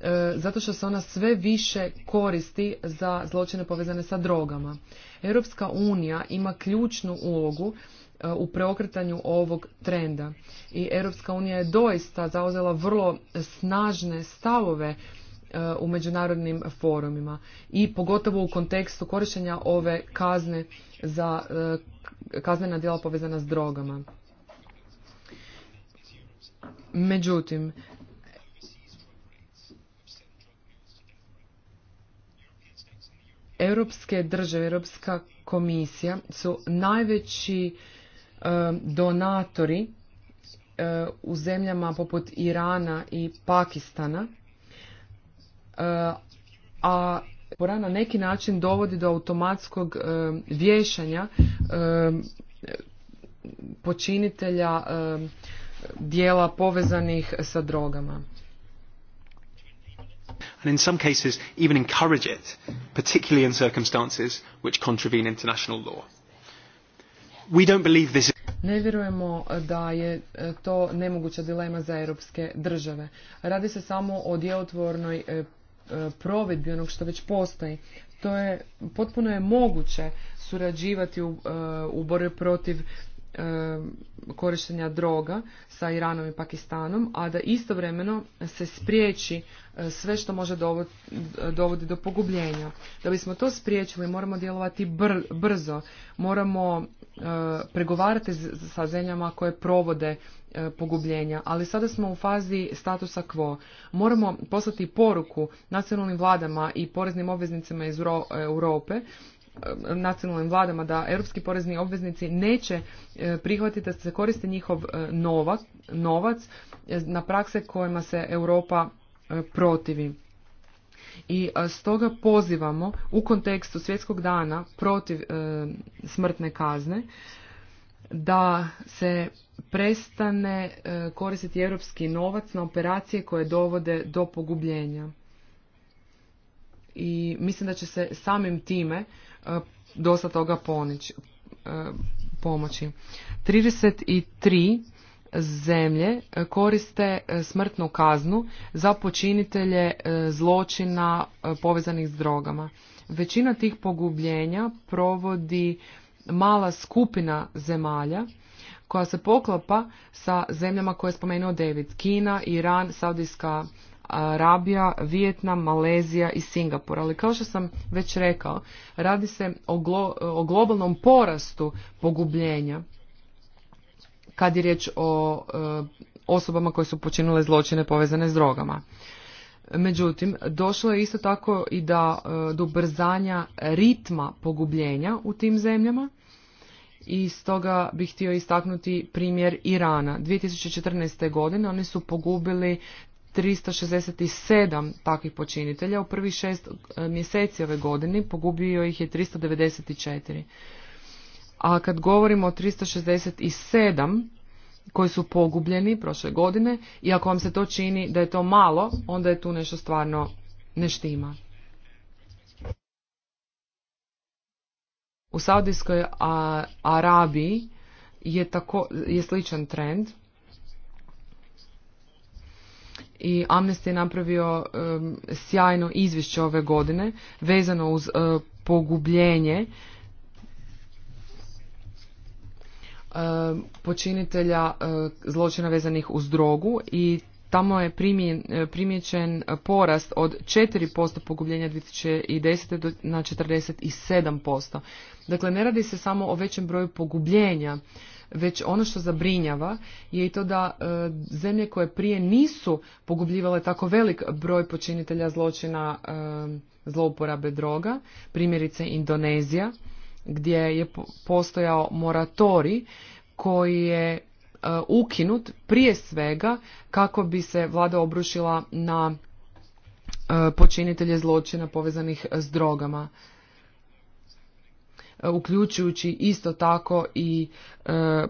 e, zato što se ona sve više koristi za zločine povezane sa drogama. Europska unija ima ključnu ulogu e, u preokretanju ovog trenda i Europska unija je doista zauzela vrlo snažne stavove u međunarodnim forumima i pogotovo u kontekstu korištenja ove kazne za kaznena djela povezana s drogama. Međutim, Europske države, Europska komisija su najveći e, donatori e, u zemljama poput Irana i Pakistana, e, a Pora na neki način dovodi do automatskog vješanja počinitelja djela povezanih sa drogama. And in some cases even encourage it, particularly in circumstances which contravene international law. We don't believe this ne vjerujemo da je e, to nemoguća dilema za europske države. Radi se samo o djelotvornoj e, e, provedbi onog što već postoji. To je potpuno je moguće surađivati u, u borbi protiv E, korištenja droga sa Iranom i Pakistanom, a da istovremeno se spriječi e, sve što može dovoditi dovodi do pogubljenja. Da bismo to spriječili moramo djelovati brzo, moramo e, pregovarati sa zemljama koje provode pogubljenja, ali sada smo u fazi statusa quo. Moramo poslati poruku nacionalnim vladama i poreznim obveznicima iz Europe nacionalnim vladama da europski porezni obveznici neće e, prihvatiti da se koriste njihov e, novac, novac e, na prakse kojima se Europa protivi. I stoga pozivamo u kontekstu svjetskog dana protiv smrtne kazne da se prestane koristiti europski novac na operacije koje dovode do pogubljenja i mislim da će se samim time e, dosta toga ponići, e, pomoći. 33 zemlje e, koriste smrtnu kaznu za počinitelje zločina povezanih s drogama. Većina tih pogubljenja provodi mala skupina zemalja koja se poklapa sa zemljama koje je spomenuo David. Kina, Iran, Saudijska Arabija, Vijetnam, Malezija i Singapur. Ali kao što sam već rekao, radi se o, globalnom porastu pogubljenja kad je riječ o e, osobama koje su počinile zločine povezane s drogama. Međutim, došlo je isto tako i da, e, do brzanja ritma pogubljenja u tim zemljama i stoga bih htio istaknuti primjer Irana. 2014. godine oni su pogubili 367 takvih počinitelja. U prvih šest e, mjeseci ove godine pogubio ih je 394. A kad govorimo o 367 koji su pogubljeni prošle godine i ako vam se to čini da je to malo, onda je tu nešto stvarno ne U Saudijskoj Arabiji je, tako, je sličan trend i Amnesty je napravio sjajno izvješće ove godine vezano uz e, pogubljenje počinitelja e, zločina vezanih uz drogu i tamo je e, primijećen porast od 4% pogubljenja 2010. Do, na 47%. Dakle, ne radi se samo o većem broju pogubljenja, već ono što zabrinjava je i to da e, zemlje koje prije nisu pogubljivale tako velik broj počinitelja zločina e, zlouporabe droga, primjerice Indonezija, gdje je postojao moratori koji je e, ukinut prije svega kako bi se vlada obrušila na počinitelje zločina povezanih s drogama. E, uključujući isto tako i e,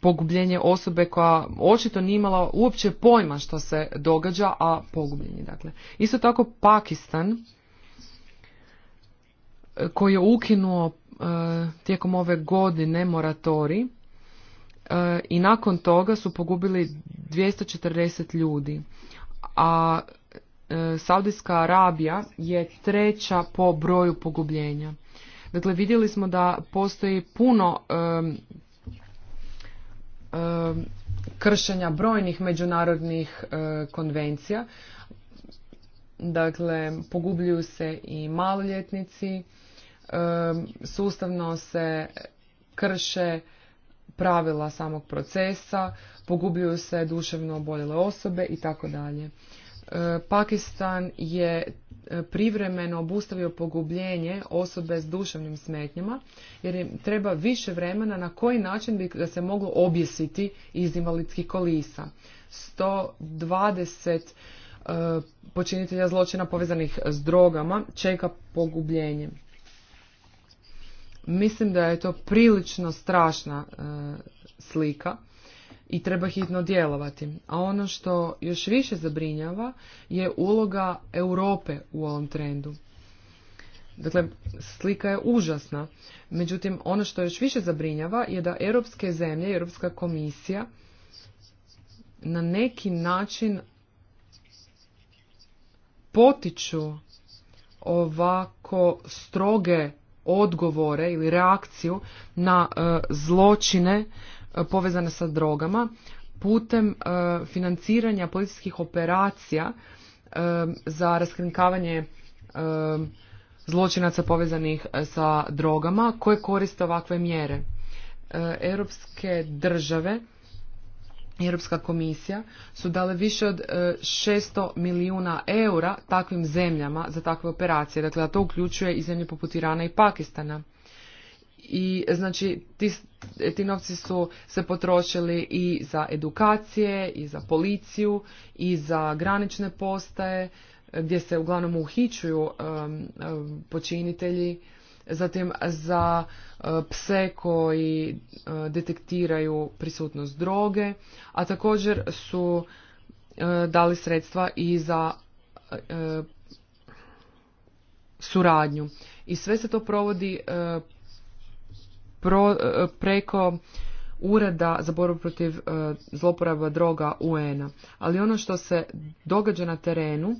pogubljenje osobe koja očito nije imala uopće pojma što se događa, a pogubljenje. Dakle. Isto tako Pakistan e, koji je ukinuo tijekom ove godine moratori i nakon toga su pogubili 240 ljudi. A Saudijska Arabija je treća po broju pogubljenja. Dakle, vidjeli smo da postoji puno kršenja brojnih međunarodnih e, konvencija. Dakle, pogubljuju se i maloljetnici, sustavno se krše pravila samog procesa, pogubljuju se duševno oboljele osobe i tako dalje. E, Pakistan je privremeno obustavio pogubljenje osobe s duševnim smetnjama jer im treba više vremena na koji način bi da se moglo objesiti iz invalidskih kolisa. 120 e, počinitelja zločina povezanih s drogama čeka pogubljenje. Mislim da je to prilično strašna e, slika i treba hitno djelovati. A ono što još više zabrinjava je uloga Europe u ovom trendu. Dakle, slika je užasna. Međutim, ono što još više zabrinjava je da europske zemlje, Europska komisija na neki način potiču ovako stroge odgovore ili reakciju na e, zločine povezane sa drogama putem e, financiranja policijskih operacija e, za raskrinkavanje e, zločinaca povezanih sa drogama koje koriste ovakve mjere. Europske države Europska komisija su dale više od 600 milijuna eura takvim zemljama za takve operacije. Dakle, da to uključuje i zemlje poput Irana i Pakistana i znači ti, ti novci su se potrošili i za edukacije i za policiju i za granične postaje gdje se uglavnom uhićuju um, um, počinitelji zatim za uh, pse koji uh, detektiraju prisutnost droge a također su uh, dali sredstva i za suradnju i sve se to provodi E, preko ureda za borbu protiv e, zloporaba droga UN-a. Ali ono što se događa na terenu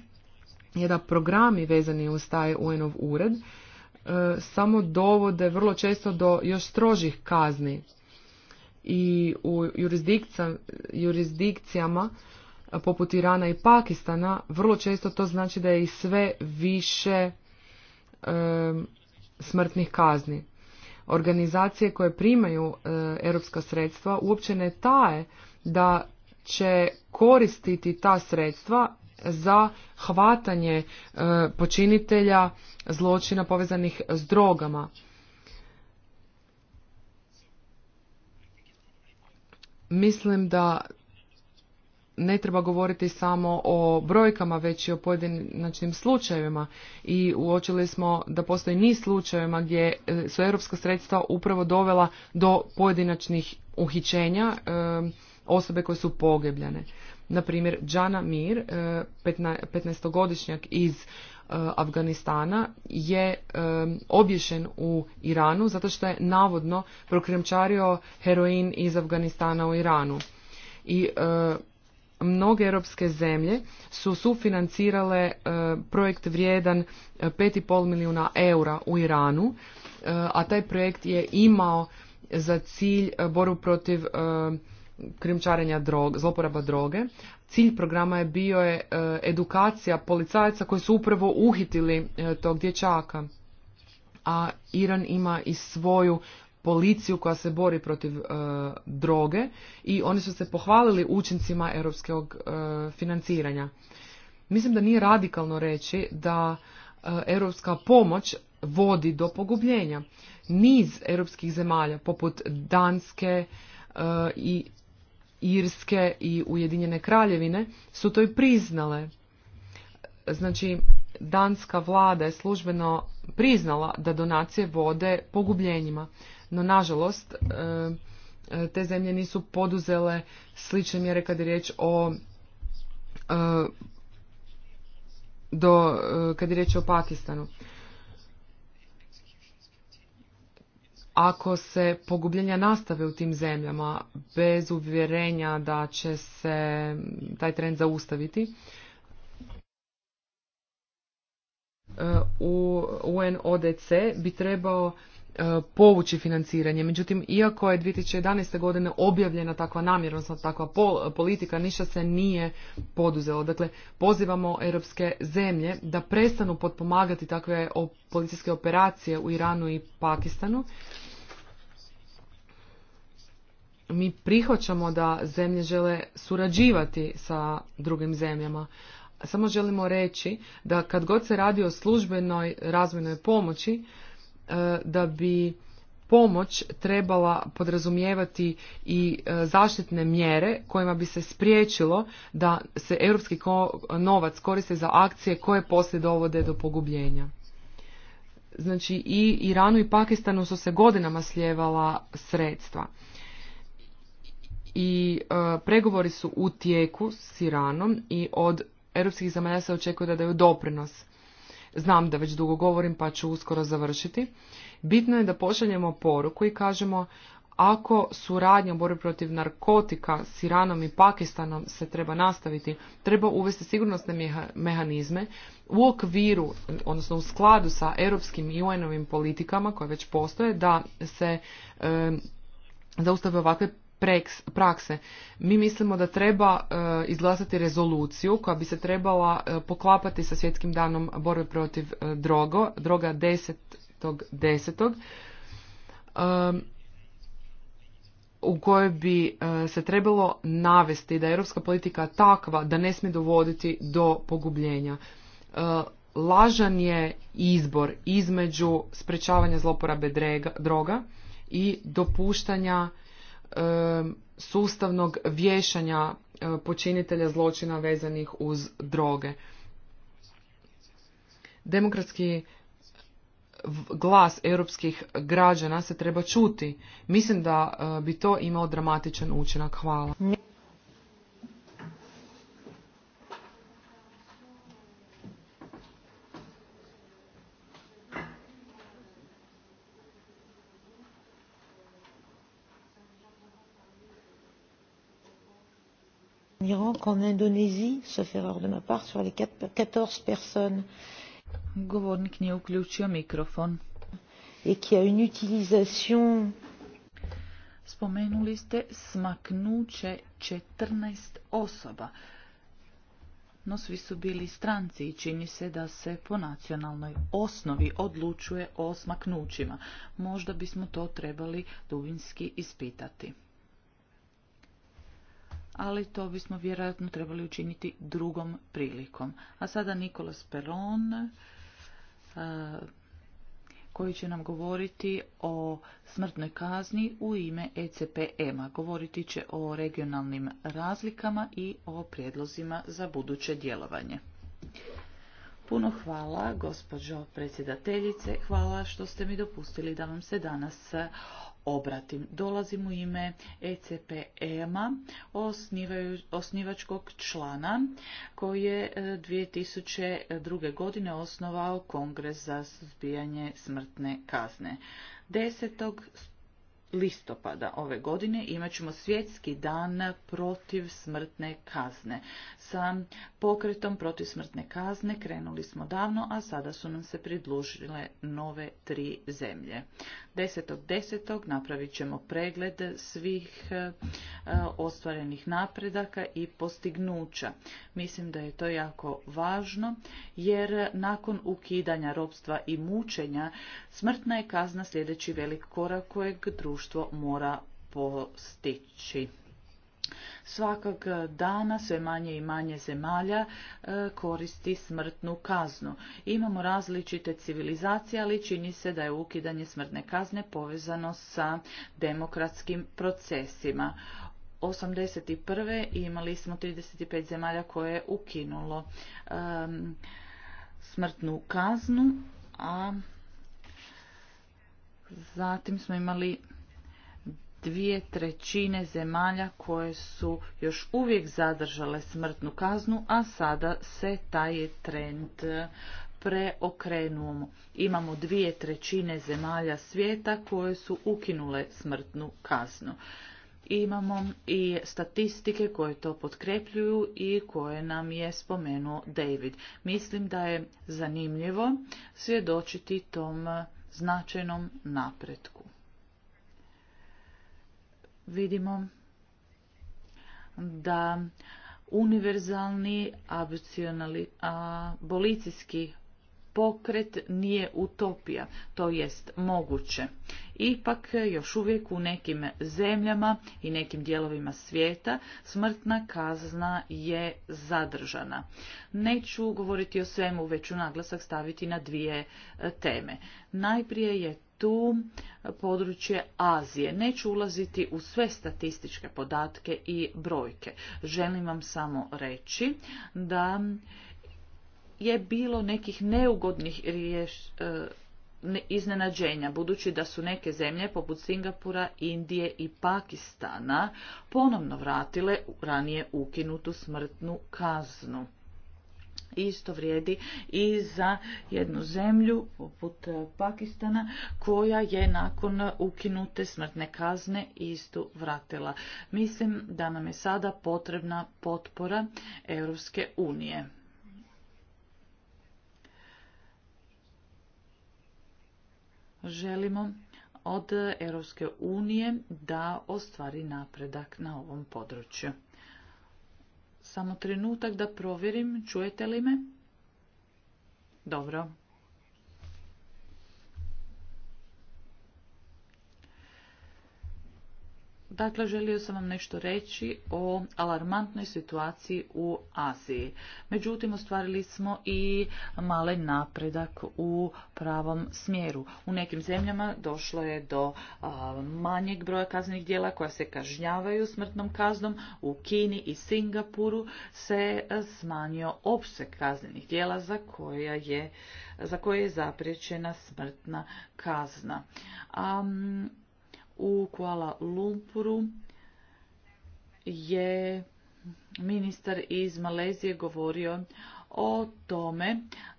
je da programi vezani uz taj UN-ov ured e, samo dovode vrlo često do još strožih kazni i u jurisdikcijama poput Irana i Pakistana vrlo često to znači da je i sve više smrtnih kazni. Organizacije koje primaju e, europska sredstva uopće ne taje da će koristiti ta sredstva za hvatanje e, počinitelja zločina povezanih s drogama. Mislim da ne treba govoriti samo o brojkama, već i o pojedinačnim slučajevima i uočili smo da postoji niz slučajevima gdje e, su europska sredstva upravo dovela do pojedinačnih uhićenja e, osobe koje su pogebljene. Naprimjer, Džana Mir, 15-godišnjak e, iz Afganistana, je obješen u Iranu zato što je navodno prokremčario heroin iz Afganistana u Iranu. I mnoge europske zemlje su sufinancirale e, projekt vrijedan 5,5 e, milijuna eura u Iranu, e, a taj projekt je imao za cilj boru protiv e, krimčarenja droge, zloporaba droge. Cilj programa je bio je edukacija policajaca koji su upravo uhitili tog dječaka. A Iran ima i svoju policiju koja se bori protiv e, droge i oni su se pohvalili učincima europskog e, financiranja. Mislim da nije radikalno reći da e, europska pomoć vodi do pogubljenja. Niz europskih zemalja poput Danske i Irske i Ujedinjene kraljevine su to i priznale. Znači, danska vlada je službeno priznala da donacije vode pogubljenjima. No, nažalost, e, e, te zemlje nisu poduzele slične mjere kad je riječ o e, do, kad je riječ o Pakistanu. Ako se pogubljenja nastave u tim zemljama bez uvjerenja da će se taj trend zaustaviti, u UNODC bi trebao E, povući financiranje. Međutim, iako je 2011. godine objavljena takva namjernost, takva politika, ništa se nije poduzelo. Dakle, pozivamo europske zemlje da prestanu potpomagati takve policijske operacije u Iranu i Pakistanu. Mi prihvaćamo da zemlje žele surađivati sa drugim zemljama. Samo želimo reći da kad god se radi o službenoj razvojnoj pomoći, E, da bi pomoć trebala podrazumijevati i e, zaštitne mjere kojima bi se spriječilo da se europski novac koriste za akcije koje poslije dovode do pogubljenja. Znači i Iranu i Pakistanu su se godinama sljevala sredstva. I e, pregovori su u tijeku s Iranom i od europskih zemalja se očekuje da daju doprinos. Znam da već dugo govorim pa ću uskoro završiti. Bitno je da pošaljemo poruku i kažemo ako suradnja u borbi protiv narkotika s Iranom i Pakistanom se treba nastaviti, treba uvesti sigurnosne mehanizme u okviru, odnosno u skladu sa europskim i UN-ovim politikama koje već postoje, da se e, zaustave ovakve preks, prakse. Mi mislimo da treba e, izglasati rezoluciju koja bi se trebala e, poklapati sa svjetskim danom borbe protiv e, drogo, droga desetog u kojoj bi se trebalo navesti da je europska politika takva da ne smije dovoditi do pogubljenja lažan je izbor između sprečavanja zloporabe droga i dopuštanja sustavnog vješanja počinitelja zločina vezanih uz droge. Demokratski glas europskih građana se treba čuti. Mislim da bi to imao dramatičan učinak. Hvala. Iran qu'en Indonésie, sauf erreur de ma part, sur les 14 personnes. Govornik nije uključio mikrofon. Et qui a une utilisation... Spomenuli ste smaknuće 14 osoba. No svi su bili stranci i čini se da se po nacionalnoj osnovi odlučuje o smaknućima. Možda bismo to trebali dubinski ispitati ali to bismo vjerojatno trebali učiniti drugom prilikom. A sada Nikolas Peron e, koji će nam govoriti o smrtnoj kazni u ime ECPM-a. Govoriti će o regionalnim razlikama i o prijedlozima za buduće djelovanje. Puno hvala, gospođo predsjedateljice. Hvala što ste mi dopustili da vam se danas obratim. Dolazim u ime ECPM-a, e osnivačkog člana koji je 2002. E, godine osnovao Kongres za suzbijanje smrtne kazne. 10 listopada ove godine imat ćemo svjetski dan protiv smrtne kazne. Sa pokretom protiv smrtne kazne krenuli smo davno, a sada su nam se pridlužile nove tri zemlje. 10.10. .10. napravit ćemo pregled svih e, ostvarenih napredaka i postignuća. Mislim da je to jako važno, jer nakon ukidanja robstva i mučenja, smrtna je kazna sljedeći velik korak kojeg društvo društvo mora postići. Svakog dana sve manje i manje zemalja e, koristi smrtnu kaznu. Imamo različite civilizacije, ali čini se da je ukidanje smrtne kazne povezano sa demokratskim procesima. 81. imali smo 35 zemalja koje je ukinulo smrtnu kaznu, a zatim smo imali dvije trećine zemalja koje su još uvijek zadržale smrtnu kaznu, a sada se taj trend e, preokrenuo. Imamo dvije trećine zemalja svijeta koje su ukinule smrtnu kaznu. Imamo i statistike koje to potkrepljuju i koje nam je spomenuo David. Mislim da je zanimljivo svjedočiti tom e, značajnom napretku vidimo da univerzalni abolicijski pokret nije utopija, to jest moguće. Ipak još uvijek u nekim zemljama i nekim dijelovima svijeta smrtna kazna je zadržana. Neću govoriti o svemu, već ću naglasak staviti na dvije e, teme. Najprije je tu područje Azije. Neću ulaziti u sve statističke podatke i brojke. Želim vam samo reći da je bilo nekih neugodnih e, iznenađenja, budući da su neke zemlje poput Singapura, Indije i Pakistana ponovno vratile ranije ukinutu smrtnu kaznu. Isto vrijedi i za jednu zemlju poput e, Pakistana koja je nakon ukinute smrtne kazne istu vratila. Mislim da nam je sada potrebna potpora Europske unije. Želimo od Europske unije da ostvari napredak na ovom području. Samo trenutak da provjerim, čujete li me? Dobro. Dakle, želio sam vam nešto reći o alarmantnoj situaciji u Aziji. Međutim, ostvarili smo i male napredak u pravom smjeru. U nekim zemljama došlo je do manjeg broja kaznenih djela koja se kažnjavaju smrtnom kaznom. U Kini i Singapuru se smanjio opseg kaznenih djela za koja je za koje je zapriječena smrtna kazna u Kuala Lumpuru je ministar iz Malezije govorio o tome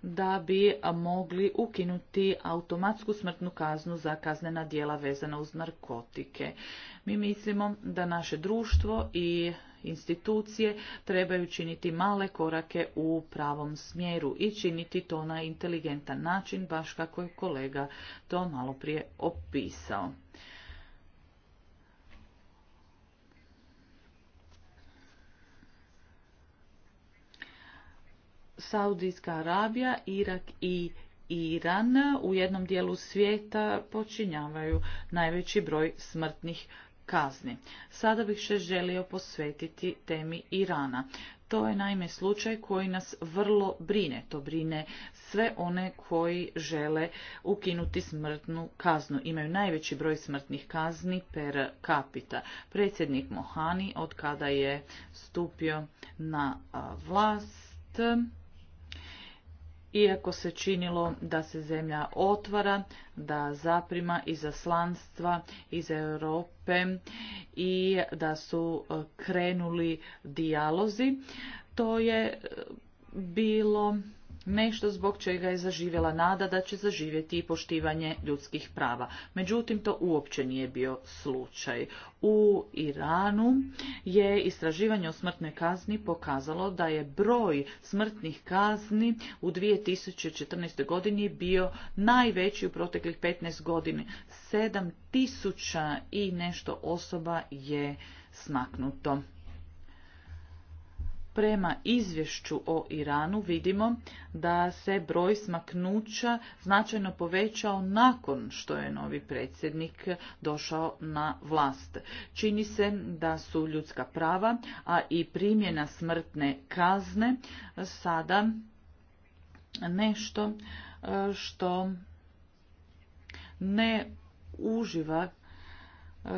da bi mogli ukinuti automatsku smrtnu kaznu za kaznena djela vezana uz narkotike. Mi mislimo da naše društvo i institucije trebaju činiti male korake u pravom smjeru i činiti to na inteligentan način, baš kako je kolega to malo prije opisao. Saudijska Arabija, Irak i Iran u jednom dijelu svijeta počinjavaju najveći broj smrtnih kazni. Sada bih se želio posvetiti temi Irana. To je naime slučaj koji nas vrlo brine. To brine sve one koji žele ukinuti smrtnu kaznu. Imaju najveći broj smrtnih kazni per capita. Predsjednik Mohani, od kada je stupio na vlast, iako se činilo da se zemlja otvara, da zaprima izaslanstva iz Europe i da su e, krenuli dijalozi. To je e, bilo nešto zbog čega je zaživjela nada da će zaživjeti i poštivanje ljudskih prava. Međutim, to uopće nije bio slučaj. U Iranu je istraživanje o smrtnoj kazni pokazalo da je broj smrtnih kazni u 2014. godini bio najveći u proteklih 15 godini. 7000 i nešto osoba je smaknuto. Prema izvješću o Iranu vidimo da se broj smaknuća značajno povećao nakon što je novi predsjednik došao na vlast. Čini se da su ljudska prava, a i primjena smrtne kazne sada nešto e, što ne uživa e,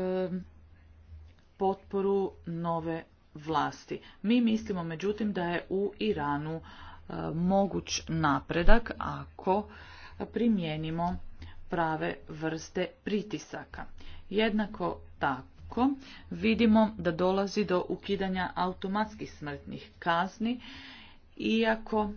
potporu nove vlasti. Mi mislimo međutim da je u Iranu e, moguć napredak ako primijenimo prave vrste pritisaka. Jednako tako vidimo da dolazi do ukidanja automatskih smrtnih kazni, iako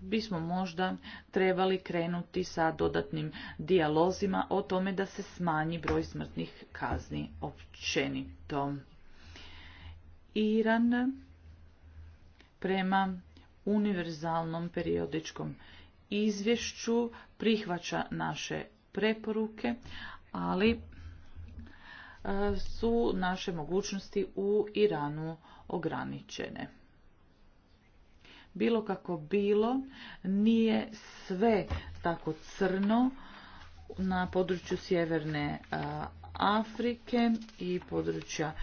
bismo možda trebali krenuti sa dodatnim dijalozima o tome da se smanji broj smrtnih kazni općenito. Iran prema univerzalnom periodičkom izvješću prihvaća naše preporuke, ali e, su naše mogućnosti u Iranu ograničene. Bilo kako bilo, nije sve tako crno na području sjeverne e, Afrike i područja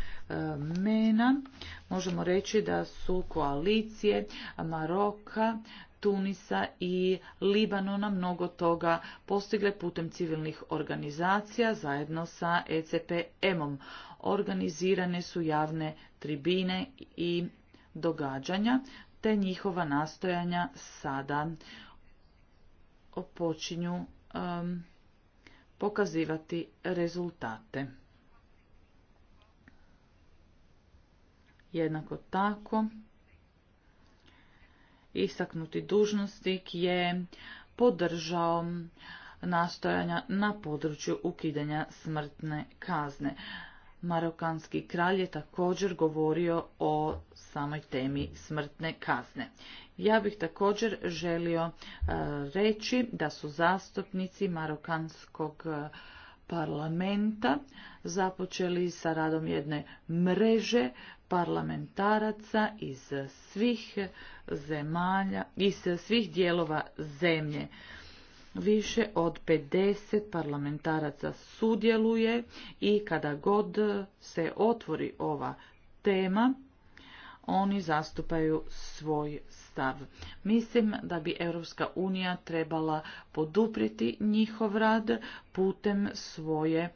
mena, možemo reći da su koalicije Maroka, Tunisa i Libanona mnogo toga postigle putem civilnih organizacija zajedno sa ECPM-om. Organizirane su javne tribine i događanja, te njihova nastojanja sada počinju pokazivati rezultate. Jednako tako, istaknuti dužnostik je podržao nastojanja na području ukidanja smrtne kazne. Marokanski kralj je također govorio o samoj temi smrtne kazne. Ja bih također želio e, reći da su zastupnici Marokanskog e, parlamenta započeli sa radom jedne mreže parlamentaraca iz svih zemalja, iz svih dijelova zemlje. Više od 50 parlamentaraca sudjeluje i kada god se otvori ova tema, oni zastupaju svoj stav. Mislim da bi Europska unija trebala poduprijeti njihov rad putem svoje e,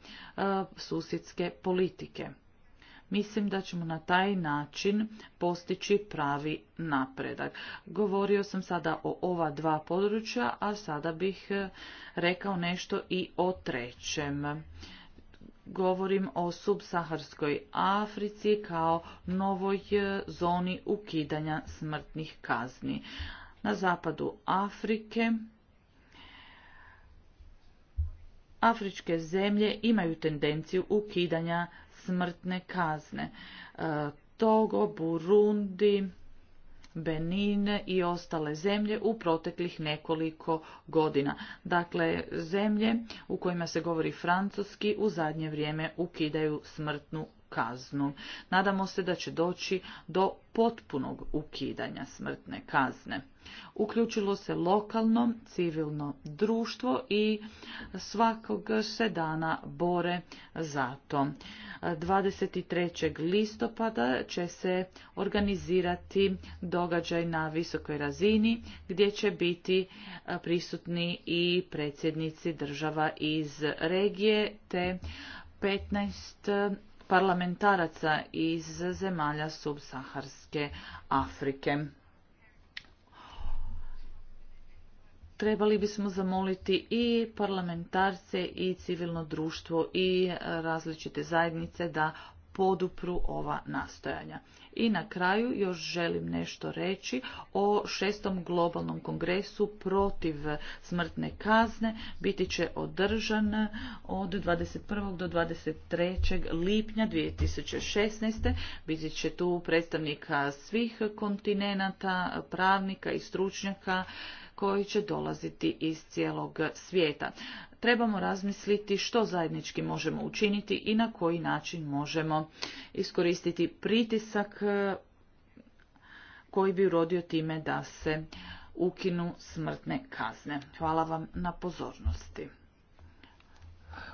susjedske politike. Mislim da ćemo na taj način postići pravi napredak. Govorio sam sada o ova dva područja, a sada bih e, rekao nešto i o trećem govorim o subsaharskoj Africi kao novoj e, zoni ukidanja smrtnih kazni. Na zapadu Afrike afričke zemlje imaju tendenciju ukidanja smrtne kazne. E, Togo, Burundi, Benine i ostale zemlje u proteklih nekoliko godina. Dakle, zemlje u kojima se govori francuski u zadnje vrijeme ukidaju smrtnu kaznu. Nadamo se da će doći do potpunog ukidanja smrtne kazne. Uključilo se lokalno civilno društvo i svakog se dana bore za to. 23. listopada će se organizirati događaj na visokoj razini gdje će biti prisutni i predsjednici država iz regije te 15 parlamentaraca iz zemalja subsaharske Afrike. Trebali bismo zamoliti i parlamentarce i civilno društvo i različite zajednice da podupru ova nastojanja. I na kraju još želim nešto reći o šestom globalnom kongresu protiv smrtne kazne. Biti će održan od 21. do 23. lipnja 2016. Biti će tu predstavnika svih kontinenata, pravnika i stručnjaka koji će dolaziti iz cijelog svijeta. Trebamo razmisliti što zajednički možemo učiniti i na koji način možemo iskoristiti pritisak e, koji bi urodio time da se ukinu smrtne kazne. Hvala vam na pozornosti.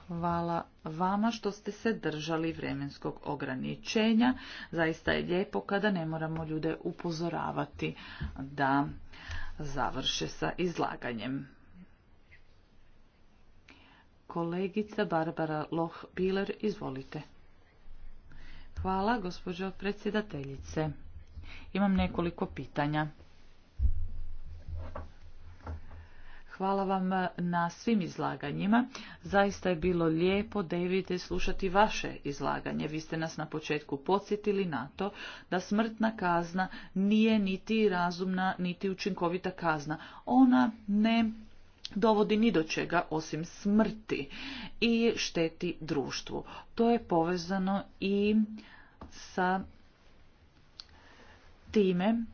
Hvala vama što ste se držali vremenskog ograničenja. Zaista je lijepo kada ne moramo ljude upozoravati da završe sa izlaganjem. Kolegica Barbara Loh-Piler, izvolite. Hvala, gospođo predsjedateljice. Imam nekoliko pitanja. Hvala vam eh, na svim izlaganjima. Zaista je bilo lijepo, vidite slušati vaše izlaganje. Vi ste nas na početku podsjetili na to da smrtna kazna nije niti razumna, niti učinkovita kazna. Ona ne dovodi ni do čega osim smrti i šteti društvu. To je povezano i sa time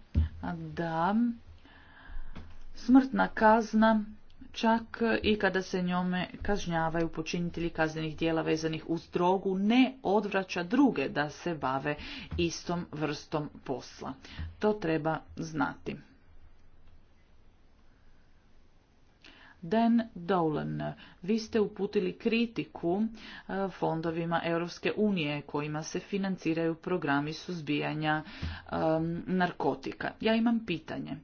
da smrtna kazna čak i kada se njome kažnjavaju počinitelji kaznenih dijela vezanih uz drogu, ne odvraća druge da se bave istom vrstom posla. To treba znati. Dan Dolan, vi ste uputili kritiku e, fondovima Europske unije kojima se financiraju programi suzbijanja e, narkotika. Ja imam pitanje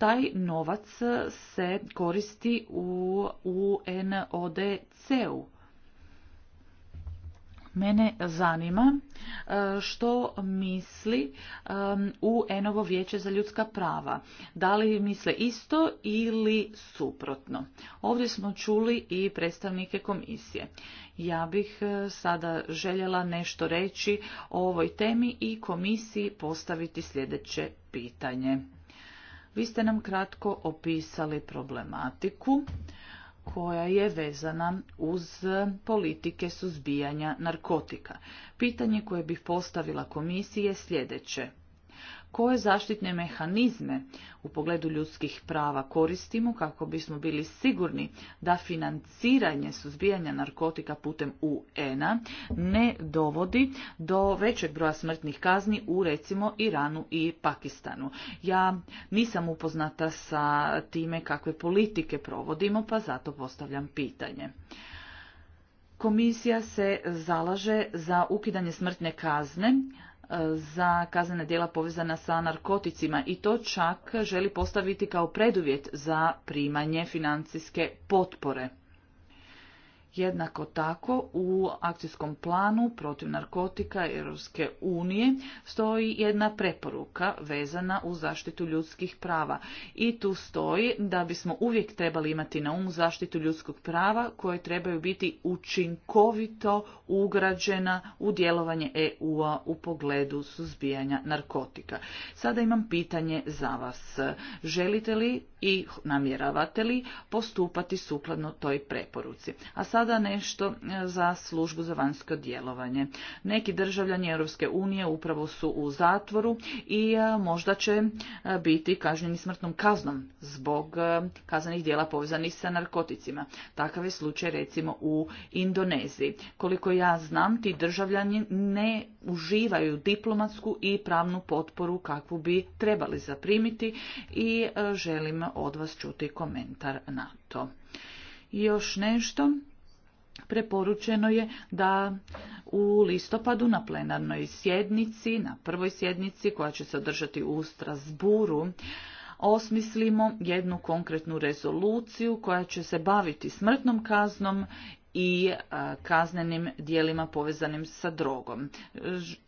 taj novac se koristi u UNODC-u. Mene zanima e, što misli e, u ovo vijeće za ljudska prava. Da li misle isto ili suprotno? Ovdje smo čuli i predstavnike komisije. Ja bih e, sada željela nešto reći o ovoj temi i komisiji postaviti sljedeće pitanje. Vi ste nam kratko opisali problematiku koja je vezana uz politike suzbijanja narkotika. Pitanje koje bih postavila komisije je sljedeće koje zaštitne mehanizme u pogledu ljudskih prava koristimo kako bismo bili sigurni da financiranje suzbijanja narkotika putem UN-a ne dovodi do većeg broja smrtnih kazni u recimo Iranu i Pakistanu. Ja nisam upoznata sa time kakve politike provodimo, pa zato postavljam pitanje. Komisija se zalaže za ukidanje smrtne kazne za kaznena djela povezana sa narkoticima i to čak želi postaviti kao preduvjet za primanje financijske potpore. Jednako tako u akcijskom planu protiv narkotika Europske unije stoji jedna preporuka vezana uz zaštitu ljudskih prava i tu stoji da bismo uvijek trebali imati na umu zaštitu ljudskog prava koje trebaju biti učinkovito ugrađena u djelovanje EU-a u pogledu suzbijanja narkotika. Sada imam pitanje za vas. Želite li i namjeravate li postupati sukladno toj preporuci. A sada nešto e, za službu za vanjsko djelovanje. Neki državljani Europske unije upravo su u zatvoru i e, možda će e, biti kažnjeni smrtnom kaznom zbog kaznenih djela povezanih sa narkoticima. Takav je slučaj recimo u Indoneziji. Koliko ja znam, ti državljani ne uživaju diplomatsku i pravnu potporu kakvu bi trebali zaprimiti i želim od vas čuti komentar na to. I još nešto. Preporučeno je da u listopadu na plenarnoj sjednici, na prvoj sjednici koja će se održati u Strasburu, osmislimo jednu konkretnu rezoluciju koja će se baviti smrtnom kaznom i kaznenim dijelima povezanim sa drogom.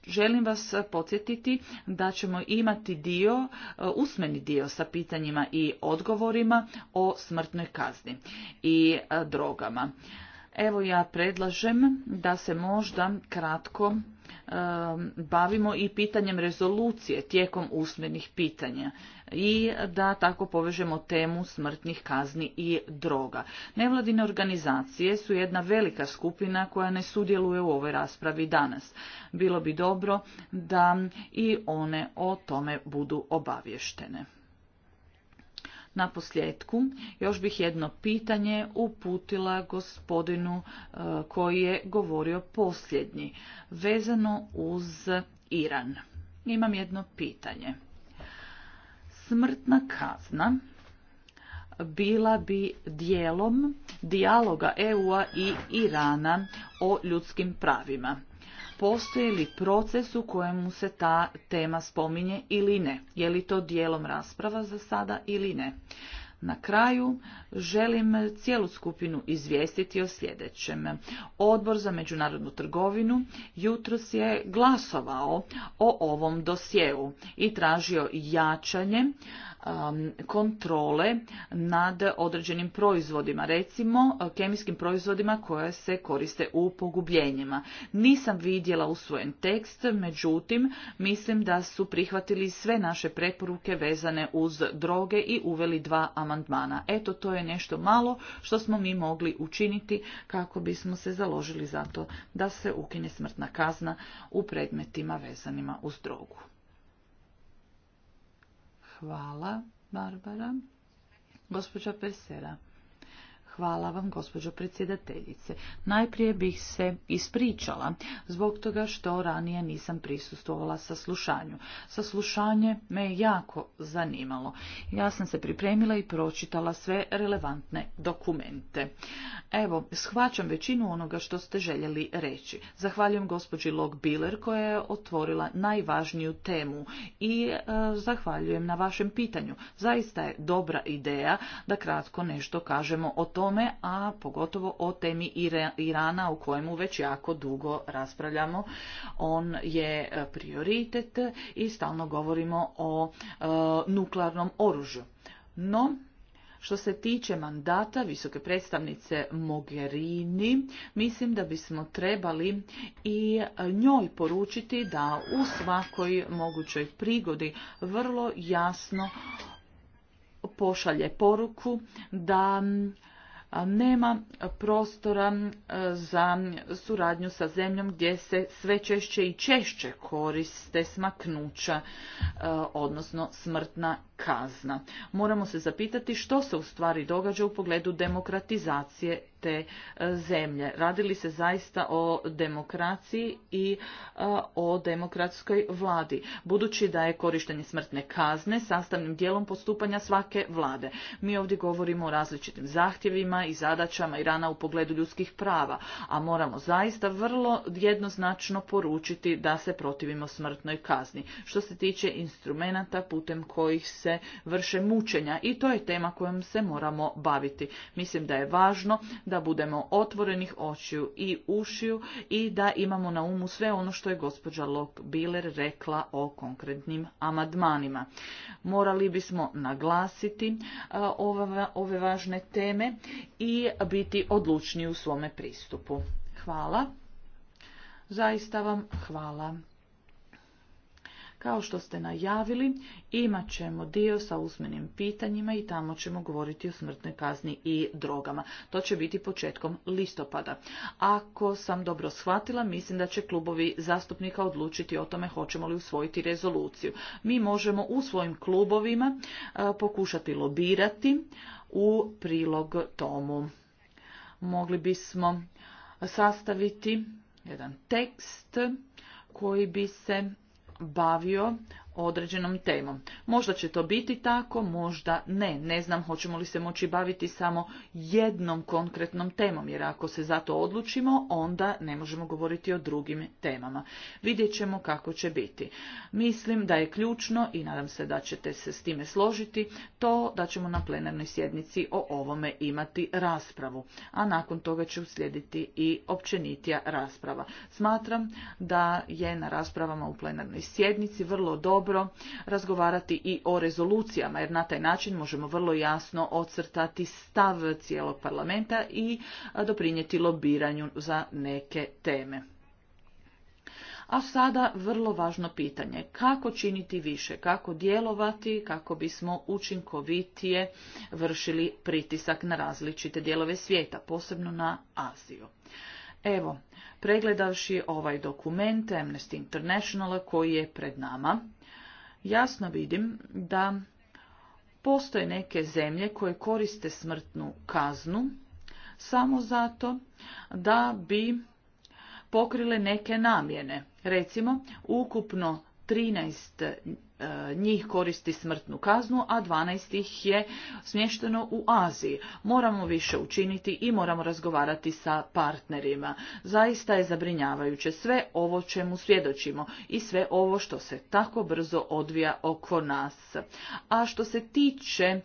Želim vas podsjetiti da ćemo imati dio, usmeni dio sa pitanjima i odgovorima o smrtnoj kazni i drogama. Evo ja predlažem da se možda kratko bavimo i pitanjem rezolucije tijekom usmenih pitanja i da tako povežemo temu smrtnih kazni i droga. Nevladine organizacije su jedna velika skupina koja ne sudjeluje u ovoj raspravi danas. Bilo bi dobro da i one o tome budu obavještene. Na posljedku još bih jedno pitanje uputila gospodinu e, koji je govorio posljednji, vezano uz Iran. Imam jedno pitanje. Smrtna kazna bila bi dijelom dijaloga EU-a i Irana o ljudskim pravima postoji li proces u kojemu se ta tema spominje ili ne. Je li to dijelom rasprava za sada ili ne. Na kraju želim cijelu skupinu izvijestiti o sljedećem. Odbor za međunarodnu trgovinu jutros je glasovao o ovom dosjeu i tražio jačanje Um, kontrole nad određenim proizvodima, recimo uh, kemijskim proizvodima koje se koriste u pogubljenjima. Nisam vidjela usvojen tekst, međutim mislim da su prihvatili sve naše preporuke vezane uz droge i uveli dva amandmana. Eto, to je nešto malo što smo mi mogli učiniti kako bismo se založili za to da se ukine smrtna kazna u predmetima vezanima uz drogu. Hvala, Barbara. Gospođa Pesera. Hvala vam, gospođo predsjedateljice. Najprije bih se ispričala zbog toga što ranije nisam prisustvovala saslušanju. Saslušanje me je jako zanimalo. Ja sam se pripremila i pročitala sve relevantne dokumente. Evo, shvaćam većinu onoga što ste željeli reći. Zahvaljujem gospođi Log Biller koja je otvorila najvažniju temu i e, zahvaljujem na vašem pitanju. Zaista je dobra ideja da kratko nešto kažemo o tom tome, a pogotovo o temi Irana o kojemu već jako dugo raspravljamo. On je e, prioritet i stalno govorimo o e, nuklearnom oružju. No, što se tiče mandata visoke predstavnice Mogherini, mislim da bismo trebali i njoj poručiti da u svakoj mogućoj prigodi vrlo jasno pošalje poruku da nema prostora e, za suradnju sa zemljom gdje se sve češće i češće koriste smaknuća, e, odnosno smrtna kazna. Moramo se zapitati što se u stvari događa u pogledu demokratizacije te e, zemlje. Radi li se zaista o demokraciji i e, o demokratskoj vladi, budući da je korištenje smrtne kazne sastavnim dijelom postupanja svake vlade. Mi ovdje govorimo o različitim zahtjevima i zadaćama rana u pogledu ljudskih prava, a moramo zaista vrlo jednoznačno poručiti da se protivimo smrtnoj kazni. Što se tiče instrumenata putem kojih se vrše mučenja i to je tema kojom se moramo baviti. Mislim da je važno da budemo otvorenih očiju i ušiju i da imamo na umu sve ono što je gospođa Lok-Biler rekla o konkretnim amadmanima. Morali bismo naglasiti ove, ove važne teme i biti odlučni u svome pristupu. Hvala. Zaista vam hvala. Kao što ste najavili, imat ćemo dio sa usmenim pitanjima i tamo ćemo govoriti o smrtnoj kazni i drogama. To će biti početkom listopada. Ako sam dobro shvatila, mislim da će klubovi zastupnika odlučiti o tome hoćemo li usvojiti rezoluciju. Mi možemo u svojim klubovima e, pokušati lobirati u prilog tomu. Mogli bismo sastaviti jedan tekst koji bi se bavio određenom temom. Možda će to biti tako, možda ne. Ne znam hoćemo li se moći baviti samo jednom konkretnom temom, jer ako se za to odlučimo, onda ne možemo govoriti o drugim temama. Vidjet ćemo kako će biti. Mislim da je ključno, i nadam se da ćete se s time složiti, to da ćemo na plenarnoj sjednici o ovome imati raspravu, a nakon toga će uslijediti i općenitija rasprava. Smatram da je na raspravama u plenarnoj sjednici vrlo dobro dobro razgovarati i o rezolucijama jer na taj način možemo vrlo jasno ocrtati stav cijelog parlamenta i doprinijeti lobiranju za neke teme. A sada vrlo važno pitanje, kako činiti više, kako djelovati, kako bismo učinkovitije vršili pritisak na različite dijelove svijeta, posebno na Aziju. Evo, pregledavši ovaj dokument Amnesty International koji je pred nama, jasno vidim da postoje neke zemlje koje koriste smrtnu kaznu samo zato da bi pokrile neke namjene. Recimo, ukupno 13 E, njih koristi smrtnu kaznu, a 12 ih je smješteno u Aziji. Moramo više učiniti i moramo razgovarati sa partnerima. Zaista je zabrinjavajuće sve ovo čemu svjedočimo i sve ovo što se tako brzo odvija oko nas. A što se tiče e,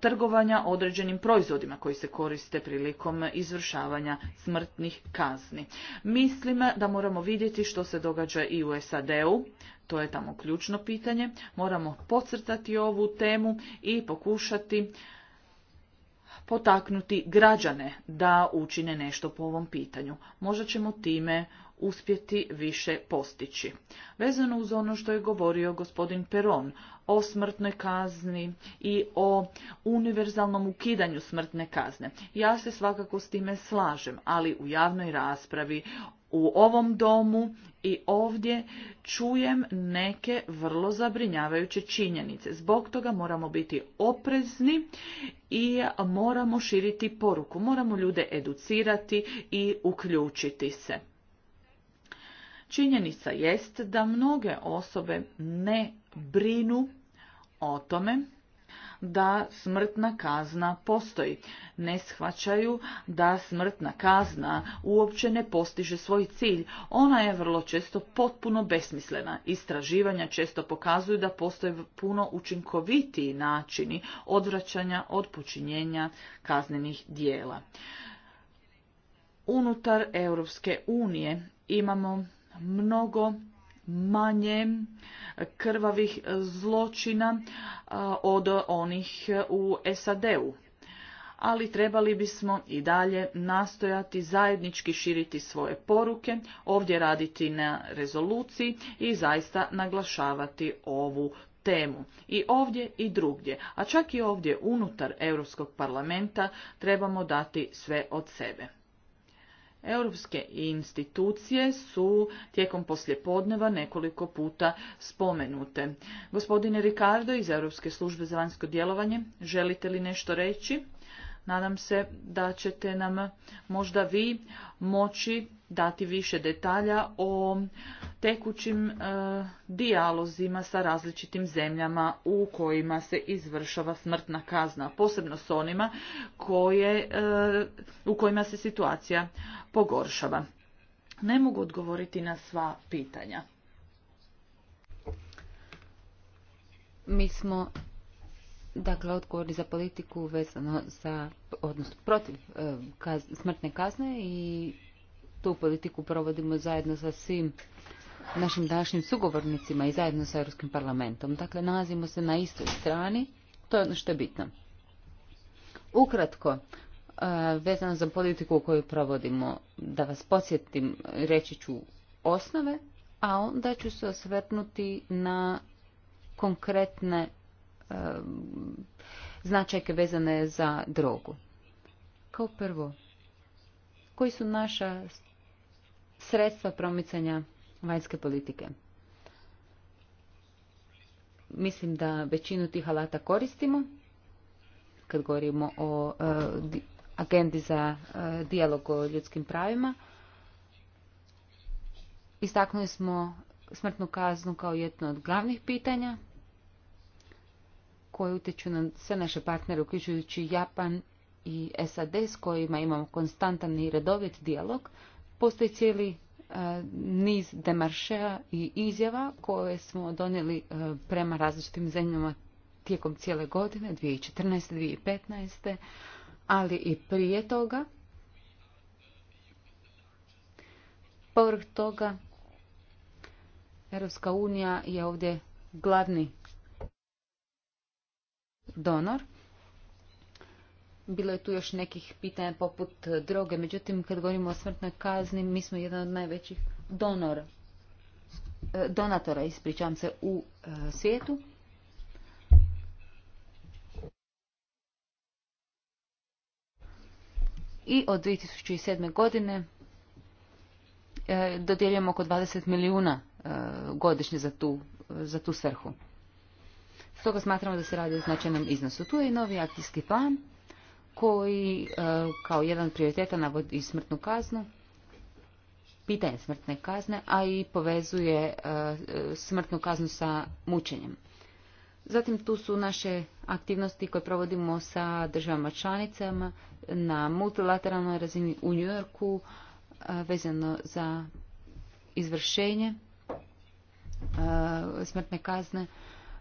trgovanja određenim proizvodima koji se koriste prilikom izvršavanja smrtnih kazni. Mislim da moramo vidjeti što se događa i u SAD-u, to je tamo ključno pitanje. Moramo podcrtati ovu temu i pokušati potaknuti građane da učine nešto po ovom pitanju. Možda ćemo time uspjeti više postići. Vezano uz ono što je govorio gospodin Peron o smrtnoj kazni i o univerzalnom ukidanju smrtne kazne. Ja se svakako s time slažem, ali u javnoj raspravi u ovom domu i ovdje čujem neke vrlo zabrinjavajuće činjenice. Zbog toga moramo biti oprezni i moramo širiti poruku, moramo ljude educirati i uključiti se. Činjenica jest da mnoge osobe ne brinu o tome da smrtna kazna postoji. Ne shvaćaju da smrtna kazna uopće ne postiže svoj cilj. Ona je vrlo često potpuno besmislena. Istraživanja često pokazuju da postoje puno učinkovitiji načini odvraćanja od počinjenja kaznenih dijela. Unutar Europske unije imamo mnogo manje krvavih zločina od onih u SAD-u. Ali trebali bismo i dalje nastojati zajednički širiti svoje poruke, ovdje raditi na rezoluciji i zaista naglašavati ovu temu i ovdje i drugdje, a čak i ovdje unutar Europskog parlamenta trebamo dati sve od sebe. Europske institucije su tijekom poslijepodneva nekoliko puta spomenute. Gospodine Ricardo iz Europske službe za vanjsko djelovanje, želite li nešto reći? Nadam se da ćete nam možda vi moći dati više detalja o tekućim e, dijalozima sa različitim zemljama u kojima se izvršava smrtna kazna, posebno s onima koje, e, u kojima se situacija pogoršava. Ne mogu odgovoriti na sva pitanja. Mi smo Dakle, odgovorni za politiku vezano za, odnosno protiv e, smrtne kazne i tu politiku provodimo zajedno sa svim našim današnjim sugovornicima i zajedno sa Europskim parlamentom. Dakle, nalazimo se na istoj strani, to je ono što je bitno. Ukratko, e, vezano za politiku koju provodimo, da vas podsjetim, reći ću osnove, a onda ću se osvrnuti na konkretne e, značajke vezane za drogu. Kao prvo, koji su naša sredstva promicanja vanjske politike? Mislim da većinu tih alata koristimo kad govorimo o e, agendi za e, dijalog o ljudskim pravima. Istaknuli smo smrtnu kaznu kao jedno od glavnih pitanja koje utječu na sve naše partnere, uključujući Japan i SAD s kojima imamo konstantan i redovit dijalog, postoji cijeli e, niz demaršeja i izjava koje smo donijeli e, prema različitim zemljama tijekom cijele godine, 2014. 2015. ali i prije toga. Povrh toga, Europska unija je ovdje glavni donor. Bilo je tu još nekih pitanja poput droge, međutim kad govorimo o smrtnoj kazni, mi smo jedan od najvećih donora, e, donatora, ispričavam se, u e, svijetu. I od 2007. godine e, dodjeljujemo oko 20 milijuna godišnje za tu, za tu svrhu. Stoga smatramo da se radi o značajnom iznosu. Tu je i novi akcijski plan koji e, kao jedan prioriteta navodi smrtnu kaznu, pitanje smrtne kazne, a i povezuje e, smrtnu kaznu sa mučenjem. Zatim tu su naše aktivnosti koje provodimo sa državama članicama na multilateralnoj razini u Yorku e, vezano za izvršenje smrtne kazne.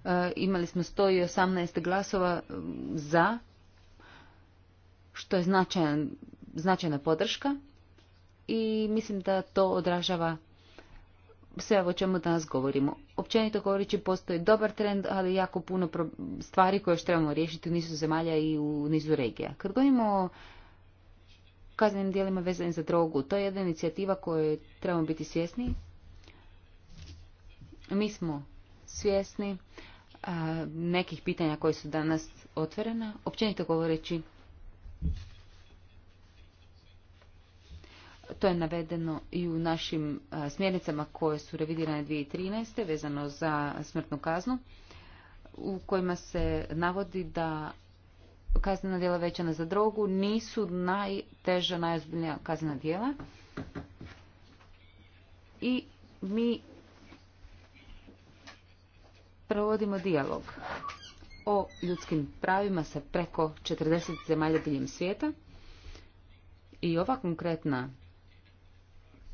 E, imali smo 118 glasova za, što je značajan, značajna podrška i mislim da to odražava sve o čemu danas govorimo. Općenito govorići postoji dobar trend, ali jako puno stvari koje još trebamo riješiti u nizu zemalja i u nizu regija. Kad govorimo o kaznenim dijelima vezanim za drogu, to je jedna inicijativa koju trebamo biti svjesni. Mi smo svjesni nekih pitanja koje su danas otvorena. Općenito govoreći, to je navedeno i u našim smjernicama koje su revidirane 2013. vezano za smrtnu kaznu, u kojima se navodi da kaznena djela većana za drogu nisu najteža, najozbiljnija kaznena djela. I mi provodimo dijalog o ljudskim pravima sa preko 40 zemalja diljem svijeta i ova konkretna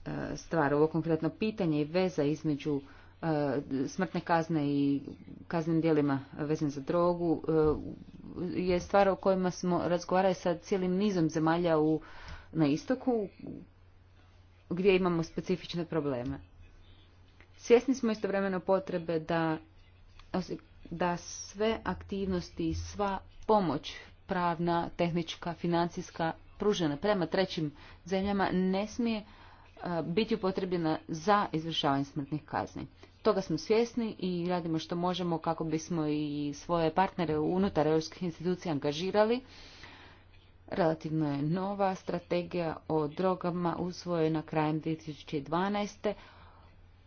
e, stvar, ovo konkretno pitanje i veza između e, smrtne kazne i kaznim dijelima vezan za drogu e, je stvar o kojima smo razgovarali sa cijelim nizom zemalja u, na istoku gdje imamo specifične probleme. Svjesni smo istovremeno potrebe da da sve aktivnosti i sva pomoć pravna, tehnička, financijska pružena prema trećim zemljama ne smije e, biti upotrebljena za izvršavanje smrtnih kazni. Toga smo svjesni i radimo što možemo kako bismo i svoje partnere unutar europskih institucija angažirali. Relativno je nova strategija o drogama usvojena krajem 2012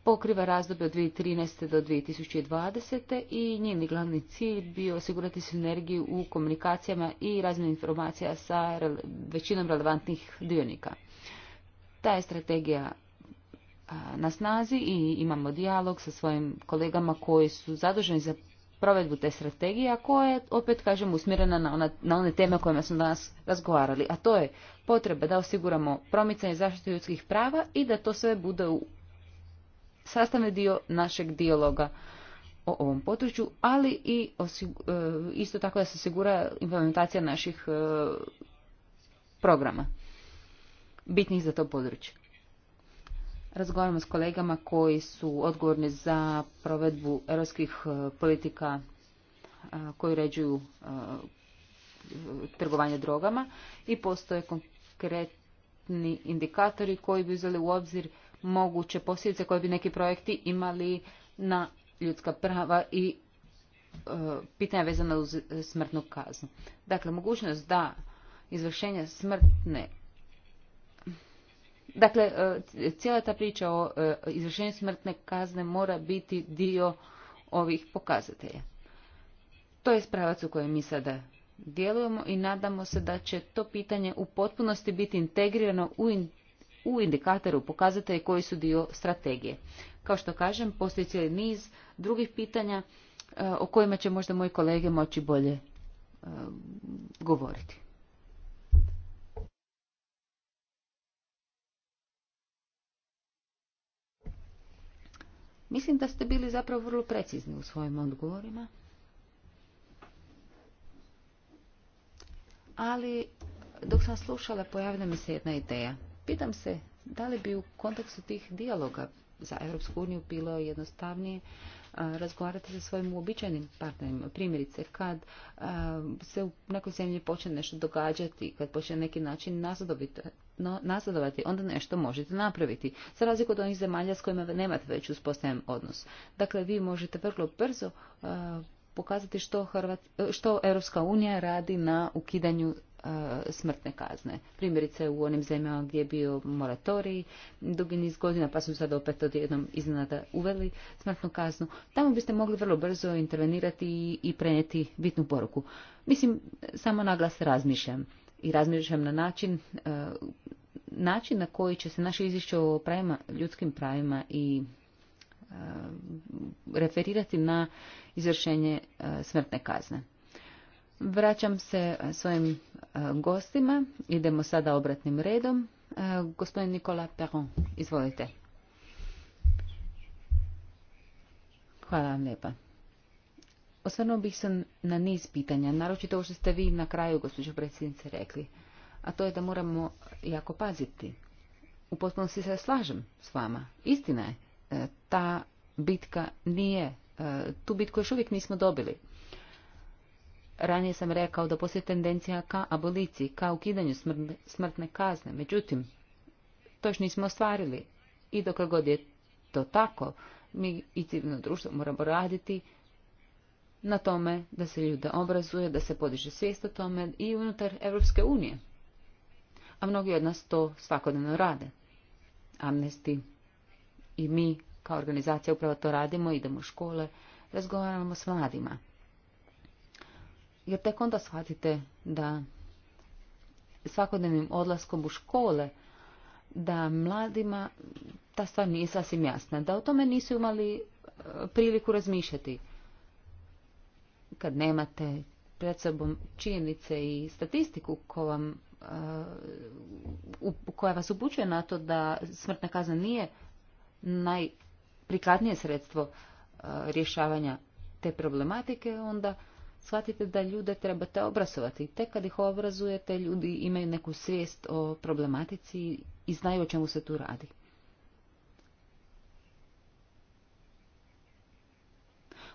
pokriva razdoblje od 2013. do 2020. i njeni glavni cilj bio osigurati sinergiju u komunikacijama i razmjeni informacija sa većinom relevantnih dionika. Ta je strategija na snazi i imamo dijalog sa svojim kolegama koji su zaduženi za provedbu te strategije, a koja je, opet kažem, usmjerena na, na one teme o kojima smo danas razgovarali, a to je potreba da osiguramo promicanje zaštite ljudskih prava i da to sve bude u sastavni dio našeg dijaloga o ovom području, ali i e, isto tako da se osigura implementacija naših e, programa bitnih za to područje. Razgovaramo s kolegama koji su odgovorni za provedbu europskih e, politika koji uređuju trgovanje drogama i postoje konkretni indikatori koji bi uzeli u obzir moguće posljedice koje bi neki projekti imali na ljudska prava i e, pitanja vezana uz smrtnu kaznu. Dakle, mogućnost da izvršenje smrtne Dakle, e, cijela ta priča o e, izvršenju smrtne kazne mora biti dio ovih pokazatelja. To je spravac u kojem mi sada djelujemo i nadamo se da će to pitanje u potpunosti biti integrirano u u indikatoru pokazatelji koji su dio strategije. Kao što kažem, postoji cijeli niz drugih pitanja e, o kojima će možda moji kolege moći bolje e, govoriti. Mislim da ste bili zapravo vrlo precizni u svojim odgovorima. Ali dok sam slušala pojavila mi se jedna ideja. Pitam se da li bi u kontekstu tih dijaloga za Europsku uniju bilo jednostavnije razgovarati sa svojim uobičajenim partnerima. Primjerice, kad se u nekoj zemlji počne nešto događati, kad počne neki način nazadovati, onda nešto možete napraviti. Za razliku od onih zemalja s kojima nemate već uspostavljen odnos. Dakle, vi možete vrlo brzo pokazati što, Hrvat, što Europska unija radi na ukidanju E, smrtne kazne. Primjerice u onim zemljama gdje je bio moratorij dugi niz godina, pa su sad opet odjednom iznenada uveli smrtnu kaznu. Tamo biste mogli vrlo brzo intervenirati i prenijeti bitnu poruku. Mislim, samo naglas razmišljam. I razmišljam na način e, način na koji će se naše izvješće o pravima, ljudskim pravima i e, referirati na izvršenje smrtne kazne. Vraćam se svojim E, gostima. Idemo sada obratnim redom. E, gospodin Nikola Peron, izvolite. Hvala vam lijepa. Osvrnuo bih se na niz pitanja, naročito ovo što ste vi na kraju, gospođo predsjednice, rekli, a to je da moramo jako paziti. U potpunosti se slažem s vama. Istina je, e, ta bitka nije, tu bitku još uvijek nismo dobili. Ranije sam rekao da postoji tendencija ka aboliciji, ka ukidanju smrtne kazne. Međutim, to još nismo ostvarili. I dok god je to tako, mi i civilno društvo moramo raditi na tome da se ljude obrazuje, da se podiže svijest o tome i unutar Europske unije. A mnogi od nas to svakodnevno rade. Amnesti i mi kao organizacija upravo to radimo, idemo u škole, razgovaramo s mladima jer tek onda shvatite da svakodnevnim odlaskom u škole da mladima ta stvar nije sasvim jasna, da o tome nisu imali e, priliku razmišljati. Kad nemate pred sobom činjenice i statistiku ko vam, e, koja vas upućuje na to da smrtna kazna nije najprikladnije sredstvo e, rješavanja te problematike, onda shvatite da ljude trebate obrazovati. Tek kad ih obrazujete, ljudi imaju neku svijest o problematici i znaju o čemu se tu radi.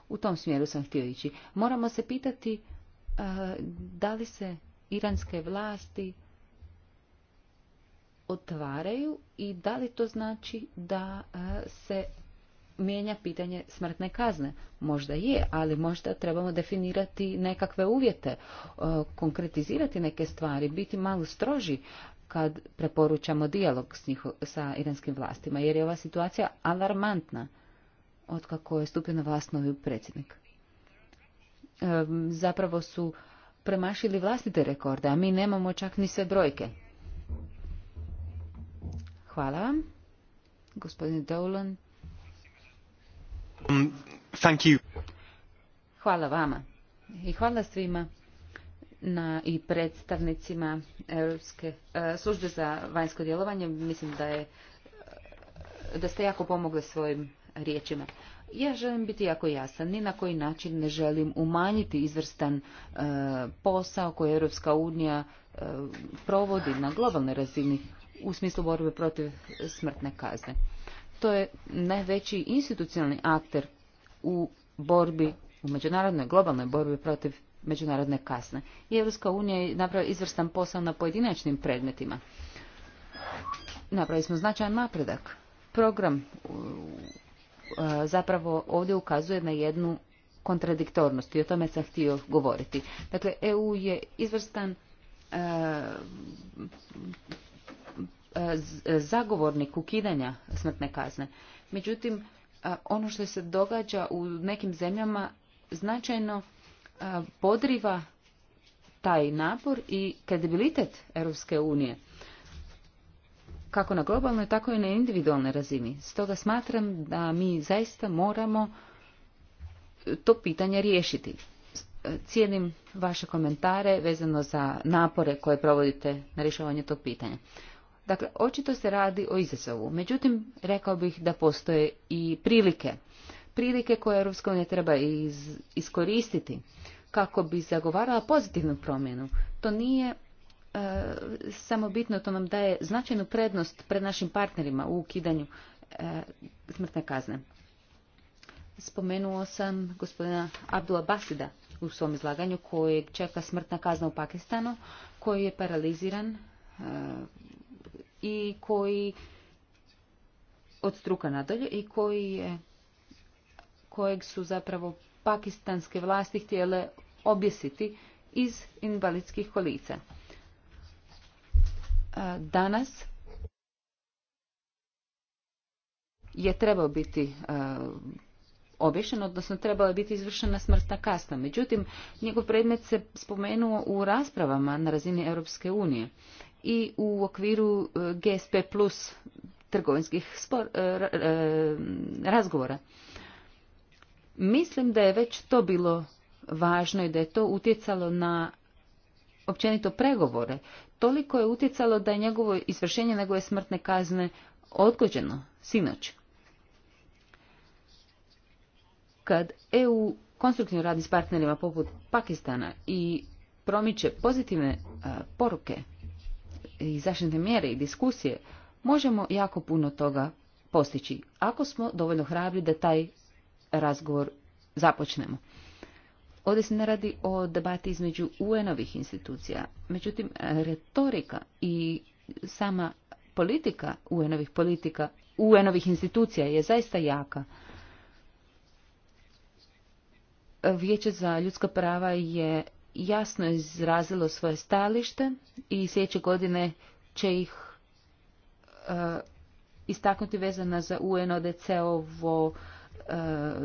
U tom smjeru sam htio ići. Moramo se pitati eh, da li se iranske vlasti otvaraju i da li to znači da eh, se mijenja pitanje smrtne kazne. Možda je, ali možda trebamo definirati nekakve uvjete, e, konkretizirati neke stvari, biti malo stroži kad preporučamo dijalog s njiho, sa iranskim vlastima, jer je ova situacija alarmantna od kako je stupio na vlast novi predsjednik. E, zapravo su premašili vlastite rekorde, a mi nemamo čak ni sve brojke. Hvala vam. Gospodine Dolan, Um, hvala vama i hvala svima na i predstavnicima Europske e, službe za vanjsko djelovanje. Mislim da je da ste jako pomogli svojim riječima. Ja želim biti jako jasan, ni na koji način ne želim umanjiti izvrstan e, posao koji Europska unija e, provodi na globalnoj razini u smislu borbe protiv smrtne kazne to je najveći institucionalni akter u borbi, u međunarodnoj globalnoj borbi protiv međunarodne kasne. I Europska unija je napravila izvrstan posao na pojedinačnim predmetima. Napravili smo značajan napredak. Program zapravo ovdje ukazuje na jednu kontradiktornost i o tome sam htio govoriti. Dakle, EU je izvrstan E, zagovornik ukidanja smrtne kazne. Međutim, e, ono što se događa u nekim zemljama značajno e, podriva taj napor i kredibilitet Europske unije kako na globalnoj, tako i na individualnoj razini. Stoga smatram da mi zaista moramo to pitanje riješiti. Cijenim vaše komentare vezano za napore koje provodite na rješavanje tog pitanja. Dakle, očito se radi o izazovu. Međutim, rekao bih da postoje i prilike. Prilike koje Europska unija treba iskoristiti kako bi zagovarala pozitivnu promjenu. To nije e, samo bitno, to nam daje značajnu prednost pred našim partnerima u ukidanju e, smrtne kazne. Spomenuo sam gospodina Abdula Basida u svom izlaganju kojeg čeka smrtna kazna u Pakistanu, koji je paraliziran e, i koji od struka nadalje i koji je kojeg su zapravo pakistanske vlasti htjele objesiti iz invalidskih kolica. Danas je trebao biti obješen, odnosno trebala je biti izvršena smrtna kasta. Međutim, njegov predmet se spomenuo u raspravama na razini Europske unije i u okviru e, GSP plus trgovinskih e, e, razgovora. Mislim da je već to bilo važno i da je to utjecalo na općenito pregovore. Toliko je utjecalo da je njegovo izvršenje njegove smrtne kazne odgođeno sinoć. Kad EU konstruktivno radi s partnerima poput Pakistana i promiče pozitivne poruke i zaštitne mjere i diskusije, možemo jako puno toga postići, ako smo dovoljno hrabri da taj razgovor započnemo. Ovdje se ne radi o debati između UN-ovih institucija, međutim, retorika i sama politika UN-ovih politika, UN-ovih institucija je zaista jaka. Vijeće za ljudska prava je jasno izrazilo svoje stajalište i sljedeće godine će ih e, istaknuti vezana za UNODC-ovo e,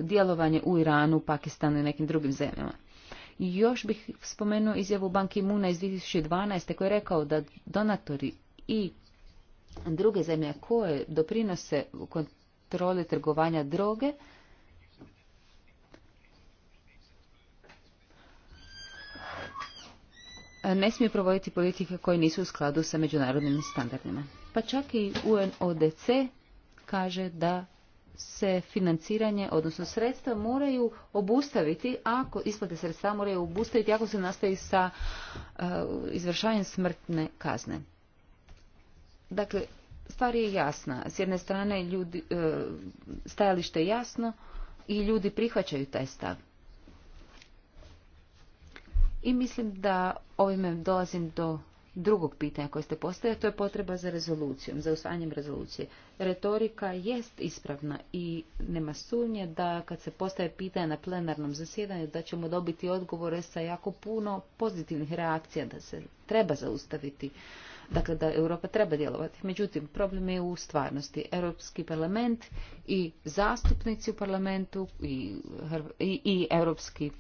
djelovanje u Iranu, Pakistanu i nekim drugim zemljama. Još bih spomenuo izjavu Banki Muna iz 2012. koji je rekao da donatori i druge zemlje koje doprinose kontroli trgovanja droge ne smije provoditi politike koje nisu u skladu sa međunarodnim standardima. Pa čak i UNODC kaže da se financiranje, odnosno sredstva moraju obustaviti, ako isplate sredstva moraju obustaviti ako se nastavi sa uh, smrtne kazne. Dakle, stvar je jasna. S jedne strane ljudi, e, stajalište je jasno i ljudi prihvaćaju taj stav. I mislim da ovime dolazim do drugog pitanja koje ste postavili, to je potreba za rezolucijom, za usvajanjem rezolucije. Retorika jest ispravna i nema sumnje da kad se postaje pitanje na plenarnom zasjedanju da ćemo dobiti odgovore sa jako puno pozitivnih reakcija da se treba zaustaviti, dakle da Europa treba djelovati. Međutim, problem je u stvarnosti. Europski parlament i zastupnici u parlamentu i, i Europski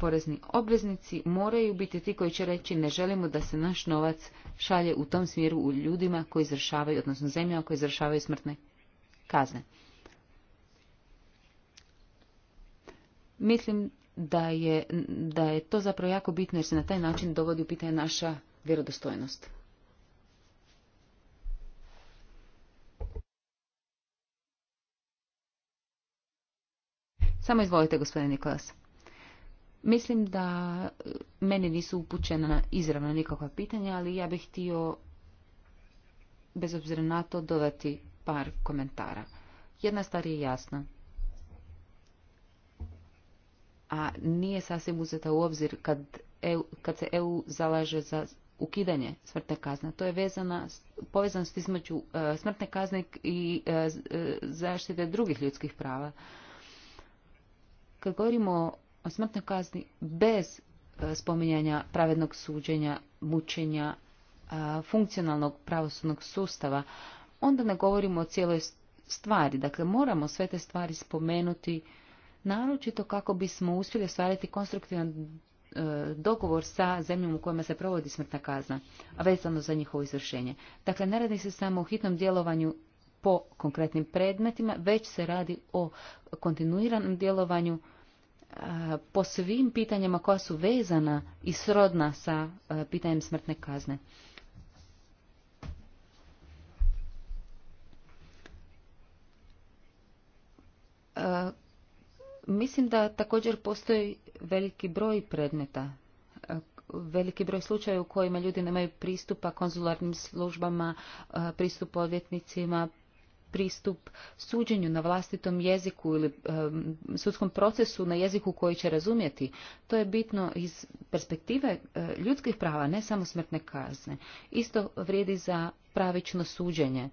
porezni obveznici moraju biti ti koji će reći ne želimo da se naš novac šalje u tom smjeru u ljudima koji izvršavaju, odnosno zemljama koji izvršavaju smrtne kazne. Mislim da je, da je to zapravo jako bitno jer se na taj način dovodi u pitanje naša vjerodostojnost. Samo izvolite, gospodine Nikolasa. Mislim da e, meni nisu upućena izravno nikakva pitanja, ali ja bih htio, bez obzira na to, dodati par komentara. Jedna stvar je jasna. A nije sasvim uzeta u obzir kad, kad se EU zalaže za ukidanje smrtne kazne. To je vezana, povezanost između e, smrtne kazne i e, zaštite drugih ljudskih prava. Kad govorimo o smrtnoj kazni bez e, spominjanja pravednog suđenja, mučenja, e, funkcionalnog pravosudnog sustava, onda ne govorimo o cijeloj stvari. Dakle, moramo sve te stvari spomenuti, naročito kako bismo uspjeli ostvariti konstruktivan e, dogovor sa zemljom u kojima se provodi smrtna kazna, a vezano za njihovo izvršenje. Dakle, ne radi se samo o hitnom djelovanju po konkretnim predmetima, već se radi o kontinuiranom djelovanju po svim pitanjima koja su vezana i srodna sa e, pitanjem smrtne kazne. E, mislim da također postoji veliki broj predmeta, e, veliki broj slučaja u kojima ljudi nemaju pristupa konzularnim službama, pristup odvjetnicima, pristup suđenju na vlastitom jeziku ili sudskom procesu na jeziku koji će razumjeti. To je bitno iz perspektive e, ljudskih prava, ne samo smrtne kazne. Isto vrijedi za pravično suđenje.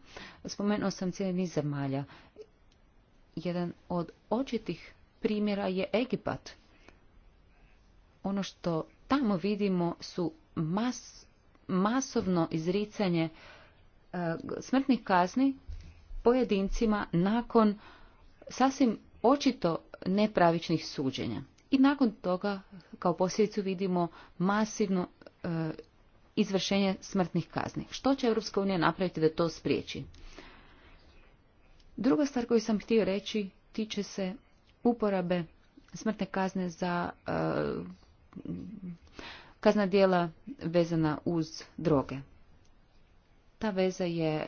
Spomenuo sam cijeli niz zemalja. Jedan od očitih primjera je Egipat. Ono što tamo vidimo su mas, masovno izricanje e, smrtnih kazni pojedincima nakon sasvim očito nepravičnih suđenja. I nakon toga kao posljedicu vidimo masivno e, izvršenje smrtnih kazni. Što će Europska unija napraviti da to spriječi? Druga stvar koju sam htio reći tiče se uporabe smrtne kazne za e, kazna dijela vezana uz droge ta veza je, e,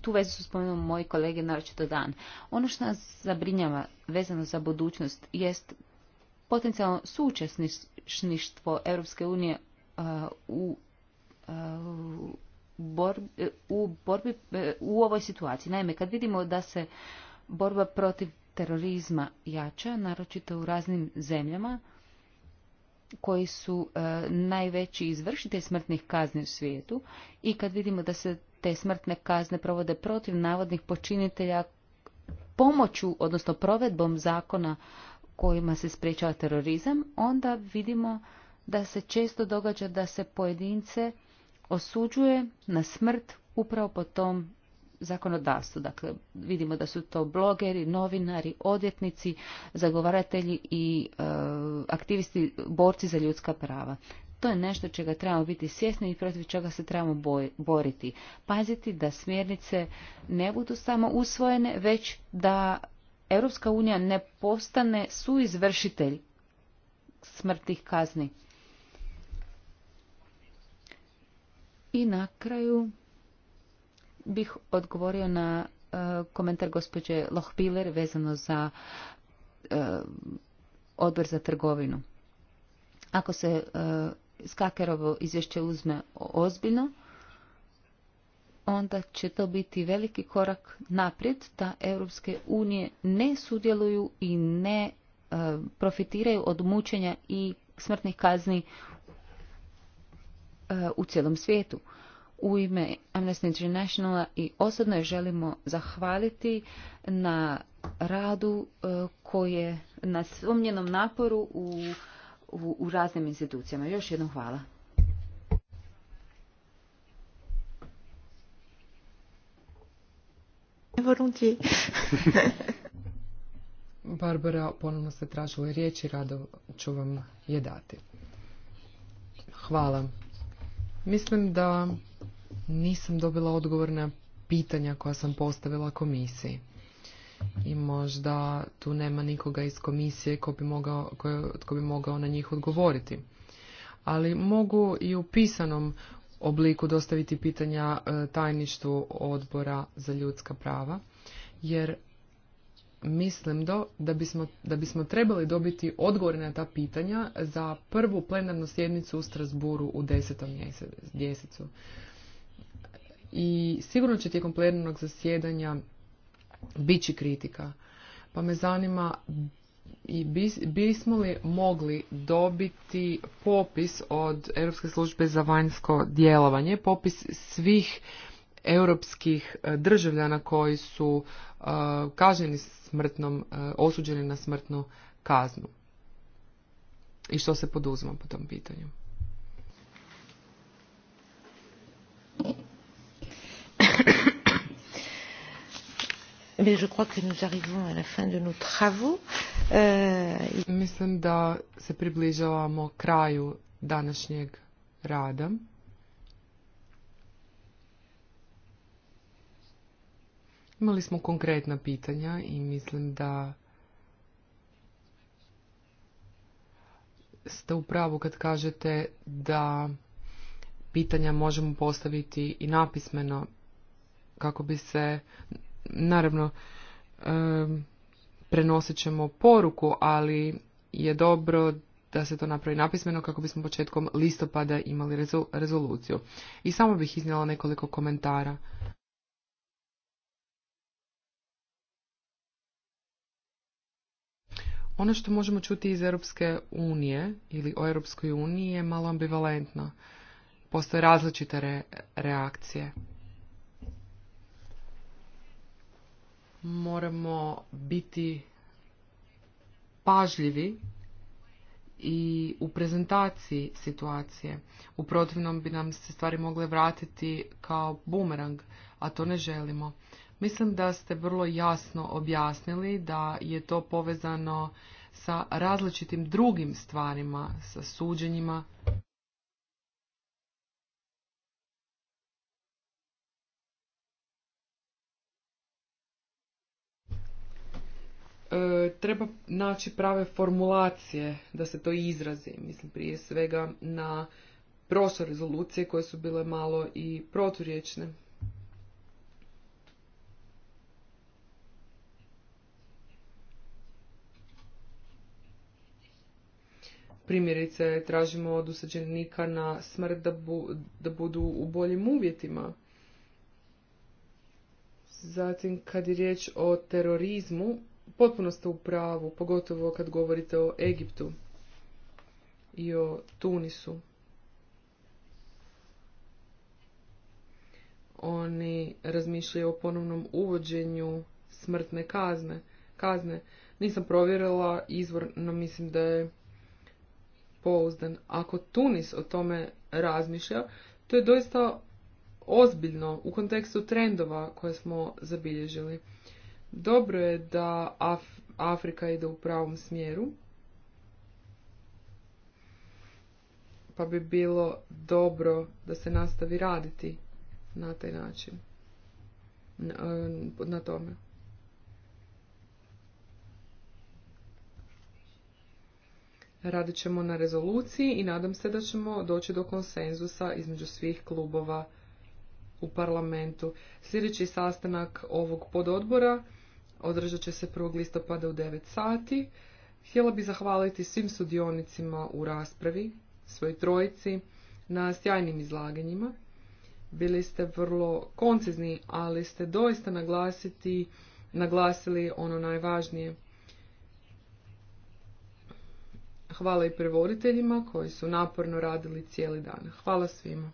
tu vezu su spomenuli moji kolege naročito dan. Ono što nas zabrinjava vezano za budućnost jest potencijalno suučesništvo Europske unije e, u e, u, borbi, u ovoj situaciji. Naime, kad vidimo da se borba protiv terorizma jača, naročito u raznim zemljama, koji su e, najveći izvršite smrtnih kazni u svijetu i kad vidimo da se te smrtne kazne provode protiv navodnih počinitelja pomoću, odnosno provedbom zakona kojima se sprečava terorizam, onda vidimo da se često događa da se pojedince osuđuje na smrt upravo po tom zakonodavstvu. Dakle, vidimo da su to blogeri, novinari, odvjetnici, zagovaratelji i e, aktivisti, borci za ljudska prava. To je nešto čega trebamo biti svjesni i protiv čega se trebamo boriti. Paziti da smjernice ne budu samo usvojene, već da Europska unija ne postane suizvršitelj smrtnih kazni. I na kraju bih odgovorio na e, komentar gospođe Lohbiler vezano za e, odbor za trgovinu. Ako se e, Skakerovo izvješće uzme ozbiljno, onda će to biti veliki korak naprijed da Europske unije ne sudjeluju i ne profitiraju od mučenja i smrtnih kazni u cijelom svijetu u ime Amnesty Internationala i osobno je želimo zahvaliti na radu e, koji je na svom njenom naporu u, u, raznim institucijama. Još jednom hvala. Barbara, ponovno ste tražili riječ i rado ću vam je dati. Hvala. Mislim da nisam dobila odgovor na pitanja koja sam postavila komisiji. I možda tu nema nikoga iz komisije ko bi mogao, ko, bi mogao na njih odgovoriti. Ali mogu i u pisanom obliku dostaviti pitanja e, tajništvu odbora za ljudska prava, jer mislim do, da, bismo, da bismo trebali dobiti odgovore na ta pitanja za prvu plenarnu sjednicu u Strasburu u desetom mjesecu i sigurno će tijekom plenarnog zasjedanja biti kritika. Pa me zanima i bis, bismo li mogli dobiti popis od Europske službe za vanjsko djelovanje, popis svih europskih e, državljana koji su uh, kažnjeni smrtnom, e, osuđeni na smrtnu kaznu. I što se poduzima po tom pitanju? Mislim da se približavamo kraju današnjeg rada. Imali smo konkretna pitanja i mislim da ste u pravu kad kažete da pitanja možemo postaviti i napismeno kako bi se, naravno, prenosit ćemo poruku, ali je dobro da se to napravi napismeno kako bismo početkom listopada imali rezoluciju. I samo bih iznijela nekoliko komentara. Ono što možemo čuti iz Europske unije ili o Europskoj uniji je malo ambivalentno. Postoje različite reakcije. moramo biti pažljivi i u prezentaciji situacije. U protivnom bi nam se stvari mogle vratiti kao bumerang, a to ne želimo. Mislim da ste vrlo jasno objasnili da je to povezano sa različitim drugim stvarima, sa suđenjima E, treba naći prave formulacije da se to izrazi, mislim prije svega na prošle rezolucije koje su bile malo i proturječne. Primjerice, tražimo od usađenika na smrt da, da budu u boljim uvjetima. Zatim, kad je riječ o terorizmu, potpuno ste u pravu, pogotovo kad govorite o Egiptu i o Tunisu. Oni razmišljaju o ponovnom uvođenju smrtne kazne. kazne. Nisam provjerila izvor, no mislim da je pouzdan. Ako Tunis o tome razmišlja, to je doista ozbiljno u kontekstu trendova koje smo zabilježili. Dobro je da Afrika ide u pravom smjeru. Pa bi bilo dobro da se nastavi raditi na taj način. Na, e, na tome. Radit ćemo na rezoluciji i nadam se da ćemo doći do konsenzusa između svih klubova u parlamentu. Sljedeći sastanak ovog pododbora održat će se 1. listopada u 9 sati. Htjela bih zahvaliti svim sudionicima u raspravi, svoj trojici, na sjajnim izlaganjima. Bili ste vrlo koncizni, ali ste doista naglasiti, naglasili ono najvažnije. Hvala i prevoditeljima koji su naporno radili cijeli dan. Hvala svima.